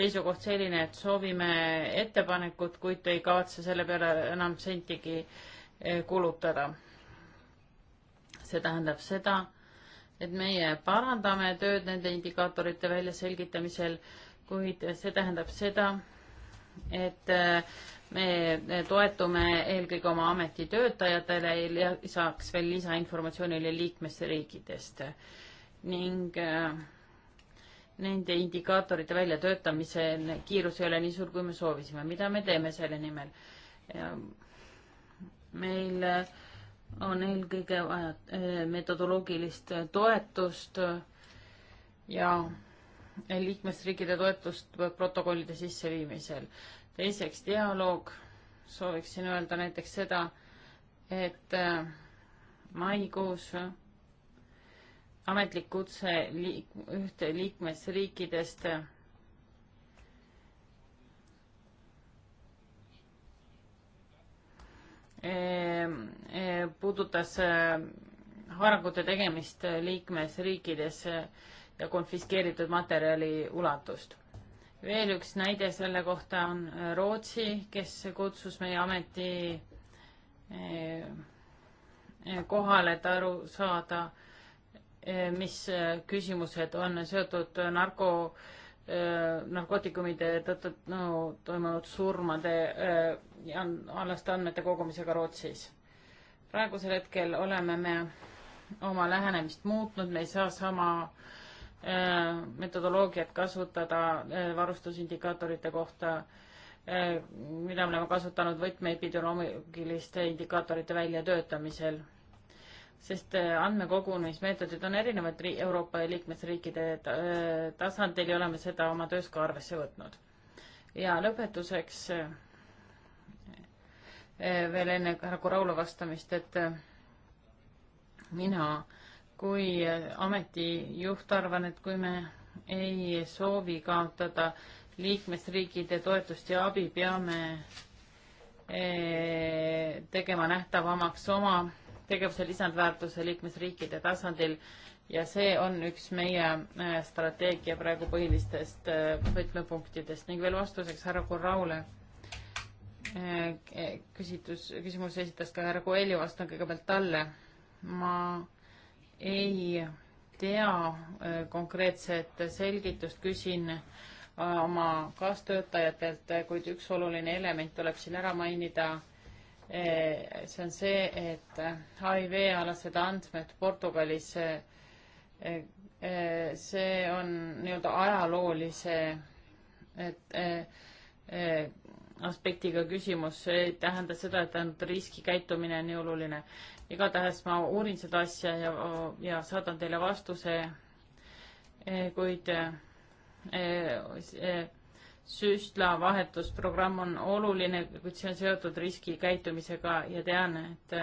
seisukoht selline, et soovime ettepanekut, kuid ei kavatse selle peale enam sentigi äh, kulutada see tähendab seda, et meie parandame tööd nende indikaatorite väljaselgitamisel, kuid see tähendab seda, et eh, me toetume eelkõige oma ametitöötajatele ja lisaks veel lisainformatsioonile liikmesriikidest ning eh, nende indikaatorite väljatöötamise kiirus ei ole nii suur, kui me soovisime. mida me teeme selle nimel? meil eh, on eelkõige vaja eh, metodoloogilist eh, toetust eh, ja liikmesriikide toetust protokollide sisseviimisel. teiseks, dialoog, sooviksin öelda näiteks seda, et maikuus ametlik kutse liik-, ühte liikmesriikidest Ehm, ehm, puudutas ehm, arengute tegemist liikmesriikides ja konfiskeeritud materjali ulatust. veel üks näide selle kohta on Rootsi, kes kutsus meie ameti kohale, et aru saada, mis küsimused on seotud narko- Äh, narkootikumide noh, tõttu no, toimunud surmade äh, alaste andmete kogumisega Rootsis. praegusel hetkel oleme me oma lähenemist muutnud, me ei saa sama äh, metodoloogiat kasutada äh, varustusindikaatorite kohta äh,, mida me oleme kasutanud võtmeepidemioloogiliste indikaatorite väljatöötamisel sest äh, andmekogunemismeetodid on erinevad Euroopa liikmesriikide äh, tasandil ja oleme seda oma töös ka arvesse võtnud. ja lõpetuseks äh, veel enne härra Kuraula vastamist, et mina kui ameti juht arvan, et kui me ei soovi kaotada liikmesriikide toetust ja abi, peame tegema nähtavamaks oma tegevuse lisandväärtuse liikmesriikide tasandil ja see on üks meie äh, strateegia praegu põhilistest äh, võtmepunktidest ning veel vastuseks härra Korraule äh, küsitlus, küsimuse esitas ka härra Koelju, vastan kõigepealt talle. ma ei tea konkreetset selgitust, küsin oma kaastöötajatelt, kuid üks oluline element tuleb siin ära mainida Eh, see on see, et HIV-alased eh, andmed Portugalis, eh, see on nii-öelda ajaloolise et, aspektiga küsimus, see ei tähenda seda, et ainult riskikäitumine on nii oluline. igatahes ma uurin seda asja ja, ja saadan teile vastuse, kuid süstlavahetusprogramm on oluline, kuid see on seotud riskikäitumisega ja tean, et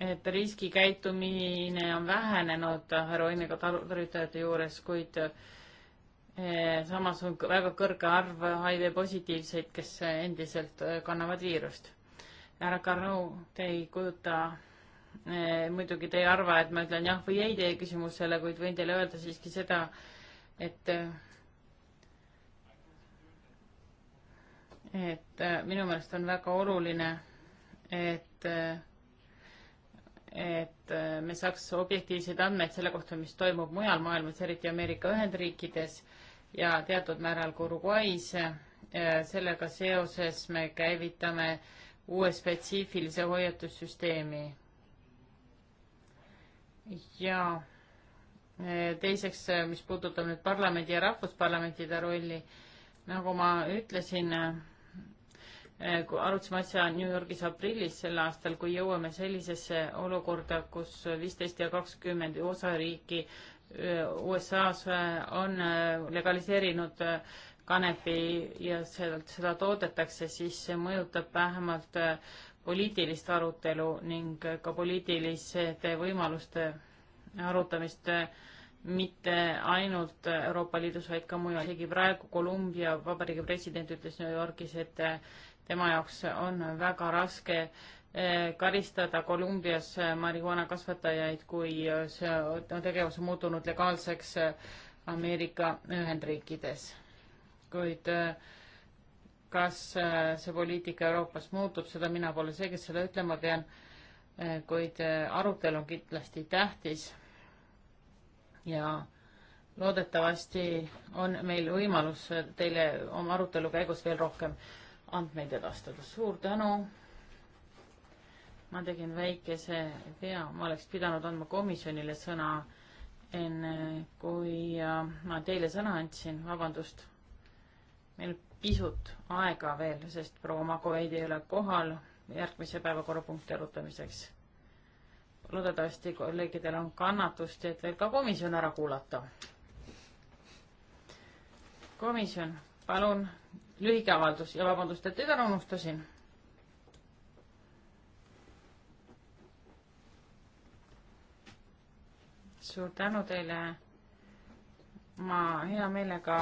et riskikäitumine on vähenenud heroiiniga tarvitajate juures, kuid eh, samas on väga kõrge arv HIV positiivseid, kes endiselt kannavad viirust. härra Karnu, te ei kujuta, eh, muidugi te ei arva, et ma ütlen jah või ei teie küsimusele, kuid võin teile öelda siiski seda, et et äh, minu meelest on väga oluline, et äh, et äh, me saaks objektiivseid andmeid selle kohta, mis toimub mujal maailmas, eriti Ameerika Ühendriikides ja teatud määral ka Uruguay's. sellega seoses me käivitame uue spetsiifilise hoiatussüsteemi. ja teiseks, mis puudutab nüüd parlamendi ja rahvusparlamentide rolli, nagu ma ütlesin, Eh, arutasime asja New Yorgis aprillis sel aastal, kui jõuame sellisesse olukorda, kus viisteist ja kakskümmend osariiki eh, USA-s eh, on legaliseerinud kanepi ja sealt seda toodetakse, siis see mõjutab vähemalt poliitilist arutelu ning ka poliitiliste võimaluste arutamist mitte ainult Euroopa Liidus, vaid ka mujal. isegi praegu Kolumbia Vabariigi president ütles New Yorgis, et tema jaoks on väga raske eh, karistada Kolumbias eh, marihuana kasvatajaid, kui eh, see on tegevus muutunud legaalseks Ameerika Ühendriikides. kuid kas see poliitika Euroopas muutub, seda mina pole see, kes seda ütlema pean, kuid arutelu on kindlasti tähtis ja loodetavasti on meil võimalus teile oma arutelu käigus veel rohkem andmeid edastada. suur tänu. ma tegin väikese vea, ma oleks pidanud andma komisjonile sõna enne, kui äh, ma teile sõna andsin, vabandust. meil pisut aega veel, sest proua Makoveidi ei ole kohal järgmise päevakorrapunkti arutamiseks. loodetavasti kolleegidel on kannatust, et veel ka komisjon ära kuulata. komisjon, palun lühike avaldus ja vabandust, et teda unustasin. suur tänu teile. ma hea meelega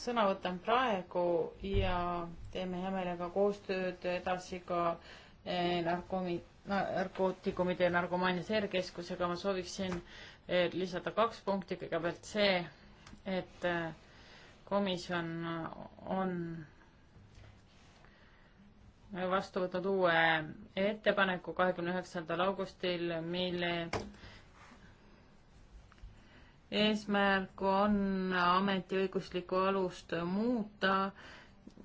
sõna võtan praegu ja teeme hea meelega koostööd edasi ka eh, narkomi-, narkootikumide ja narkomaania seirekeskusega. ma sooviksin eh, lisada kaks punkti. kõigepealt see, et äh, komisjon on vastu võtnud uue ettepaneku kahekümne üheksandal augustil, mille eesmärk on ametiõiguslikku alust muuta,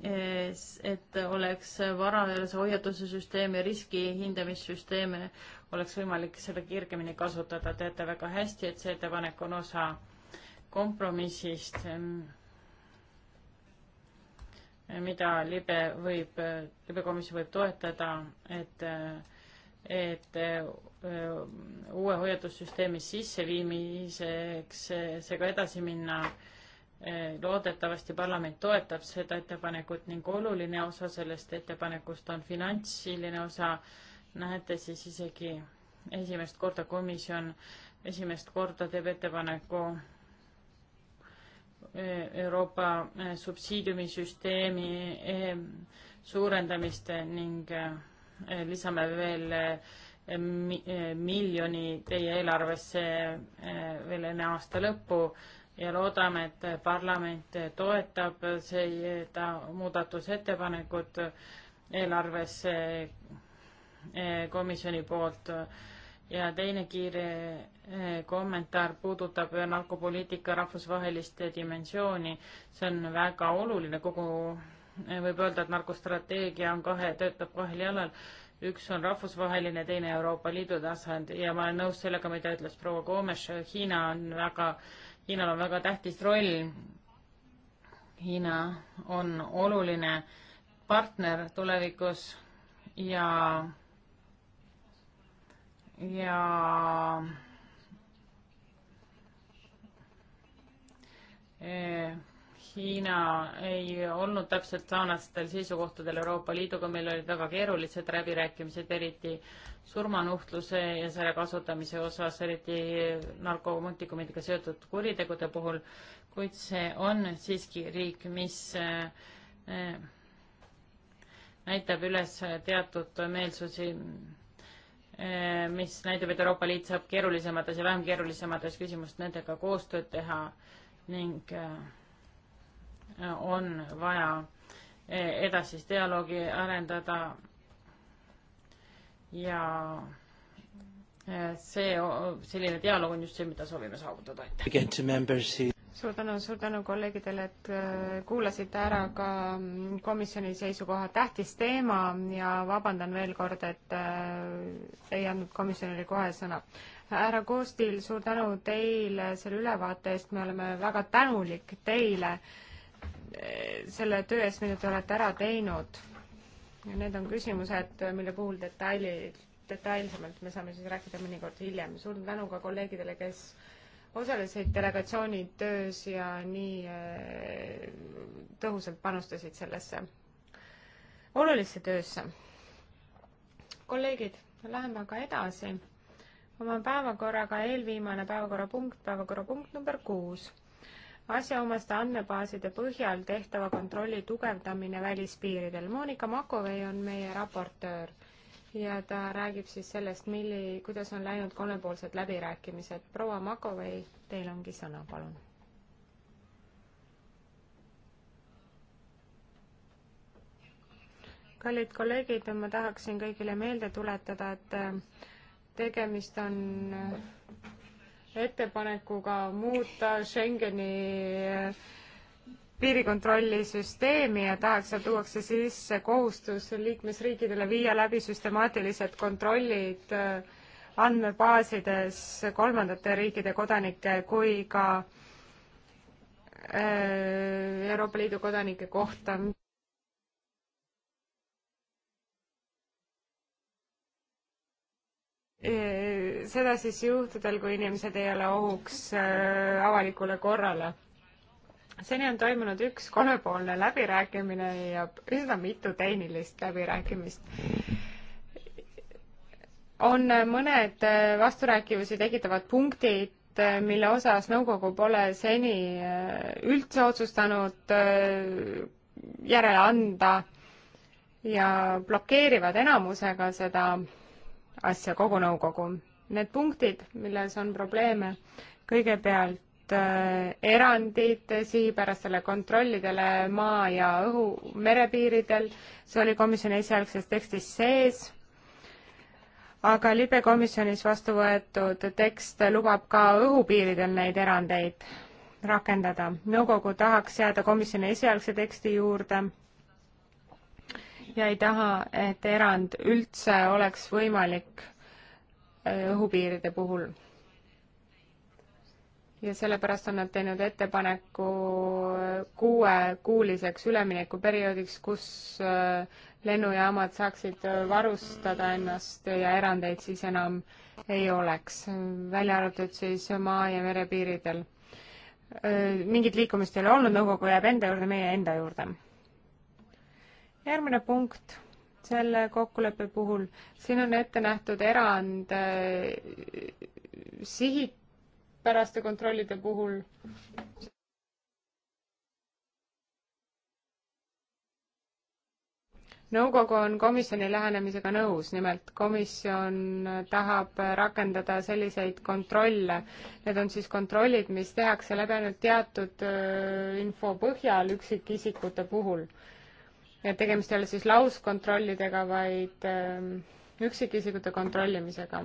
et oleks varajase hoiatuse süsteemi, riski hindamissüsteeme oleks võimalik seda kergemini kasutada. teate väga hästi, et see ettepanek on osa kompromissist mida libe võib, libekomisjon võib toetada, et, et äh, uue hoiatussüsteemi sisseviimiseks seega edasi minna. Äh, loodetavasti parlament toetab seda ettepanekut ning oluline osa sellest ettepanekust on finantsiline osa. näete siis isegi esimest korda komisjon esimest korda teeb ettepaneku Euroopa eh, subsiidiumisüsteemi eh, suurendamist ning eh, lisame veel miljoni teie eelarvesse veel enne aasta lõppu ja loodame, et parlament toetab seda muudatusettepanekut eelarves komisjoni poolt ja teine kiire kommentaar puudutab narkopoliitika rahvusvahelist dimensiooni. see on väga oluline, kogu, eh, võib öelda, et narkostrateegia on kahe, töötab kahel jalal. üks on rahvusvaheline, teine Euroopa Liidu tasand ja ma olen nõus sellega, mida ütles proua Koomes, Hiina on väga, Hiinal on väga tähtis roll. Hiina on oluline partner tulevikus ja ja Hiina ei olnud täpselt saanastel seisukohtadel Euroopa Liiduga, meil olid väga keerulised läbirääkimised, eriti surmanuhtluse ja selle kasutamise osas, eriti narkomuntikumidiga seotud kuritegude puhul, kuid see on siiski riik, mis eh, näitab üles teatud meelsusi, eh, mis näitab, et Euroopa Liit saab keerulisemates ja vähem keerulisemates küsimustes nendega koostööd teha ning äh, on vaja äh, edasist dialoogi arendada ja äh, see, selline dialoog on just see, mida soovime saavutada, aitäh! suur tänu, suur tänu kolleegidele, et kuulasite ära ka mm, komisjoni seisukoha, tähtis teema ja vabandan veel kord, et ei andnud komisjonile kohe sõna härra Koostil, suur tänu teile selle ülevaate eest, me oleme väga tänulik teile eh, selle töö eest, mida te olete ära teinud. ja need on küsimused, mille puhul detailid, detailsemalt me saame siis rääkida mõnikord hiljem. suur tänu ka kolleegidele, kes osalesid delegatsiooni töös ja nii eh, tõhusalt panustasid sellesse olulisse töösse. kolleegid, läheme aga edasi oma päevakorraga eelviimane päevakorrapunkt, päevakorrapunkt number kuus. asjaomaste andmebaaside põhjal tehtava kontrolli tugevdamine välispiiridel. Monika Makovei on meie raportöör ja ta räägib siis sellest, milli, kuidas on läinud kolmepoolsed läbirääkimised. proua Makovei, teil ongi sõna, palun. kallid kolleegid, ma tahaksin kõigile meelde tuletada, et tegemist on ettepanekuga muuta Schengeni piirikontrollisüsteemi ja tahaks, seal tuuakse sisse kohustus liikmesriikidele viia läbi süstemaatilised kontrollid äh, andmebaasides kolmandate riikide kodanike kui ka äh, Euroopa Liidu kodanike kohta seda siis juhtudel, kui inimesed ei ole ohuks äh, avalikule korrale. seni on toimunud üks kolmepoolne läbirääkimine ja üsna mitu tehnilist läbirääkimist on mõned äh, vasturääkivusi tekitavad punktid, äh, mille osas nõukogu pole seni üldse otsustanud järele anda ja blokeerivad enamusega seda asja kogu nõukogu need punktid, milles on probleeme, kõigepealt äh, erandid äh, sihipärastele kontrollidele maa ja õhu, merepiiridel, see oli komisjoni esialgses tekstis sees, aga libekomisjonis vastu võetud tekst lubab ka õhupiiridel neid erandeid rakendada. nõukogu tahaks jääda komisjoni esialgse teksti juurde ja ei taha, et erand üldse oleks võimalik õhupiiride puhul. ja sellepärast on nad teinud ettepaneku kuuekuuliseks üleminekuperioodiks, kus äh, lennujaamad saaksid äh, varustada ennast ja erandeid siis enam ei oleks, välja arvatud siis maa- ja merepiiridel. Äh, mingit liikumist ei ole olnud, nõukogu jääb enda juurde, meie enda juurde. järgmine punkt selle kokkuleppe puhul. siin on ette nähtud erand äh, sihipäraste kontrollide puhul. nõukogu on komisjoni lähenemisega nõus, nimelt komisjon tahab rakendada selliseid kontrolle. Need on siis kontrollid, mis tehakse läbi ainult teatud äh, info põhjal üksikisikute puhul ja tegemist ei ole siis lauskontrollidega, vaid ähm, üksikisikute kontrollimisega.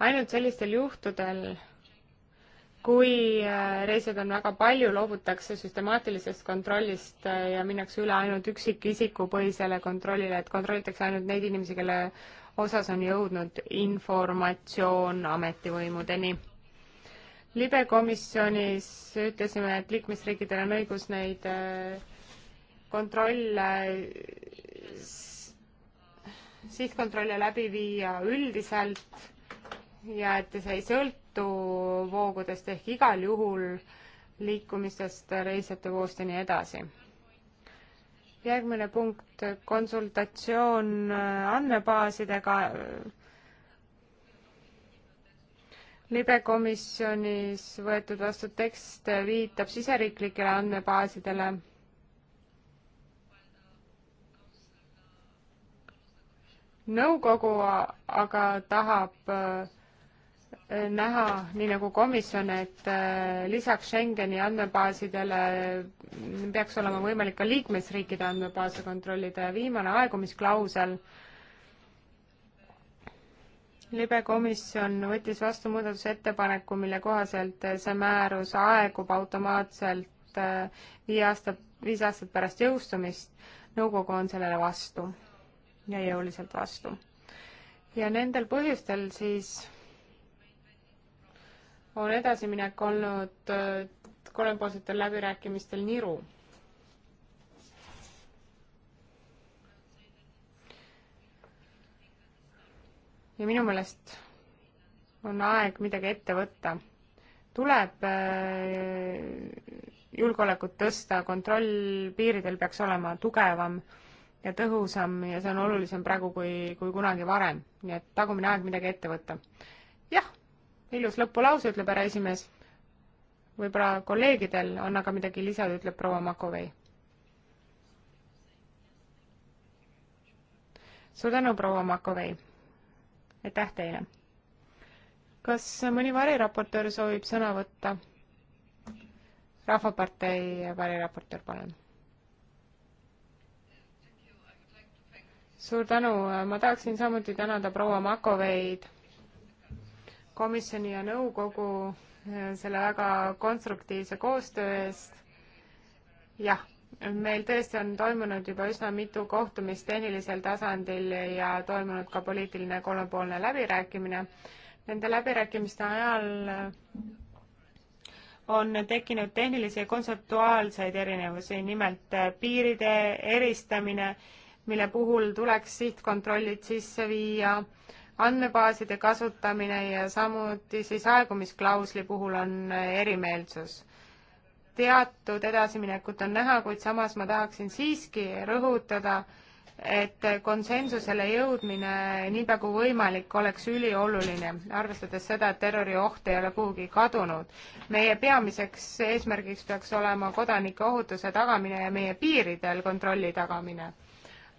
ainult sellistel juhtudel, kui äh, reisid on väga palju, loobutakse süstemaatilisest kontrollist äh, ja minnakse üle ainult üksikisiku põhisele kontrollile, et kontrollitakse ainult neid inimesi, kelle osas on jõudnud informatsioon ametivõimudeni libekomisjonis ütlesime, et liikmesriikidel on õigus neid äh, kontrolle, sihtkontrolle läbi viia üldiselt ja et see ei sõltu voogudest ehk igal juhul liikumistest, reisijate voost ja nii edasi. järgmine punkt, konsultatsioon äh, andmebaasidega libekomisjonis võetud vastu tekst viitab siseriiklikele andmebaasidele. nõukogu aga tahab äh, näha, nii nagu komisjon, et äh, lisaks Schengeni andmebaasidele peaks olema võimalik ka liikmesriikide andmebaase kontrollida ja viimane aegumisklausel libe komisjon võttis vastu muudatusettepaneku, mille kohaselt see määrus aegub automaatselt äh, viie aasta, viis aastat pärast jõustumist. nõukogu on sellele vastu ja jõuliselt vastu. ja nendel põhjustel siis on edasiminek olnud äh, kolmepoolsetel läbirääkimistel niru ja minu meelest on aeg midagi ette võtta. tuleb äh, julgeolekut tõsta, kontroll piiridel peaks olema tugevam ja tõhusam ja see on olulisem praegu kui, kui kunagi varem. nii et tagumine aeg midagi ette võtta. jah, ilus lõpulause, ütleb härra esimees. võib-olla kolleegidel on aga midagi lisada, ütleb proua Makovei. suur tänu, proua Makovei aitäh teile! kas mõni variraportöör soovib sõna võtta? rahvapartei variraportöör, palun. suur tänu, ma tahaksin samuti tänada proua Makoveid, komisjoni ja nõukogu äh, selle väga konstruktiivse koostöö eest. jah meil tõesti on toimunud juba üsna mitu kohtumist tehnilisel tasandil ja toimunud ka poliitiline kolmepoolne läbirääkimine. Nende läbirääkimiste ajal äh, on tekkinud tehnilisi ja kontseptuaalseid erinevusi, nimelt äh, piiride eristamine, mille puhul tuleks sihtkontrollid sisse viia, andmebaaside kasutamine ja samuti siis aegumisklausli puhul on äh, erimeelsus teatud edasiminekut on näha, kuid samas ma tahaksin siiski rõhutada, et konsensusele jõudmine niipea kui võimalik oleks ülioluline, arvestades seda, et terrorioht ei ole kuhugi kadunud. meie peamiseks eesmärgiks peaks olema kodanike ohutuse tagamine ja meie piiridel kontrolli tagamine.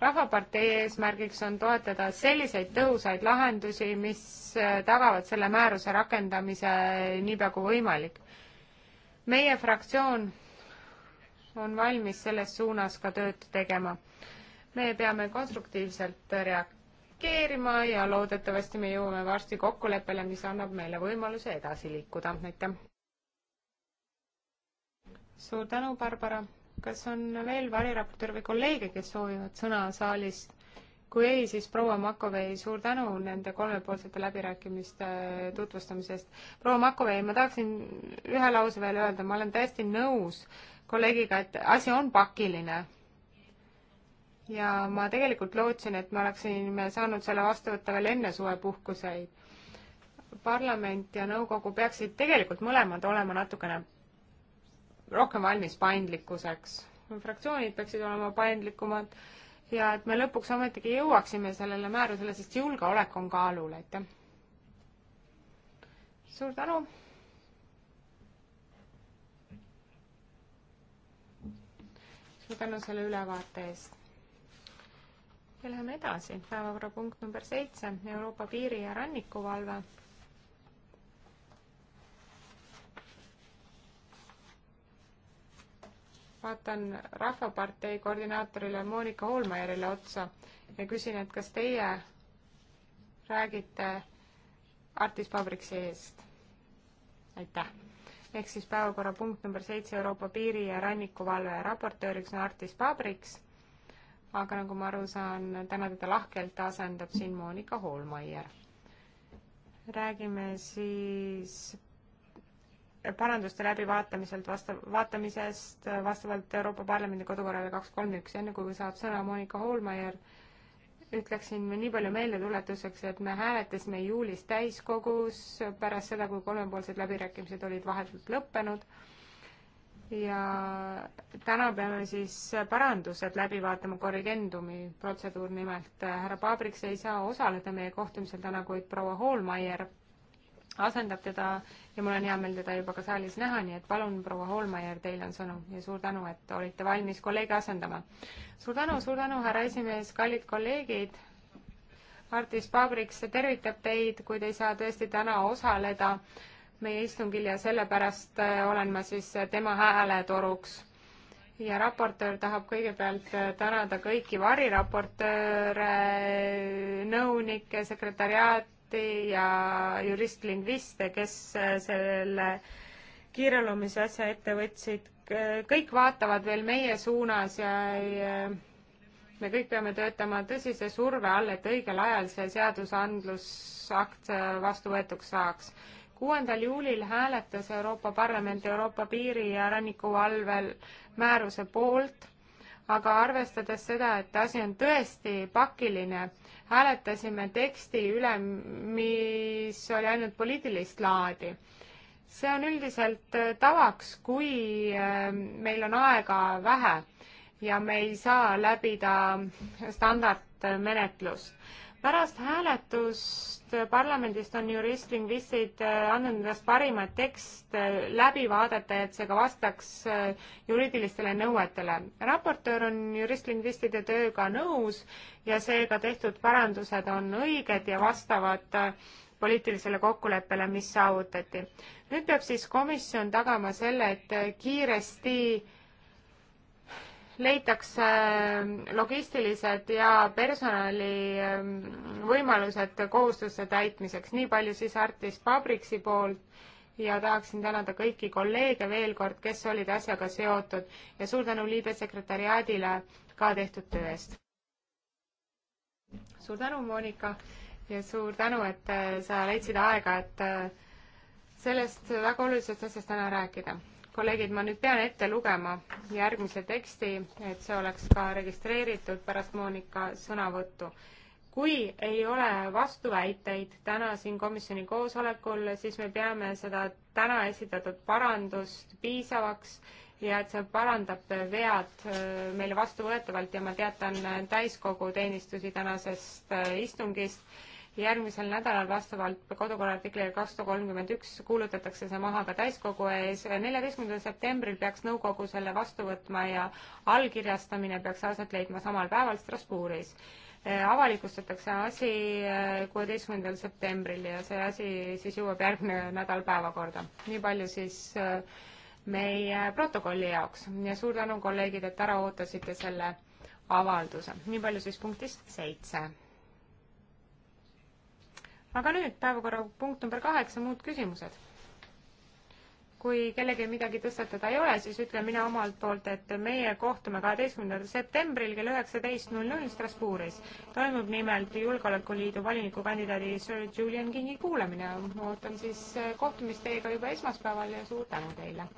rahvapartei eesmärgiks on toetada selliseid tõhusaid lahendusi, mis tagavad selle määruse rakendamise niipea kui võimalik meie fraktsioon on valmis selles suunas ka tööd tegema. me peame konstruktiivselt reageerima ja loodetavasti me jõuame varsti kokkuleppele, mis annab meile võimaluse edasi liikuda. aitäh! suur tänu, Barbara! kas on veel variraportöör või kolleege, kes soovivad sõna saalist? kui ei, siis proua Makovei, suur tänu nende kolmepoolsete läbirääkimiste tutvustamise eest. proua Makovei, ma tahaksin ühe lause veel öelda, ma olen täiesti nõus kolleegiga, et asi on pakiline. ja ma tegelikult lootsin, et me oleksime saanud selle vastu võtta veel enne suvepuhkuseid. parlament ja nõukogu peaksid tegelikult mõlemad olema natukene rohkem valmis paindlikkuseks. fraktsioonid peaksid olema paindlikumad ja et me lõpuks ometigi jõuaksime sellele määrusele, sest julgeolek on kaalul, aitäh. suur tänu. suur tänu selle ülevaate eest. ja läheme edasi, päevakorrapunkt number seitse, Euroopa piiri- ja rannikuvalve vaatan Rahvapartei koordinaatorile Monika Hoolmeierile otsa ja küsin, et kas teie räägite Artis Fabriksi eest? aitäh. ehk siis päevakorrapunkt number seitse Euroopa piiri- ja rannikuvalve raportööriks on Artis Fabriks, aga nagu ma aru saan, täna teda lahkelt asendab siin Monika Hoolmeier. räägime siis paranduste läbivaatamiselt vastav, vaatamisest vastavalt Euroopa Parlamendi kodukorrale kaks kolm üks, enne kui saab sõna Monika Hoolmeier, ütleksin nii palju meeldetuletuseks, et me hääletasime juulis täiskogus pärast seda, kui kolmepoolsed läbirääkimised olid vahetult lõppenud ja täna peame siis parandused läbi vaatama korrigendumi protseduur nimelt. härra Paabriks ei saa osaleda meie kohtumisel täna, kuid proua Hoolmeier asendab teda ja mul on hea meel teda juba ka saalis näha, nii et palun, proua Hoolmeier, teil on sõnum ja suur tänu, et olite valmis kolleege asendama. suur tänu, suur tänu, härra esimees, kallid kolleegid. Artis Pabriks tervitab teid, kui te ei saa tõesti täna osaleda meie istungil ja sellepärast äh, olen ma siis tema hääletoruks ja raportöör tahab kõigepealt äh, tänada kõiki variraportööre, nõunikke, sekretäriaat, eksperti ja jurist-lingviste, kes äh, selle kiireloomise asja ette võtsid. kõik vaatavad veel meie suunas ja me kõik peame töötama tõsise surve all, et õigel ajal see seadusandlusakt äh, vastu võetuks saaks. kuuendal juulil hääletas Euroopa Parlament Euroopa piiri- ja rannikuvalvel määruse poolt, aga arvestades seda, et asi on tõesti pakiline hääletasime teksti üle, mis oli ainult poliitilist laadi. see on üldiselt äh, tavaks, kui äh, meil on aega vähe ja me ei saa läbida standardmenetlust. pärast hääletust sellest parlamendist on jurist lingvistid äh, andnud endast parima, et tekst äh, läbi vaadata, et see ka vastaks äh, juriidilistele nõuetele. raportöör on jurist lingvistide tööga nõus ja seega tehtud parandused on õiged ja vastavad poliitilisele kokkuleppele, mis saavutati. nüüd peab siis komisjon tagama selle, et kiiresti leitakse äh, logistilised ja personali ähm, võimalused kohustuste täitmiseks. nii palju siis Artis Pabriksi poolt ja tahaksin tänada kõiki kolleege veel kord, kes olid asjaga seotud ja suur tänu Liibe sekretäriaadile ka tehtud töö eest. suur tänu, Monika, ja suur tänu, et äh, sa leidsid aega, et äh, sellest väga olulisest asjast täna rääkida kolleegid, ma nüüd pean ette lugema järgmise teksti, et see oleks ka registreeritud pärast Monika sõnavõttu. kui ei ole vastuväiteid täna siin komisjoni koosolekul, siis me peame seda täna esitatud parandust piisavaks ja et see parandab vead äh, meile vastuvõetavalt ja ma teatan äh, täiskogu teenistusi tänasest äh, istungist järgmisel nädalal vastavalt kodukorra artiklile kakssada kolmkümmend üks kuulutatakse see maha ka täiskogu ees. neljateistkümnendal septembril peaks nõukogu selle vastu võtma ja allkirjastamine peaks aset leidma samal päeval Strasbourgis avalikustatakse asi äh, kuueteistkümnendal septembril ja see asi siis jõuab järgmine nädal päevakorda. nii palju siis äh, meie protokolli jaoks ja suur tänu, kolleegid, et ära ootasite selle avalduse. nii palju siis punktist seitse aga nüüd päevakorrapunkt number kaheksa, muud küsimused. kui kellelgi midagi tõstatada ei ole, siis ütlen mina omalt poolt, et meie kohtume kaheteistkümnendal septembril kell üheksateist null null Strasbourgis. toimub nimelt Julgeolekuliidu valinikukandidaadi Sir Julian Kingi kuulamine. ootan siis kohtumist teiega juba esmaspäeval ja suur tänu teile!